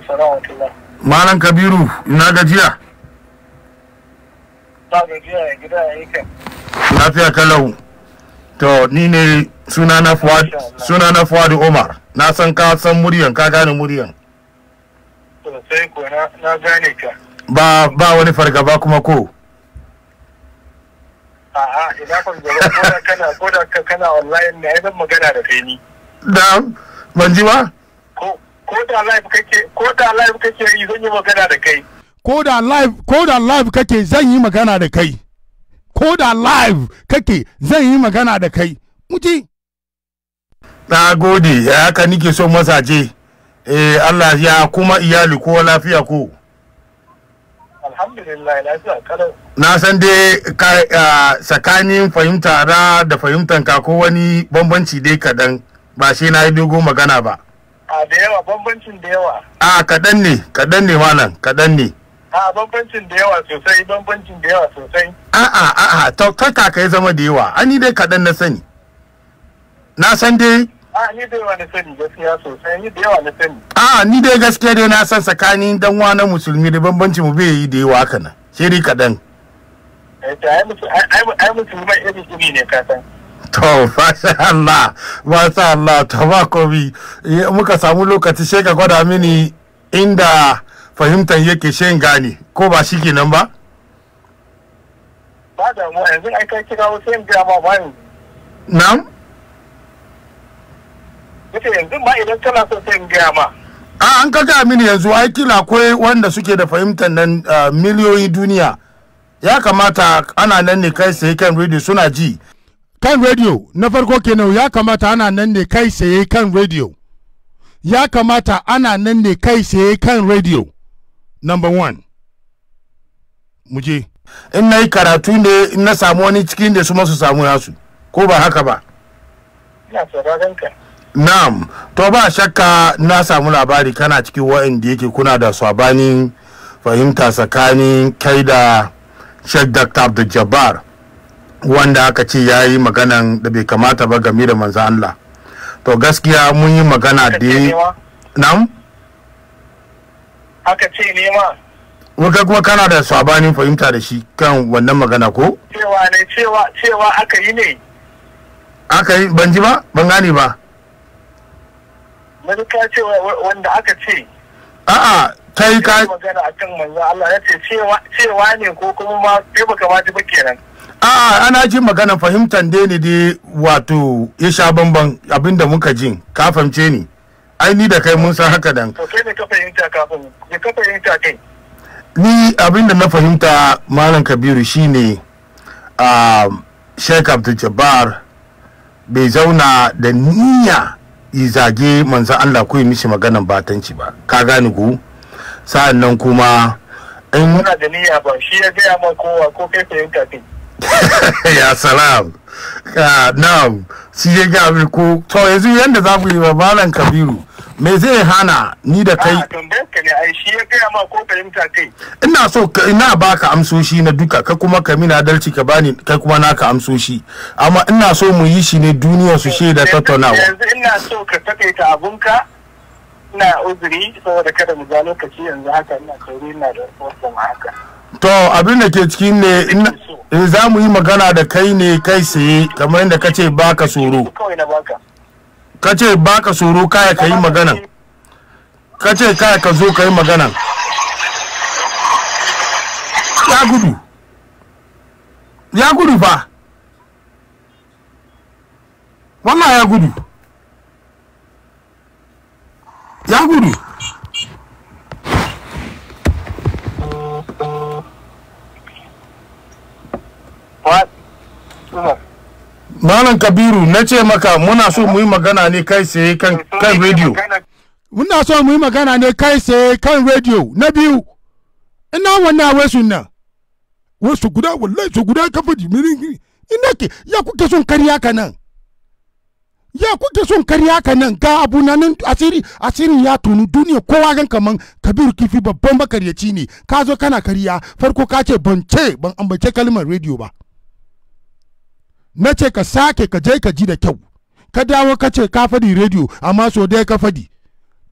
malam kabiru ina gajiya lafiya kalau to ni ne suna na fuad suna na umar na san ka san muryan ka gane muryan sai ko na gane ka ba wani fargaba kuma ko a'a ina fargaba ko da kana ko da kana online ne ai magana da kai ni da ban ji ba ko ko da live kake ko da live kake yi zan yi magana da kai ko da live ko da live kake zan yi magana da kai ko da live kake zan yi magana da kai muti na gode ya haka nike so masaje eh Allah ya kuma iyali ko lafiya ko alhamdulillah lafiya kalau na san dai tsakanin fahimta ra da fahimtan ka ko wani bambanci dai kadan ba shi na yi dogo magana ba a da yawa bambancin da yawa a kadan ne kadan ne malam kadan ne a bambancin da yawa sosai bambancin da yawa sosai a'a a'a to kai kai zama da yawa ani dai kaɗan na sani na san dai a ni da yawa na sani gaskiya sosai ni da yawa na sani A'a, ni dai gaskiya dai na san tsakanin dan wa na musulmi da bambancin mu bai yi da yawa haka nan sai kaɗan eh, ai musulman iri iri ne ka san to masha Allah masha Allah to ba komi eh, muka samu lokaci sai ka gwada mini inda fahimtan yake shan gane ko ba shi kenan ba ba da mu yanzu ai kai kira wasu yin ba bayan nan? Ita yanzu ma idan kana so sai yin gaya ma. A an kaga mini yanzu ai kila akwai wanda suke da fahimtar nan miliyoyin duniya. Ya kamata ana nan ne kai sai kan radio suna ji. Kan radio na farko kenan ya kamata ana nan ne kai sai kan radio. Ya kamata ana nan ne kai sai kan radio. number one mu in na yi karatu ne in na samu wani cikin da su masu samu nasu ko ba haka ba na'am to ba shakka na samu labari kana cikin da yake kuna da sabanin fahimta tsakanin kai da sheikh dr abdul jabar wanda aka ce ya yi maganan da bai kamata ba game da manzan Allah to gaskiya mun yi magana da na'am haka ce ne ma waka kuma kana da sabanin fahimta da shi kan wannan magana ko cewa ne cewa cewa aka yi ne aka yi ban ji ba ban gane ba wani ka ce wanda aka ce a'a yi ka magana a kan manzo Allah ya ce cewa cewa ne ko kuma ma sai baka ma ji ba kenan a'a ana ji magana, fahimtan dai ne dai wato ya sha bamban abinda muka jin ka fahimce ni ai ni da kai mun san haka dan to kai ne ka fahimta kafin ne ka fahimta kai ni abin da na fahimta malam kabiru shine a sheik abdul jabbar bai zauna da niyya yi zage manzan allah ko yi mishi maganan batanci ba ka gane ku sa'an nan kuma in muna da niyya ba shi ya gaya ma kowa ko kai fahimta kai ya salam ah, na'am shi ya ga ko to yanzu yanda za ku yi wa malam kabiru me zai hana ni da kai ina so ina baka amsoshi na duka ka kuma ka mina adalci ka bani kai kuma naka amsoshi amma ina so mu yi shi ne duniya su she da tattaunawa yanzu ina so ka takaita abunka ina uzuri saboda kada mu ga lokaci yanzu haka ina kauri ina da wasan haka to abin da ke cikin ne eh, za mu yi magana da kai ne kai sai kamar yadda ka ce baka tsoro ka ce baka tsoro kaya ka yi magana ka ce kaya ka zo ka yi magana ya gudu ya gudu fa wannan ya gudu ya gudu Malam Kabiru na ce maka muna so mu yi magana ne kai sai kan kan radio. Muna so mu yi magana ne kai sai kan radio na biyu. Ina wannan awe sunna. Wai su guda wallahi su guda ka fadi ina ke ya kuke son kariya ka nan. Ya kuke son kariya ka nan ga abu na nan asiri asirin ya tunu duniya kowa gan kaman Kabiru kifi babban makaryaci ne ka zo kana kariya farko ka ce ban ce ban ambace kalmar radio ba. na ce ka sake ka je ka ji da kyau ka dawo ka ce ka fadi rediyo amma so daya ka fadi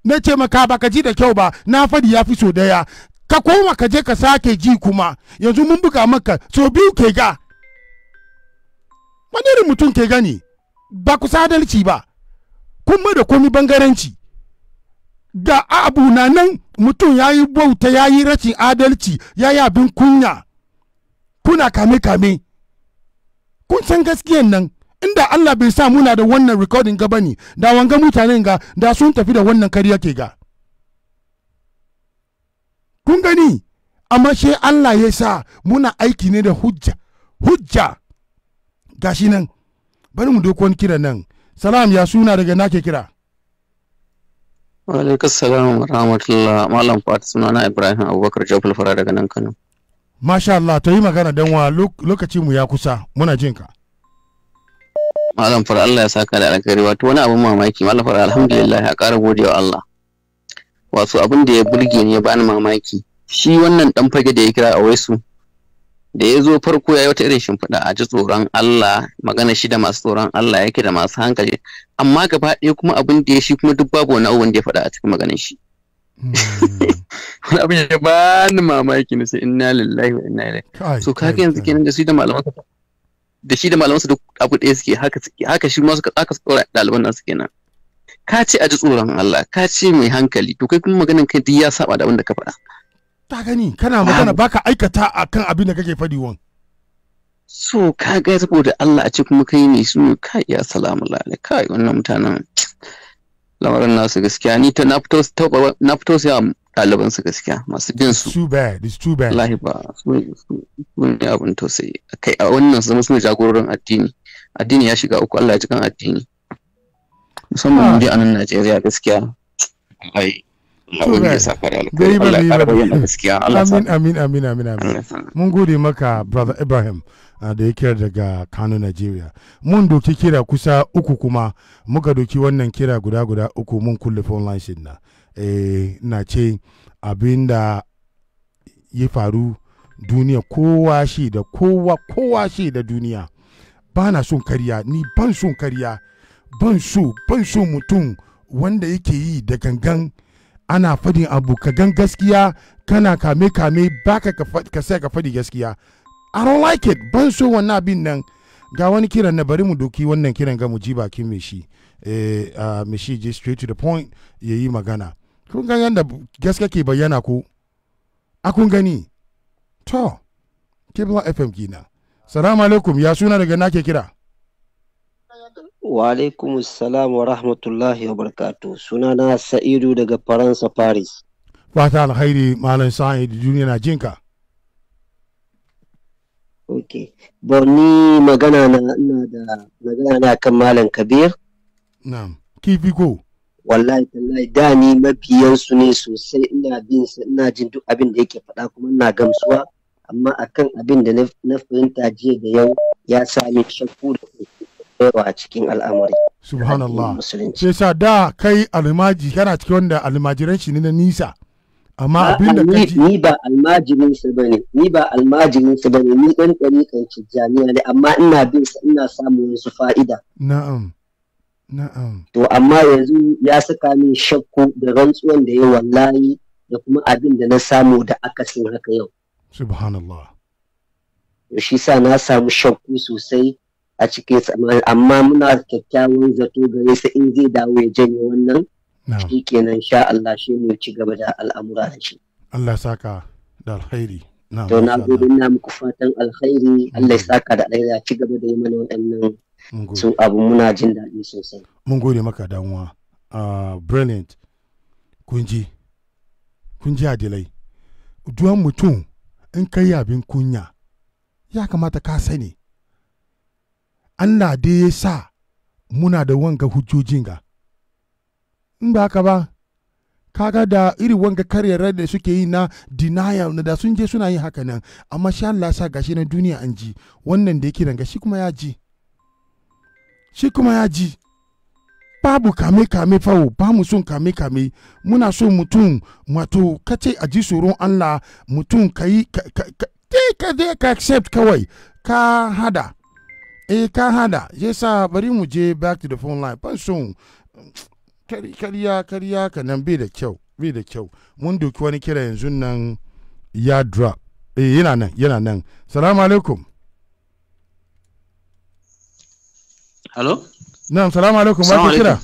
na ce maka ba ka ji da kyau ba na fadi ya fi so daya ka koma ka je ka sake ji kuma yanzu mun buga maka so biyu ke ga wani irin mutum ke gani ba ku sadalci ba kun da komi bangaranci ga abu na nan mutum ya yi bauta ya yi rashin adalci ya yi abin kunya kuna kame-kame kun san gaskiyan nan inda Allah bai sa muna da wannan recording ga bane da wanga mutanen ga da sun tafi da wannan kariya ke ga kun gani amma shi Allah ya sa muna aiki ne da hujja hujja gashi nan bari mu doko wani kira nan salam ya suna daga nake kira wa alaikas wa rahmatullah malam fatima na ibrahim abubakar jofal fara daga nan kano Masha Allah to yi magana dan wa lokaci mu ya kusa muna jin ka. Malam fara Allah ya saka da alkhairi wato wani abin mamaki malam fara alhamdulillah ya ƙara wa Allah. Wato abin da ya burge ni ya bani mamaki shi wannan dan fage da ya kira a waisu da ya zo farko ya yi wata irin shimfiɗa a ji tsoron Allah magana shi da masu tsoron Allah yake da masu hankali amma gaba ɗaya kuma abin da ya shi kuma duk babu wani abu da ya faɗa a cikin maganin shi. Hmm. wani abin ya ba ni mamaki na sai inna lillahi wa inna ilaihi so kaga yanzu kenan da shi da malaman da shi da malaman su duk abu ɗaya suke haka suke haka shi ma suka tsaka tsora ɗaliban nasu kenan ka ce a ji tsoron Allah ka ce mai hankali to kai kuma maganin kai duk ya saba da abin da ka faɗa ta gani kana magana baka aikata akan abin da kake faɗi wan so ka ga saboda Allah a ce kuma kai ne su kai ya salamu alaikum kai wannan mutanen lamarin nasu gaskiya ni ta na fito a ɗaliban su gaskiya masu jin su too bad it's too bad lahi ba su ne abin tausayi kai a wannan su zama suna jagororin addini addini ya shiga uku Allah ya cikin addini musamman ah. mu je a nan Najeriya gaskiya ai Amin, amin, amin, amin, amin. Mun gode maka, Brother Ibrahim. da ya kira daga Kano Nigeria mun doki kira kusa uku kuma muka doki wannan kira guda guda uku mun kulle phone line shi na eh, na ce abinda ya faru duniya kowa shi da kowa kowa shi da duniya ba na son kariya ni ban son kariya ban so ban so mutum wanda yake yi da gangan ana fadin abu ka gan gaskiya kana kame kame baka ka sai ka fadi gaskiya I don't like it ban so wannan abin nan ga wani kiran na bari mu doki wannan kiran ga mu ji bakin me shi eh uh, me shi just straight to the point yayi magana kun ga yanda gaske ke bayyana ko a kun gani to kibla fm kina Assalamu alaikum ya suna daga nake kira wa alaikum salam wa rahmatullahi wa barakatuh suna na sa'idu daga faransa paris fata alkhairi malam sa'id duniya na jinka ok bon magana na da magana na kan malam kabir na'am bi go. wallahi tallahi da ni mafiyan su ne sosai ina bin sa ina jin duk abin da yake faɗa kuma ina gamsuwa amma akan abin da na fahimta jiya da yau ya sami shakku da yawa a cikin al'amari subhanallah sai sa da kai almaji kana cikin wanda almajiran shi ne na nisa amma abin da kaji ni ba almajirin su bane ni ba almajirin su bane ni dan ci jami'a ne amma ina bin sa ina samun wasu fa'ida na'am na'am to amma yanzu ya saka min shakku da rantsuwan da ya wallahi da kuma abin da na samu da aka akasin haka yau subhanallah shi sa na samu shakku sosai a cikin amma muna kyakkyawan zato gare sa in zai dawo ya janye wannan shi kenan sha Allah shi ne ci gaba da al'amura da shi Allah ya saka da alkhairi to na gode na muku fatan alkhairi Allah ya saka da alkhairi ci gaba da yi mana waɗannan su abu muna jin daɗi sosai mun gode maka damuwa ah, brilliant kunji kunji adilai duwan mutum in kai abin kunya ya kamata ka sani Allah dai ya sa muna da wanga hujjojin ga in ba haka ba kaga da iri wanga karyarar da suke yi na denial na da sun je suna yi haka nan amma sha Allah sa gashi na duniya an ji wannan da yake ranga shi kuma ya ji shi kuma ya ji babu kame kame fawo ba mu son kame kame muna so mutum wato kace a ji tsoron Allah mutum kai ka ka ka accept kawai ka hada eh ka hada yasa bari mu je back to the phone line ban so. karya karya ka nan bi da kyau bi da kyau mun duki wani kira yanzu nan ya drop eh yana nan yana nan salamu alaikum hello na'am salamu alaikum ba wa kira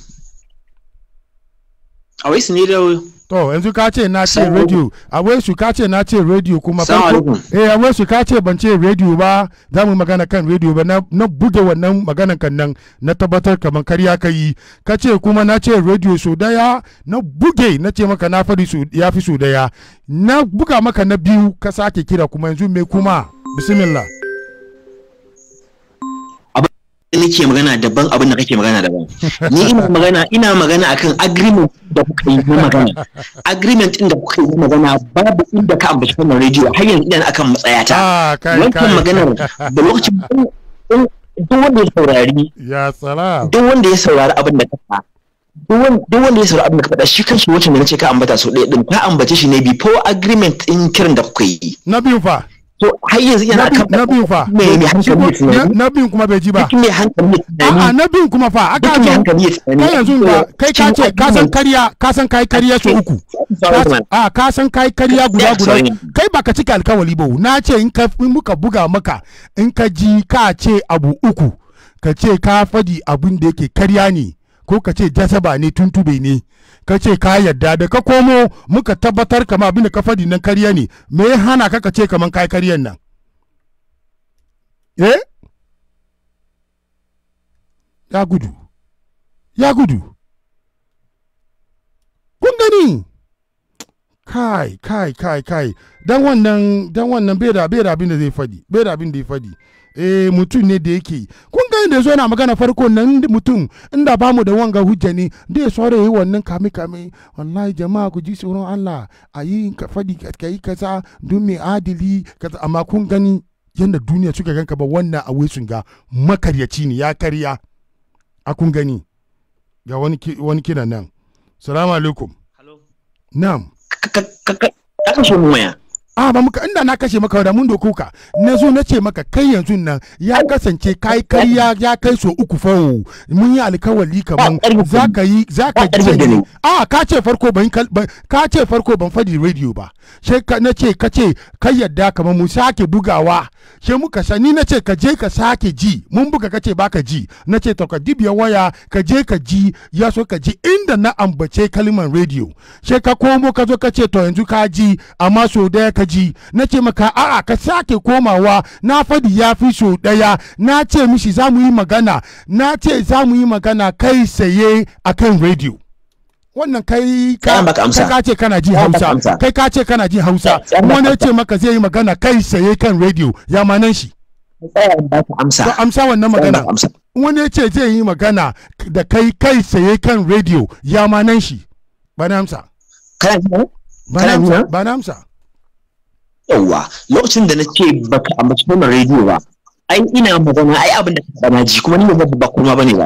a wai su ne da to yanzu ka ce na ce radio a wai su ka ce na ce radio kuma farko eh a wai su ka ce ban ce radio ba za mu magana kan radio ba na buge wannan maganan kan nan na tabbatar kamar karya ka yi ka ce kuma na ce radio so daya na buge na ce maka na fari su ya fi su daya na buga maka na biyu ka sake kira kuma yanzu me kuma bismillah nake magana daban abin da kake magana daban ni ina magana ina magana akan agreement da kuka yi na magana agreement din da kuka yi na magana babu inda ka ambaci wannan radio har yanzu idan akan matsaya ta ah, wannan magana da lokacin duk wanda ya saurari ya salam duk wanda ya saurari abin da ka faɗa duk wanda ya saurari abin da ka faɗa shi kanshi wacce ne nace ka ambata so ɗaya din ka ambace shi ne before agreement in kiran da kuka yi na biyu fa to har yanzu yana kan na biyu fa na biyu kuma bai ji ba duk mai hankali a'a na biyu kuma fa aka zo kai yanzu da kai ka ce ka san kariya ka san kai kariya so uku a ka san kai kariya guda guda kai baka cika alkawali ba na ce in ka muka buga maka in ka ji ka ce abu uku ka ce ka faɗi abin da yake kariya ne ko ka ce jasaba ne tuntube ne ka ce ka yarda da ka komo muka tabbatar kama abin da ka faɗi nan karya ne me ya hana ka ka ce kaman kai karyan nan eh ya gudu ya gudu kun gani kai kai kai kai dan wannan dan wannan bai da bai da abin da zai faɗi bai da abin da ya faɗi eh mutum ne da yake kun ga inda zo yana magana farko nan mutum inda ba mu da wanga hujja ne da ya sore yi wannan kame kame wallahi jama'a ku ji tsoron Allah a yi ka fadi ka yi kaza don mai adili kaza amma kun gani yadda duniya suka ganka ba wannan a sun ga makaryaci ne ya karya a kun gani ga wani wani kina nan salamu alaikum na'am ka ka ka ka a ba muka inda na kashe maka da mun doku ka na zo na ce maka kai yanzu nan ya kasance kai kai ya ya kai so uku fa mun yi alkawali kaman zaka yi zaka ji a ka ce farko ban ka ce farko ban fadi radio ba sai na ce ka ce kai yadda kaman mu sake bugawa ke muka sani na nace ka je ka sake ji mun buga kace baka ji na ce to ka dibiya waya ka je ka ji ya so ka ji inda na ambace kalmar radio she ka komo ka zo kace to yanzu ka ji amma so daya ka ji nace maka a'a ka sake komawa na fadi ya fi so daya na ce mishi za mu yi magana na ce za mu yi magana kai saye akan radio wannan kai ka ka ce kana ji hausa kai ka ce kana ji hausa wani ce maka zai yi magana kai saye kan radio ya manan shi ka amsa wannan magana wani ce zai yi magana da kai kai saye kan radio ya manan shi ba na amsa ba na amsa yawwa lokacin da na ce baka amsa wannan radio ba ai ina magana ai abin da ka ji kuma ni ba kuma bane ba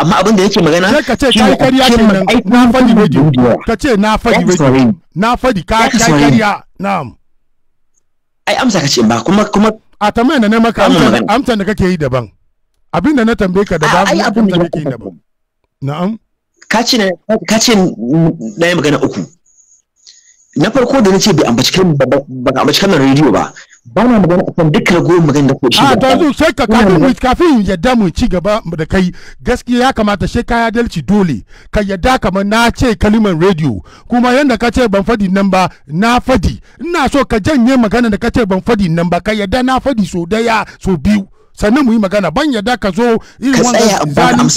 amma abin da yake magana ka ce kai kariya kenan na fadi radio ka ce na fadi radio na fadi ka kai kariya na'am ai amsa ka ce ba kuma kuma a tambayar na ne maka amsa da kake yi daban abin da na tambaye ka ba ai abin da kake yi daban na'am ka ce ka ce na yi magana uku na farko da na ce bai ambaci kan ba ambaci kan rediyo ba ba na magana akan duk ragowar magana da ko shi a to sai ka kafin mu kafin yadda mu ci gaba da kai gaskiya ya kamata sai ka dalci dole ka yadda kamar na ce kalimar radio kuma yanda ka ce ban fadi nan ba na fadi ina so ka janye magana da ka ce ban fadi nan ba ka yadda na fadi so daya so biyu sannan mu yi magana ban yadda ka zo irin wannan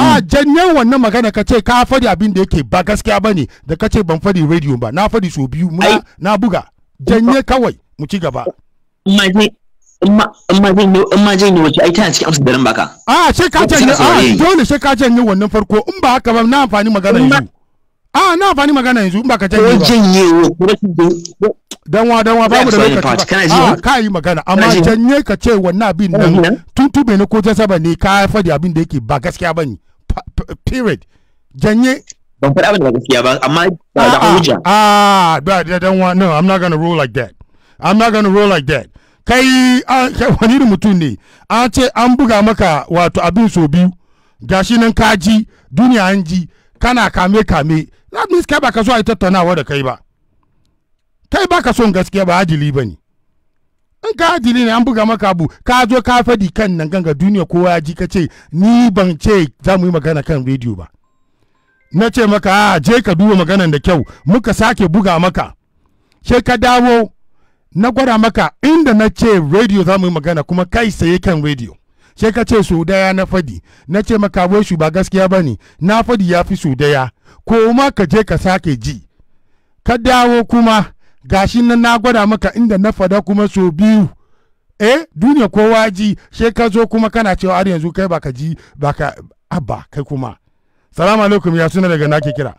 a janye wannan magana ka ce ka fadi abin da yake ba gaskiya bane da ka ce ban fadi radio ba na fadi so biyu na buga janye kawai mu ci gaba ma janye wace ai tana cikin amsa da baka a ah, sai ka janye a ah, dole sai ka janye wannan farko in ba haka ba na amfani magana yanzu a ah, na amfani magana yanzu in ba ka janye ba janye danwa danwa ba mu da lokaci ba a ka yi magana amma janye ka ce wannan abin nan tuntube ne ko jasaba ne ka faɗi abin da yake ba gaskiya ba bane period janye ban faɗa ba gaskiya ba amma da hujja a da danwa no i'm not gonna rule like that I'm not gonna roll like that kai wani mutum ne an ce an buga maka wato abin so biyu gashi nan ka ji duniya an ji kana kame kame that means kai ba ka so a yi tattaunawa da kai ba kai ba ka son gaskiya ba ajili ba ne in ka ajili ne an buga maka abu ka zo ka fadi kan nan ganga duniya kowa ya ji ka ce ni ban ce za mu yi magana kan rediyo ba na ce maka a je ka duba maganan da kyau muka sake buga maka sai ka dawo na gwada maka inda na ce radio za mu yi magana kuma kai saye kan radio sai ka ce su daya na fadi na ce maka wai shi ba gaskiya ba ne na fadi ya fi su daya ko ma ka je ka sake ji ka dawo kuma gashi na na gwada maka inda na fada kuma so biyu eh duniya kowa ji sai ka zo kuma kana cewa har yanzu kai baka ji baka abba kai kuma salamu alaikum ya suna daga nake kira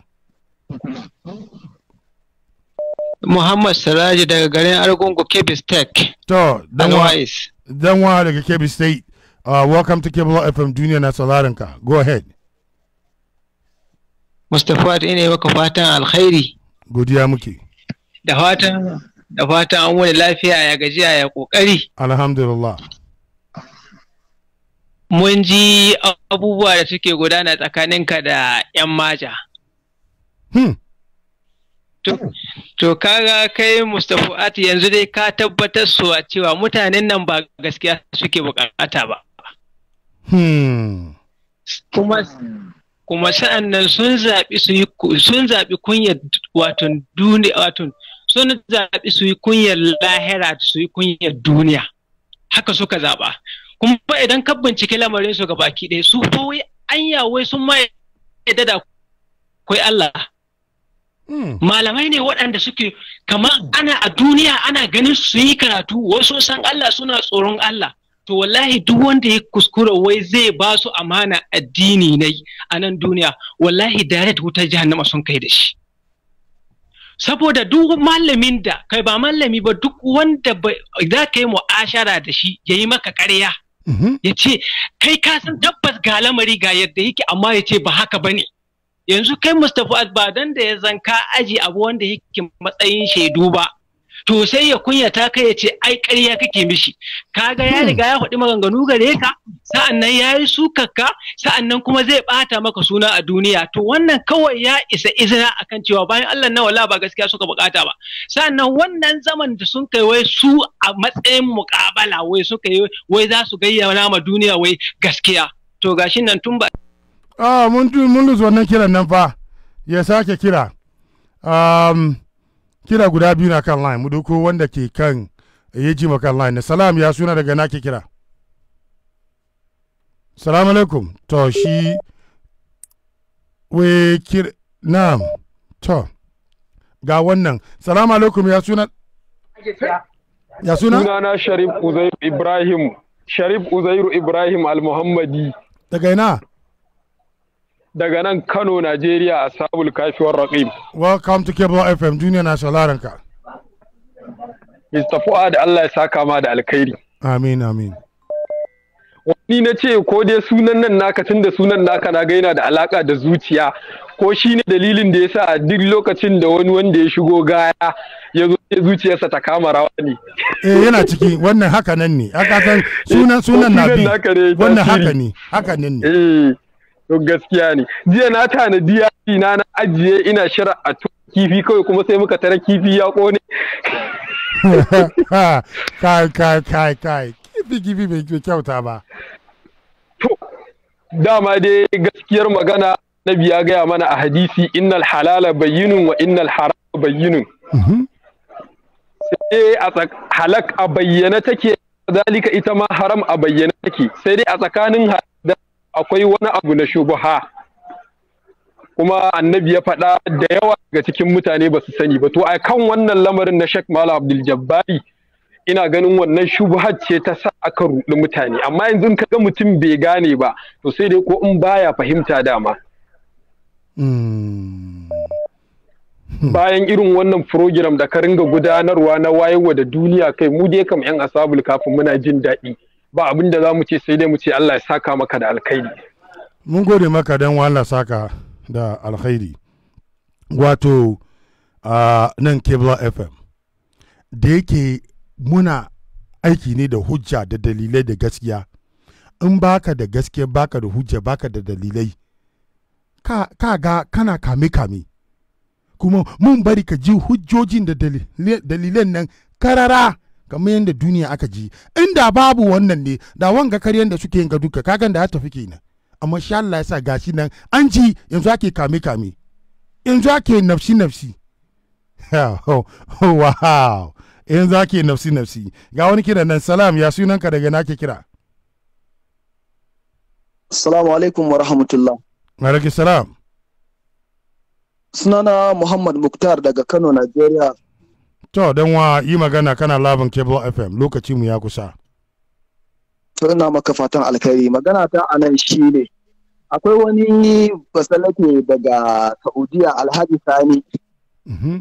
Muhammad Saraji daga garin Argungu Kebbi State. To, dan wa daga Kebbi State. Uh, welcome to Cable FM Duniya na Salarinka. Go ahead. Mustapha ta ina yi maka fatan alkhairi. Godiya muke. Da fatan da fatan an wani lafiya ya gajiya ya kokari. Alhamdulillah. Mun ji abubuwa da suke gudana tsakaninka da 'yan maja. Hmm. To, To kaga kai Mustapha At yanzu dai ka tabbatar suwa cewa mutanen nan ba gaskiya suke bukata ba. Hmm. Kuma sa'an nan sun zaɓi su yi sun zaɓi kunyar wato duniya wato sun zaɓi su yi kunyar lahira su yi kunyar duniya. Haka suka zaɓa. Kuma idan ka bincike lamarin su ga baki ɗaya su fa wai anya wai sun ma yadda da kai Allah. Hmm. malamai ne waɗanda suke kamar ana a duniya ana ganin su yi karatu wasu san Allah suna tsoron Allah to wallahi duk wanda ya kuskura wai zai ba su amana addini ne a nan duniya wallahi direct wutar jahannama sun kai da shi saboda duk malamin da kai ba malami ba duk wanda za ka yi mu'ashara da shi ya yi maka ƙarya mhm. ya ce kai ka san tabbas ga lamari ga yadda yake amma ya ce ba haka ba ne yanzu kai Mustapha ba dan da ya zanka aji abu wanda yake matsayin shaidu ba to sai ya kunyata kai ya ce ai ƙarya kake mishi kaga ya riga ya faɗi maganganu gare ka sa'annan ya yi sukakka sa'annan kuma zai ɓata maka suna a duniya to wannan kawai ya isa izina akan cewa bayan Allah na wala ba gaskiya suka bukata ba sa'annan wannan zaman da sun kai wai su a matsayin muƙabala wai suka yi wai za su gayyana ma duniya wai gaskiya to gashin nan tun ba ah mun mun lose wannan kiran nan fa ya sake kira um, kira guda biyu na kan line mu duko wanda ke kan ya ji kan line na salam ya suna daga na ke kira salamu alaikum to shi we kir nam to ga wannan salamu alaikum ya suna ya suna sunana sharif uzairu ibrahim sharif uzairu ibrahim al-muhammadi daga ina daga nan Kano, Najeriya a Sabul Kafiwar Raqib. Welcome to Cable FM, duniya na sauraron Mr. Fuad Allah ya saka ma da alkhairi. Amin, amin. Wani na ce ko dai sunan nan naka tun da sunan naka na gaina da alaka da zuciya ko shi ne dalilin da ya sa duk lokacin da wani wanda ya shigo gaya ya zo zuciyarsa ta kama rawa ne. Eh yana ciki wannan haka nan ne. Haka sunan sunan na bi. Wannan haka ne. Haka nan ne. Eh. gaskiya ne jiya na tanadi yaki na na ajiye ina shirin a kifi kawai kuma sai muka tara kifi ya kone kai kai kai kai kifi kifi bai kyauta ba to dama dai gaskiyar magana nabi ya gaya mana a hadisi innal halala bayyinun wa innal harama bayyinun mhm. sai a halak a bayyana take zalika ita ma haram a bayyana take sai dai a tsakanin akwai wani abu na shubuha kuma annabi ya faɗa da yawa daga cikin mutane ba su sani ba to a kan wannan lamarin na shek mala Abdul Jabbari ina ganin wannan shubuhar ce ta sa aka ruɗi mutane amma yanzu ka ga mutum bai gane ba to sai dai ko in baya fahimta dama hmm. bayan irin wannan program da ka ringa gudanarwa na wayewa da duniya kai mu dai kam yan asabul kafin muna jin daɗi ba abin da za mu ce sai dai mu ce Allah ya saka maka da alkhairi mun gode maka dan Allah saka da alkhairi wato a nan Kebla FM da yake muna aiki ne da hujja da dalilai da gaskiya in baka da gaskiya baka da hujja baka da dalilai ka, ka ga kana kame kame kuma mun bari ka ji hujjojin da dalilan nan karara kamar yadda duniya aka ji inda babu wannan ne da wanga karyar da suke yin ga duka kagan da ya tafi ke nan amma sha Allah ya sa gashi nan an ji yanzu ake kame kame yanzu ake nafsi nafsi wow yanzu ake nafsi nafsi ga wani kira nan salam ya sunan ka daga nake kira assalamu alaikum wa rahmatullah wa alaikum salam sunana muhammad muktar daga kano nigeria To, don wa yi magana kana labin Cable FM lokaci mu ya kusa. Suna maka fatan alkhairi magana ta anan nan shi ne. Akwai wani basalake daga Saudiya Alhaji Sani. Mm-hmm.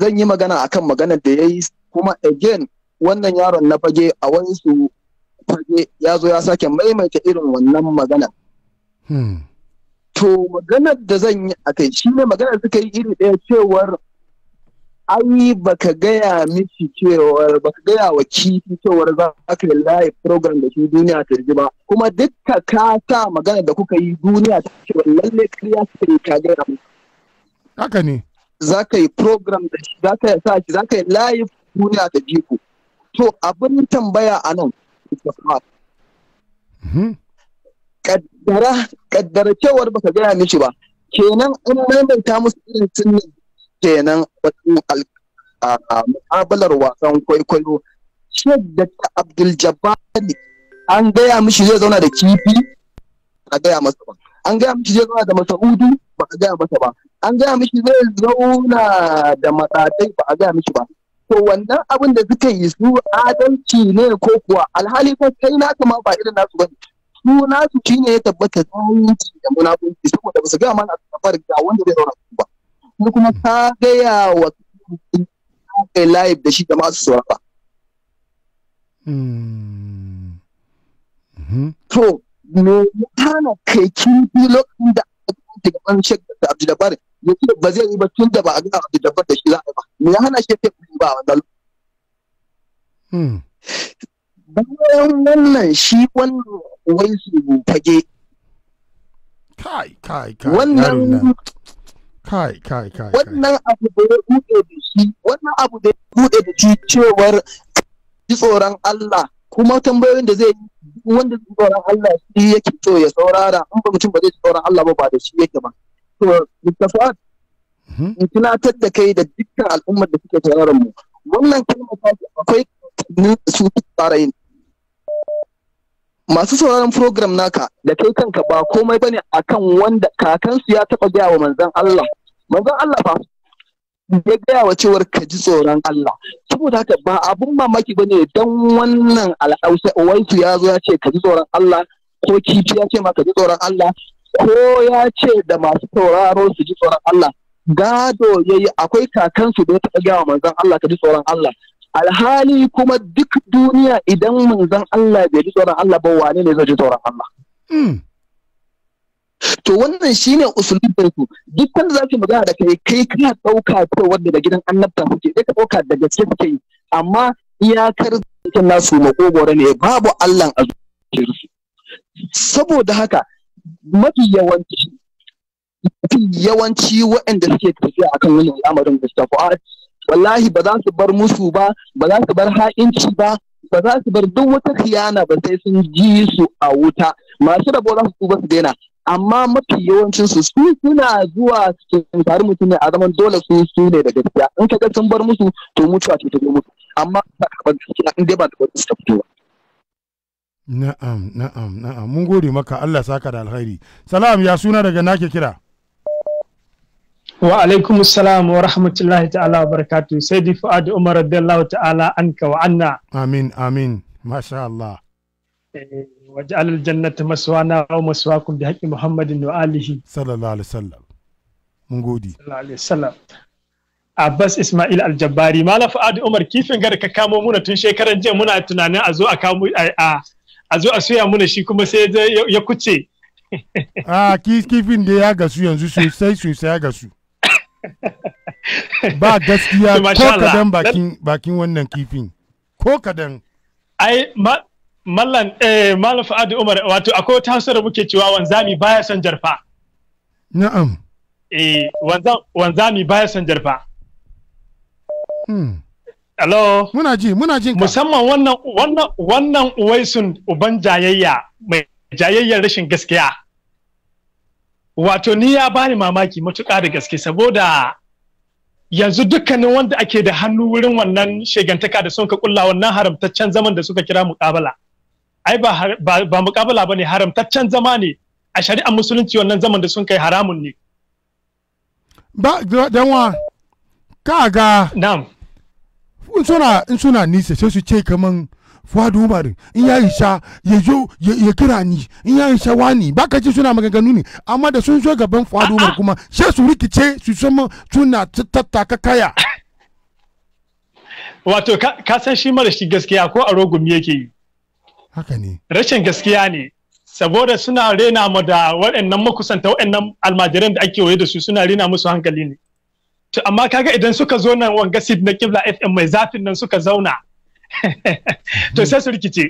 Zan yi magana akan maganar da ya yi kuma again wannan yaron na fage a wani su fage ya zo ya sake maimaita irin wannan magana. Hmm. To maganar da zan yi a kai shi ne maganar suka yi iri ɗaya cewar ai baka gaya mishi cewar baka gaya wa kifi cewar za ka yi live program da shi duniya ta ji ba kuma dukka ka sa magana da kuka yi duniya ta ce lalle kariya sai ka gaya mu haka ne za ka yi program da shi za ka sa shi za ka yi live duniya ta ji ku to abin tambaya a nan mhm. kaddara kaddara cewar baka gaya mishi ba kenan an maimaita musu irin sunan kenan wajen mu'abalar wasan kwaikwayo shadda ta abdul jabbari an gaya mishi zai zauna da kifi a gaya masa ba an gaya mishi zai zauna da masa'udu ba a gaya masa ba an gaya mishi zai zauna da matsatai ba a gaya mishi ba to wannan abin da suka yi su adalci ne ko kuwa alhali ko kai nasu ma ba irin nasu bane su nasu shine ya tabbata zalunci da munafunci saboda ba su gaya mana a ga wanda zai zauna ba kuma kuma ka gaya wa kai live da shi da masu sauraba. Hmm. Hmm. to me tana kai kifi lokacin da ta gaban shek da abdu dabar ya ce ba zai yi ba tun da ba a ga abdu da shi za a ba me ya hana shek ba a wannan hmm. bayan wannan shi wannan waisu fage kai kai kai wannan kai kai kai wannan abu da ya bude da shi wannan abu da ya bude da shi cewar ji tsoron Allah kuma tambayoyin da zai wanda ji tsoron Allah shi yake so ya saurara in ba mutum ba zai tsoron Allah ba ba da shi yake ba to mutafa'at mhm. in tunatar da kai da dukkan al'ummar da suke tsoron mu wannan kalmar akwai su tsara masu sauraron program naka da kai kanka ba komai bane akan wanda kakansu ya taɓa gaya wa manzon Allah manzon Allah ba ya gaya wa cewar ka ji tsoron Allah saboda haka ba abun mamaki bane dan wannan al'ausa waitu ya zo ya ce ka ji tsoron Allah ko kifi ya ce ma ka ji tsoron Allah ko ya ce da masu sauraro su ji tsoron Allah gado yayi akwai kakansu da ya taɓa gaya wa manzon Allah ka ji tsoron Allah alhali kuma duk duniya idan manzon Allah bai ji tsoron Allah ba wane ne zai ji tsoron Allah hmm. to wannan shine usulun su duk wanda ki magana da kai kai kana ɗauka ko wanda da gidan annabta kuke sai ka dauka da gaske kuke yi amma iyakar cikin nasu makogoro ne babu Allah a zuciyarsu saboda haka mafi yawanci mafi yawanci waɗanda suke tafiya akan wannan al'amarin Mr. Fuad wallahi ba za su bar musu ba ba za su bar ha'inci ba ba za su bar duk wata khiyana ba sai sun ji su a wuta masu rabo za su tuba su daina amma mafi yawancin su su suna zuwa su tare mutum ne a zaman dole su su ne da gaskiya in ka ga sun bar musu to mutuwa ce ta zo musu amma ba ka bar gaskiya in dai ba ta bar su ta fito ba na'am na'am na'am mun gode maka Allah saka da alkhairi salam ya suna daga nake kira wa alaikum salam wa rahmatullahi ta'ala wa barakatu sai di fa'adu umar radiyallahu ta'ala anka wa anna amin amin masha Allah eh, Waje al-jannata maswana wa maswakum bi haqqi muhammadin wa alihi sallallahu alaihi wasallam mun gode sallallahu alaihi wasallam Abbas Ismail Aljabbari Malam Fa'adu Umar kifin gari ka kamo muna tun shekaran jiya muna tunanin a zo a kamo a zo a soya muna shi kuma sai ya kuce. Ah kifin da ya gasu yanzu sosai sosai ya gasu. ba gaskiya ko kadan bakin bakin wannan kifin ko kadan ai mallan eh malam fa'ad umar wato akwai wata da muke cewa wanzami baya son jarfa na'am eh wanzami baya son jarfa hmm. Hello. Muna ji, muna jin ka. Musamman wannan wannan wannan uwaisun uban jayayya mai jayayyar rashin gaskiya. wato ni ya bani mamaki matuƙa da gaske saboda yanzu dukkanin wanda ake da hannu wurin wannan shegantaka da sun ka kulla wannan haramtaccen zaman da suka kira muƙabala ai ba ba muƙabala haramtaccen zama ne a shari'ar musulunci wannan zaman da sun kai haramun ne ba danwa ka na'am in suna in suna nisa sai su ce kaman fuadu umaru in ya isa sa ya kira ni in ya isa wani baka ci suna maganganu ne amma da sun so gaban fuadu umaru kuma sai su rikice su sama suna ka kaya wato ka san shi mara shi gaskiya ko a rogo rogum yake yi haka ne rashin gaskiya ne saboda suna rena mu da waɗannan makusanta waɗannan almajiran da ake waye da su suna rena musu hankali ne to amma kaga idan suka zo nan wanga na kibla fm mai zafin nan suka zauna to sai su rikice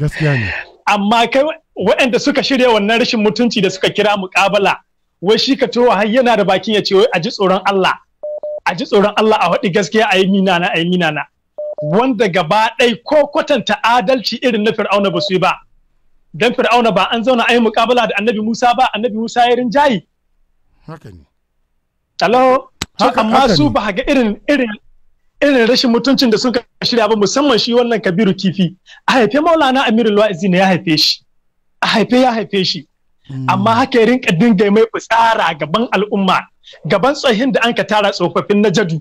gaskiya ne amma kai waɗanda suka shirya wannan rashin mutunci da suka kira muƙabala wai shi ka towa har yana da bakin ya ce wai a ji tsoron Allah a ji tsoron Allah a waɗi gaskiya a yi minana a yi minana wanda gaba ɗai ko kwatanta adalci irin na fir'auna ba su yi ba dan fir'auna ba an zauna a yi muƙabala da annabi Musa ba annabi Musa ya rinjayi haka ne amma su ba ga irin irin irin rashin mutuncin da suka shirya ba musamman shi wannan kabiru kifi a haife maulana amirul wa'izi ne ya haife shi a haife ya haife shi hmm. amma haka ya rinka dinga mai fitsara gaban al'umma gaban tsohin da an ka tara tsofaffin na jadu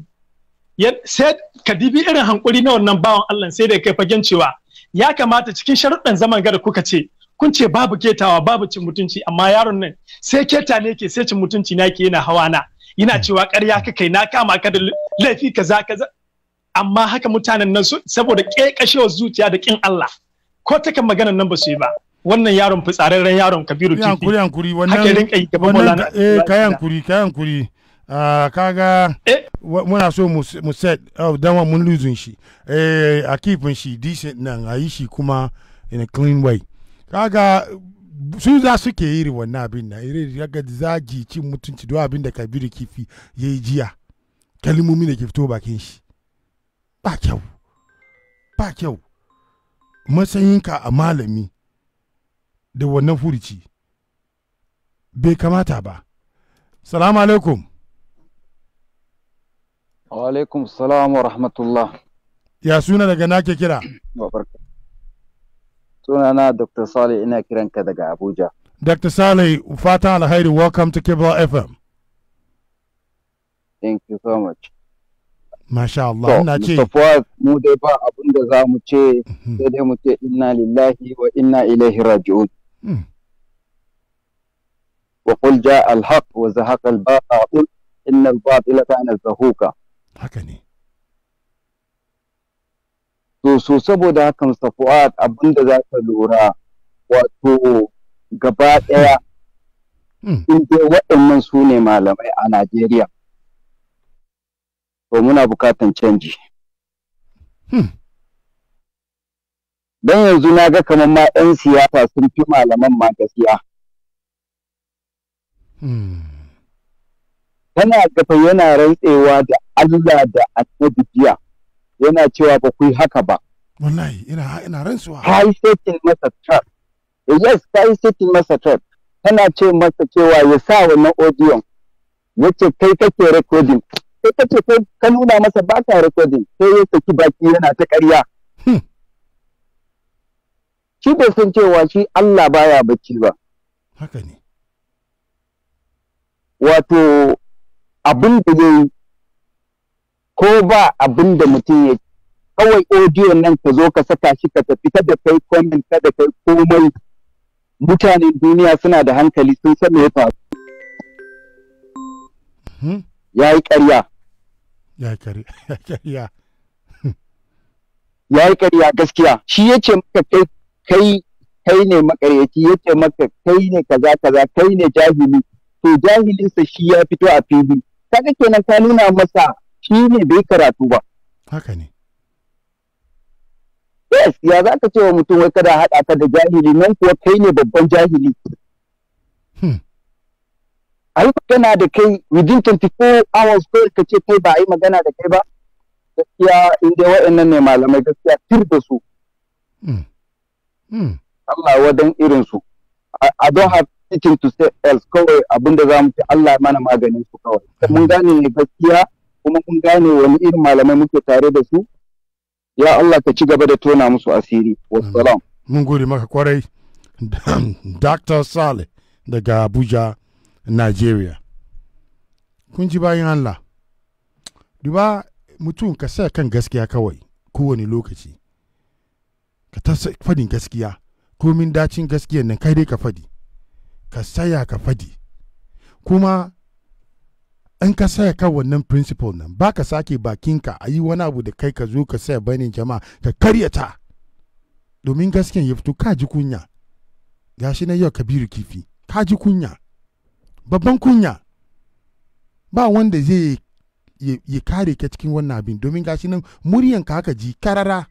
sai ka dibi irin hankuri na wannan bawan Allah sai da kai fagen cewa ya kamata cikin sharuɗan zaman gada kuka ce kun ce babu ketawa babu cin mutunci amma yaron nan sai keta ne ke sai cin mutunci na ke yana hawa na yana hmm. cewa karya ka kai na kama ka da laifi kaza kaza amma haka mutanen nan saboda ƙeƙashewar zuciya da ƙin Allah ko ta kan maganan nan ba su yi ba wannan yaron fitsararren yaron Kabiru TV yankuri yankuri wannan haka rinka yi gaban Maulana eh kayan kuri kayan kuri Uh, ah, kaga eh? muna so mu set oh, dama mun lose shi eh, a kifin shi decent nan a yi shi kuma in a clean way kaga su za su ke yi wannan abin na iri daga zagi cin mutunci don abin da kabiru kifi ya yi jiya kalmomi da ke fito bakin shi ba kyau ba kyau matsayinka a malami da wannan furici bai kamata ba salamu alaikum wa alaikum salam wa rahmatullah ya suna daga nake kira na dr salih ina kiranka daga abuja dr salih fatan alhairi welcome to kibla fm thank you so much Masha Allah, ina ce. Mustapha mu dai ba abin da za mu ce mhm. sai dai mu ce inna lillahi wa inna ilaihi raji'un. Mm. Wa qul ja'a al-haq wa zahaqa al-batil inna al-batila kana zahuka. Haka ne. To so saboda haka Mustapha abin da za ka lura wato gaba ɗaya mm. in dai waɗannan su ne malamai a Najeriya. to muna bukatan canji. Hmm. Don yanzu na ga kamar ma 'yan siyasa sun fi malaman ma gaskiya. Hmm. Tana gafa yana rantsewa da Allah da annabi jiya yana cewa ba ku yi haka ba. Wallahi ina ina rantsuwa. Ta yi setin masa trap. Yes, ta yi setin masa trap. Tana ce masa cewa ya sa wannan odiyon. Yace kai kake recording. sai ka ce ka nuna masa ba ka rikodin, sai ya saki baki yana ta karya. Hmm. shi bai san cewa shi Allah baya bacci ba haka ne wato abin da ya yi ko ba abin da mutum ya kawai audio nan ka zo ka saka shi ka tafi fita da kai comment ka da kai komai mutanen duniya suna da hankali sun san me ya faru hmm. ya yi ƙarya ya karya yi karya gaskiya shi ya ce maka kai ne makaryaci ya ce maka kai ne kaza kaza kai ne jahili to jahilinsa shi ya fito a fili kaga kenan ka nuna masa shi ne bai karatu ba haka ne yes ya za ka ce wa mutum wai kada haɗa ka da jahili nan kuwa kai ne babban jahili a yi magana da kai within 24 hours ko ka ce kai ba a yi magana da kai ba gaskiya in dai wa'annan ne malamai gaskiya tir da su hmm. Hmm. Allah wadan irin su I don't have anything to say else kawai abinda za mu ce Allah mana maganin su kawai hmm. mun gane ne gaskiya kuma mun gane wani irin malamai muke tare da su ya Allah ka ci gaba da tona musu asiri wassalam mun gode maka kwarai Dr. Saleh daga Abuja nigeria kun ji bayan allah duba mutum ka sa kan gaskiya kawai kowane lokaci ka ta fadin gaskiya komin dacin gaskiya nan kai dai ka fadi ka saya ka fadi kuma in ka saya kan wannan principle nan ba ka sake bakinka a yi wani abu da kai ka zo ka saya bayanin jama'a ka karyata domin gaskiyan ya fito ka ji kunya gashi na yau kabiru kifi ka ji kunya babban kunya ba wanda zai yi kare ka cikin wannan abin domin gashi nan muryan ka haka ji karara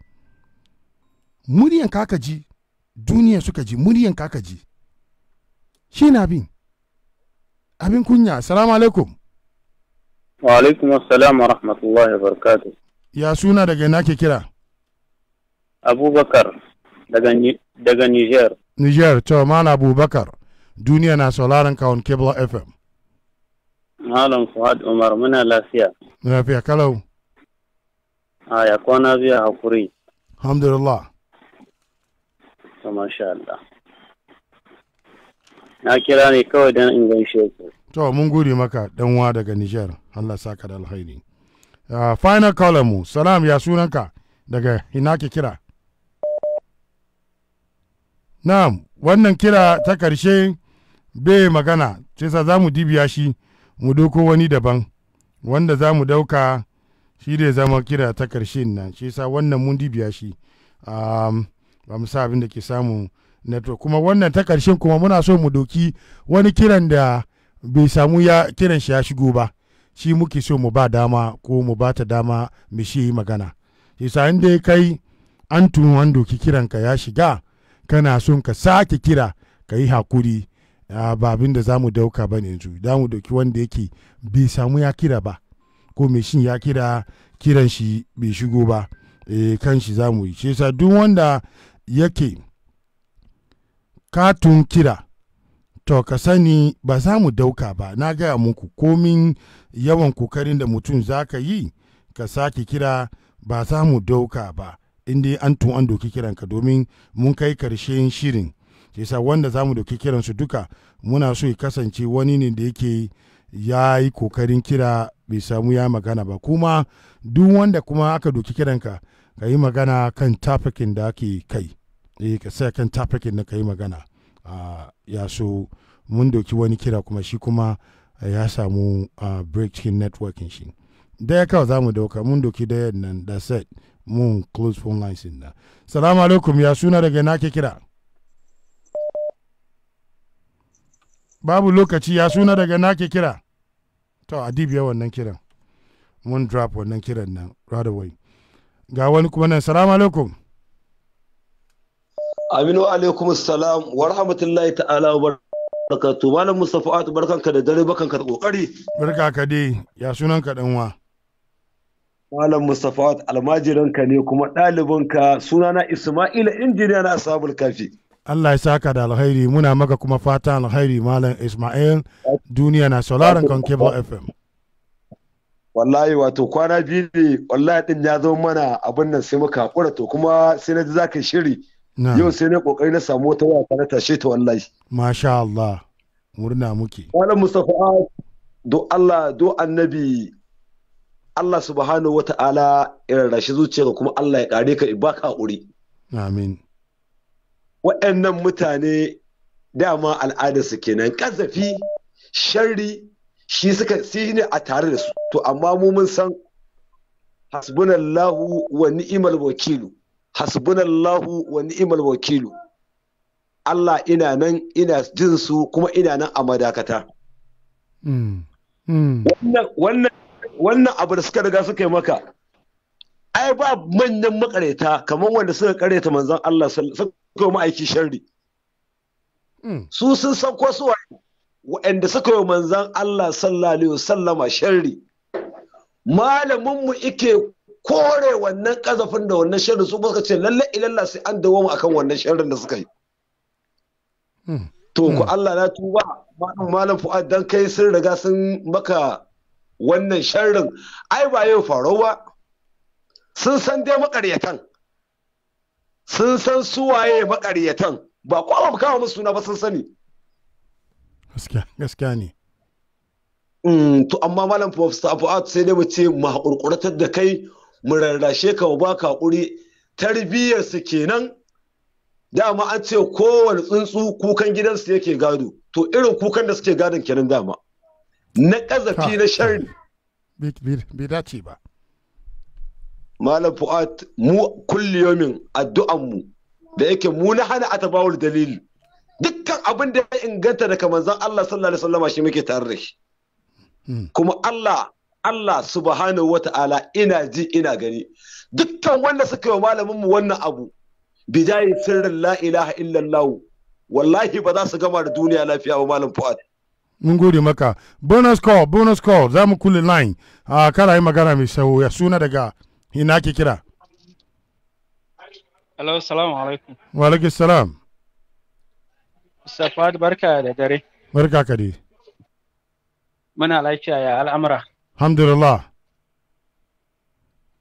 muryan ka haka ji duniya suka ji muryan ka haka ji shi na abin abin kunya assalamu alaikum wa alaikum assalam wa rahmatullahi wa ya suna daga ina ke kira abubakar daga niger niger to mana abubakar duniya na sauraron kawon Kebla FM. Malam Fuad Umar muna lafiya. Lafiya kalau. A ah, ya kwana biya hakuri. Alhamdulillah. Ta masha Allah. Na kira ne kawai don in gaishe To mun gode maka dan wa daga Nijar. Allah saka da alhairi. Uh, ah, final caller mu. Salam ya sunanka daga ina ke kira. Na'am, wannan kira ta karshe bai magana sai sa za mu dibiya shi mu doko wani daban wanda za mu dauka shi da zama kira ta karshe nan shi sa wannan mun dibiya shi ba mu sa abin da ke samu network kuma wannan ta karshen kuma muna so mu doki wani kiran da bai samu ya kiran shi ya shigo ba shi muke so mu ba dama ko mu ba ta dama mu shi magana shi sa inda kai an tun wando kiran kiranka ya shiga kana son ka sake kira ka yi hakuri ba abin da za mu dauka ba ne yanzu za mu dauki wanda yake bai samu ya kira ba ko mai shin ya kira kiran shi bai shigo ba e, kan shi za mu yi shi yasa duk wanda yake katun kira to ka sani ba za mu dauka ba na gaya muku komin yawan kokarin da mutum za ka yi ka sake kira ba za mu dauka ba inda an tun an doki kiranka domin mun kai karshen shirin ke sa wanda zamu dauki kiran su duka muna so ya kasance wani ne da yake ya yi kokarin kira bai samu ya magana ba kuma duk wanda kuma aka doki kiranka ka yi magana kan tafikin da ake kai eh ka sai kan tafikin da ka yi magana ah, ya so mun doki wani kira kuma shi kuma eh, ya samu ah, break cikin networking shi daya kawai za mu dauka mun doki yan nan da set mun close phone lines din nan salamu alaikum ya suna daga nake kira babu lokaci ya suna daga nake kira to adib ya wannan kiran mun drop wannan kiran nan right away ga wani kuma nan salamu alaikum aminu alaikum salam wa rahmatullahi ta'ala wa barakatu malam mustafa atu ka da dare barkan ka kokari barka ka dai ya sunan ka dan wa malam mustafa ka ne kuma ɗalibanka sunana isma'ila injiniya na asabul kafi Allah ya saka da alkhairi muna maka kuma fata alkhairi malam Ismail duniya na sauraron kan Cable FM. Wallahi wato kwana biyu ne wallahi din ya zo mana abin nan sai muka hakura to kuma sai na ji ka shiri. Yau sai na kokari na samu wata waka na tashe ta wallahi. Masha Allah murna muke. Malam Mustapha do Allah do annabi Allah subhanahu wa ta'ala ya rashi zuciyarka kuma Allah ya kare ka ibaka ka Amin. waɗannan mutane dama al'adarsu kenan ƙazafi sharri shi suka ne a tare da su to amma mu mun san hasbunallahu wa ni'mal wakilu hasbunallahu wa ni'mal wakilu Allah ina nan ina jin su kuma ina nan a madakata hmm. wannan abu da suka riga suka yi maka ai ba manyan makareta kamar wanda suka kareta manzon Allah suka wa ma'aiki sharri hmm. su sun san ko su waɗanda suka yi manzan Allah sallallahu alaihi wasallama sharri malamin mu ike kore wannan kazafin da wannan sharri su suka ce lalle ilalla sai an dawo mu akan wannan sharrin da suka yi hmm. to ku hmm. Allah na tuba malam fu'ad dan kai sun riga sun maka wannan sharrin ai ba yau faro ba sun san dai makaryatan sun san suwaye makaryatan ba ko ba kawo musu suna ba sun sani gaskiya ne mm, to amma malam professor fuad sai dai mu ce mu hakurkuratar da kai mu rarrashe ka mu baka hakuri tarbiyyar su kenan dama an ce kowane tsuntsu kukan gidansu yake gado to irin kukan da suke gadon kenan dama na kazafi na sharri bi dace ba Malam Fuad mu kulli yomin addu'an mu da yake mu na hana a tabawul dalil dukkan abin da ya inganta daga manzon Allah sallallahu alaihi wasallam shi muke tare da shi hmm. kuma Allah Allah subhanahu wata'ala ina ji ina gani dukkan wanda suka yi malamin mu wannan abu bidayi sirrin la ilaha illallah wallahi ba za su gama da duniya lafiya ba malam Fuad mun gode maka bonus call bonus call za mu kulle line ah, a yi magana mai sauya suna daga ina ke kira Hello, salamu alaikum. Wa alaikum salam. safad barka da dare. Barka ka dai. Muna lafiya ya al'amura. Alhamdulillah.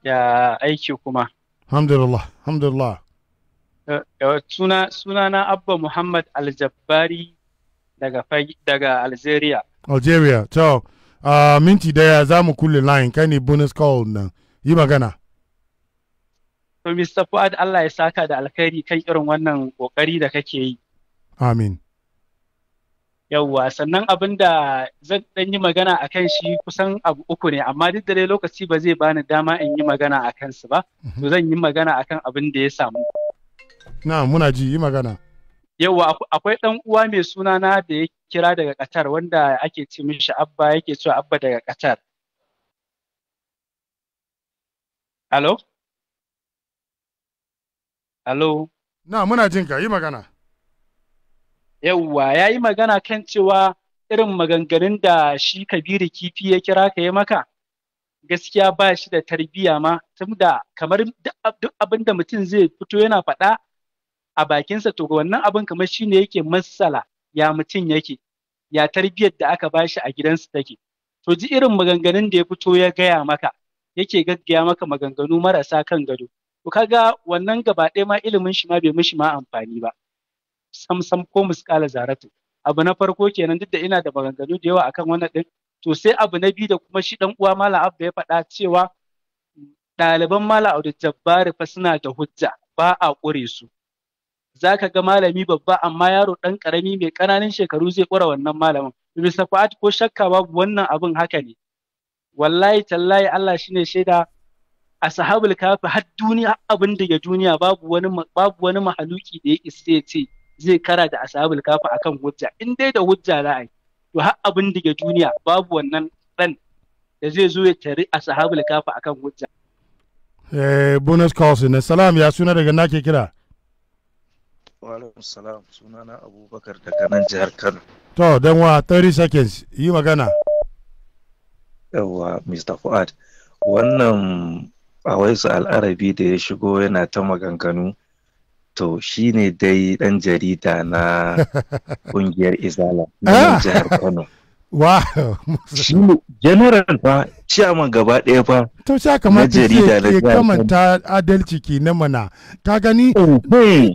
Ya aiki kuma. Alhamdulillah, alhamdulillah. Eh, eh, suna na Abba Muhammad Aljabbari daga daga Algeria. Algeria, to. Uh, minti daya za mu kulle line kai ne bonus call nan. Yi magana. To Mr. Fuad Allah ya saka da alkhairi kan irin wannan kokari da kake yi. Amin. Yawwa sannan abin da zan dan yi magana a kan shi kusan abu uku ne amma duk da dai lokaci ba zai bani dama in yi magana a kansu ba. Mhm. To zan yi magana a kan abin da ya samu. Na muna ji yi magana. Yawwa akwai dan uwa mai suna na da ya kira daga Qatar wanda ake ce mishi Abba yake cewa Abba daga Qatar. Hello? Hello? Na muna jin ka yi magana. Yawwa ya yi magana kan cewa irin maganganun da shi Kabiru kifi ya kira ka yi maka. Gaskiya ba shi da tarbiyya ma, tun da kamar duk abin da mutum zai fito yana faɗa a bakinsa to wannan abin kamar shi ne yake matsala ya mutum yake, ya tarbiyyar da aka bashi a gidansu take. To ji irin maganganun da ya fito ya gaya maka, yake gaggaya maka maganganu marasa kan gado. to kaga wannan gaba ɗaya ma ilimin shi ma bai mishi ma amfani ba sam sam ko muskala zaratu abu na farko kenan duk da ina da maganganu da yawa akan wannan din to sai abu na biyu da kuma shi dan uwa malam abba ya faɗa cewa ɗaliban malam Audu Jabbari fa suna da hujja ba a ƙure su zaka ga malami babba amma yaro dan ƙarami mai ƙananan shekaru zai ƙura wannan malamin bisa fa'ad ko shakka babu wannan abin haka ne wallahi tallahi Allah shine shaida a sahabul kafi har duniya abin da ya duniya babu wani babu wani mahaluki da ya isa ya ce zai kara da ashabul kafi akan hujja in dai da hujja za a yi to har abin da ya duniya babu wannan dan da zai zo ya tari ashabul kafi akan hujja eh bonus calls ne salam ya suna daga nake kira wa alaikum salam suna na abubakar daga nan jihar kano to dan wa 30 seconds yi magana yawa mr fuad wannan a waisu al'arabi da ya shigo yana ta maganganu to shi ne dai ɗan jarida na ƙungiyar izala na ah! jihar kano wow general ba ciyaman gaba ɗaya fa to sha kamar ce ke kamanta adalci ke na mana ka gani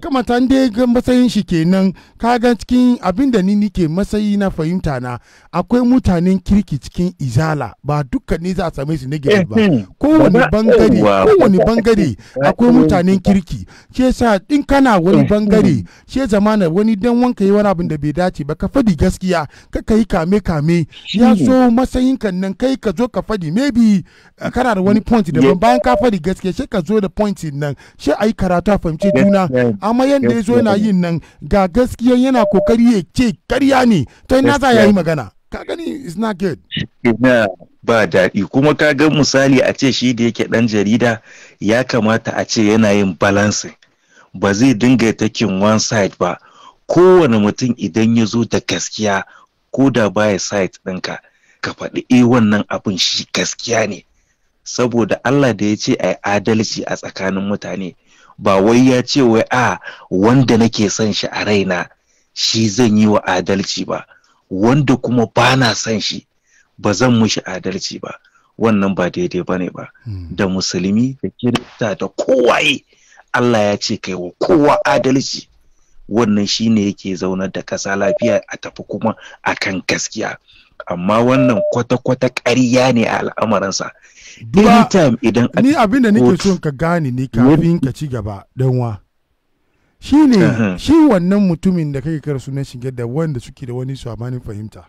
kamanta inda ga matsayin shi kenan ka ga cikin abin da ni nike matsayi na fahimta na akwai mutanen kirki cikin izala ba duka ne za a same su negative ba kowane bangare kowane bangare akwai mutanen kirki ke sa in kana wani bangare shi zamana wani dan wanka yi wani abin da bai dace ba ka fadi gaskiya ka kai kame kame ya so matsayin kan nan kai ka zo ka fadi fadi maybe eh, kana da wani point daban bayan ka fadi gaskiya sai ka zo da point nan sai ayi karatu a fahimci juna amma yanda ya zo yana yin nan ga gaskiya yana kokari ya ce karya ne ta ina za ya yi magana ka gani is not good ina ba daɗi kuma ka ga misali a ce shi da yake ɗan jarida ya kamata a ce yana yin balancing ba zai dinga takin one side ba kowane mutum idan ya zo da gaskiya ko da baya site ɗinka ka faɗi e wannan abin shi gaskiya ne saboda Allah da ya ce a adalci a tsakanin mutane ba wai ya ce wai a wanda nake son shi a raina shi zan yi wa adalci ba wanda kuma ba na son shi ba zan mushi adalci ba wannan ba daidai ba ne ba hmm. da musulmi da kirista da kowaye Allah ya ce kai wa kowa adalci wannan shi ne yake zaunar da ƙasa lafiya a tafi kuma akan gaskiya amma wannan kwata-kwata ƙarya ne a al'amuransa. anytime idan ni abin da nake so ka gane ne kafin ka ci gaba danwa shi ne shi wannan mutumin da kake kar sunan shi da wanda suke da wani sabanin fahimta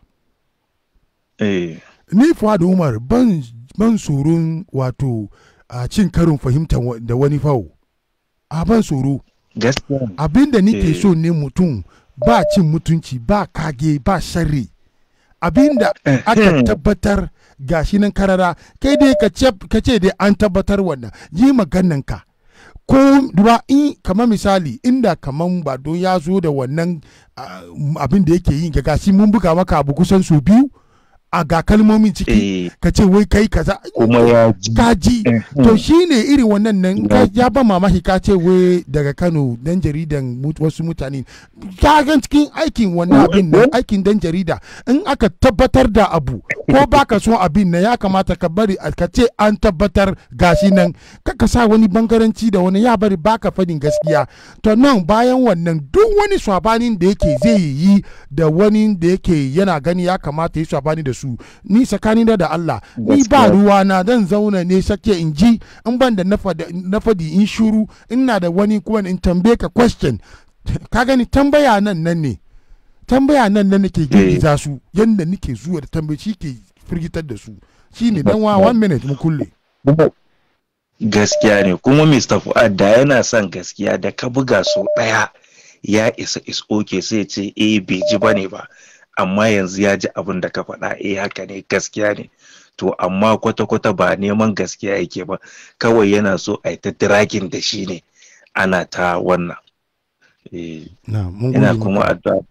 eh. ni fuad umar ban ban tsoron wato a cin karin fahimta da wani fawo a ban tsoro abin da nike eh. so ne mutum ba cin mutunci ba kage ba sharri abinda eh. aka hmm. tabbatar gashi nan karara kai dai ka ce dai an tabbatar wannan yi maganan ka ko duba in kamar misali inda kaman ba don ya zo da wannan ah, abin da yake yi ga gashi mun buga maka abu kusan su biyu a ga kalmomin ciki eh. ka ce wai kai kaza kuma ya ji ka ji eh, hmm. to shine irin wannan nan ya ba mamaki ka ce wai daga Kano dan jaridan wasu mutane ka gan cikin aikin wannan abin nan aikin dan jarida in aka tabbatar da abu ko baka so abin nan ya kamata ka bari ka ce an tabbatar gashi nan ka sa wani bangaranci da wani ya bari baka fadin gaskiya to nan bayan wannan duk wani swabanin da yake zai yi da wani da yake yana gani ya kamata ya swabani da su ni tsakani da Allah ni ba ruwa na dan zauna ne sake in ji in ban da na fadi in shuru ina da wani kuma in tambaye ka question ka gani tambaya nan nan ne tambaya nan nan nake eh. girgiza su yanda nake zuwa da tambaye shi ke firgitar da su shi ne dan wa one minute mu kulle gaskiya ne kuma Mr. Fuad da yana son gaskiya da ka buga so daya ya isa is okay sai ce eh bai ji bane ba amma yanzu ya ji abin da ka faɗa eh haka ne gaskiya ne to amma kwata-kwata ba neman gaskiya yake ba kawai yana so a yi ta dragin da shi ne ana ta wannan eh, ina kuma addu'a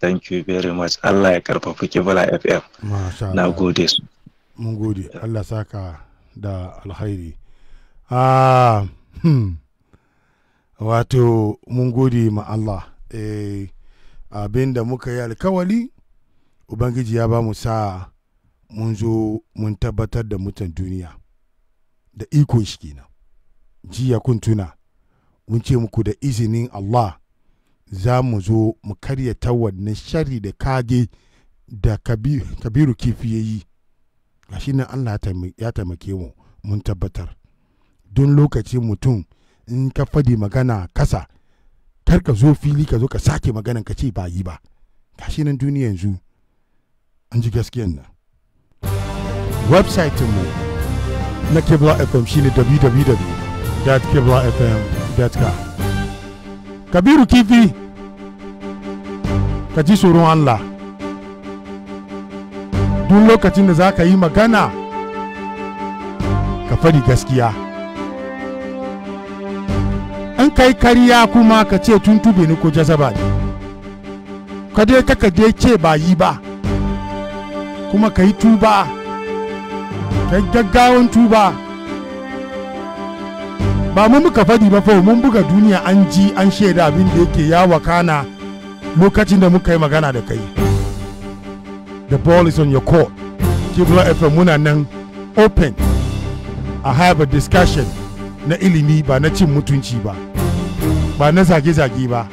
thank you very much Allah ya karfafi kibla fm na gode su mun gode Allah saka da alkhairi ah, hmm. wato mun gode ma Allah eh, abin da muka yi alkawali ubangiji ya ba mu sa mun zo mun tabbatar da mutan duniya da ikon shi kenan jiya kun tuna mun ce muku da izinin Allah za mu zo mu karyata wannan shari da kage da kabiru kifi ya yi gashi nan Allah ya taimake mu mun tabbatar don lokacin mutum in ka fadi magana kasa kar ka zo fili ka zo ka sake maganan ka ce ba yi ba gashi nan duniya yanzu an ji gaskiyan nan website mu na kibla fm shine www.kiblafm.com kabiru kifi ka ji tsoron allah duk lokacin da za ka yi magana ka faɗi gaskiya in kai karya kuma ka ce tuntube ni ko jazaba ne ka dai kaka dai ce ba yi ba kuma ka yi tuba ka yi gaggawan tuba ba mu muka faɗi ba fa mun buga duniya an ji an shaida abin da yake ya wakana lokacin da muka yi magana da kai the ball is on your court kibla fm muna nan open a have a discussion na ilimi ba na cin mutunci ba ba na zage-zage ba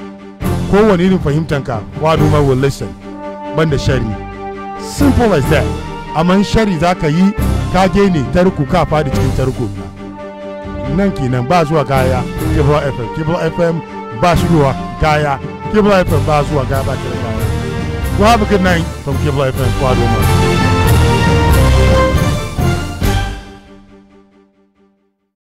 kowane irin fahimtanka waduma will listen ban da shari simple as that amma shari za ka yi kage ne tarko ka fadi cikin tarko nan kenan ba zuwa gaya kibla fm kibla fm ba zuwa gaya kibla fm ba zuwa gaya ba kira kaya well have a good night from kibla fm kwadoma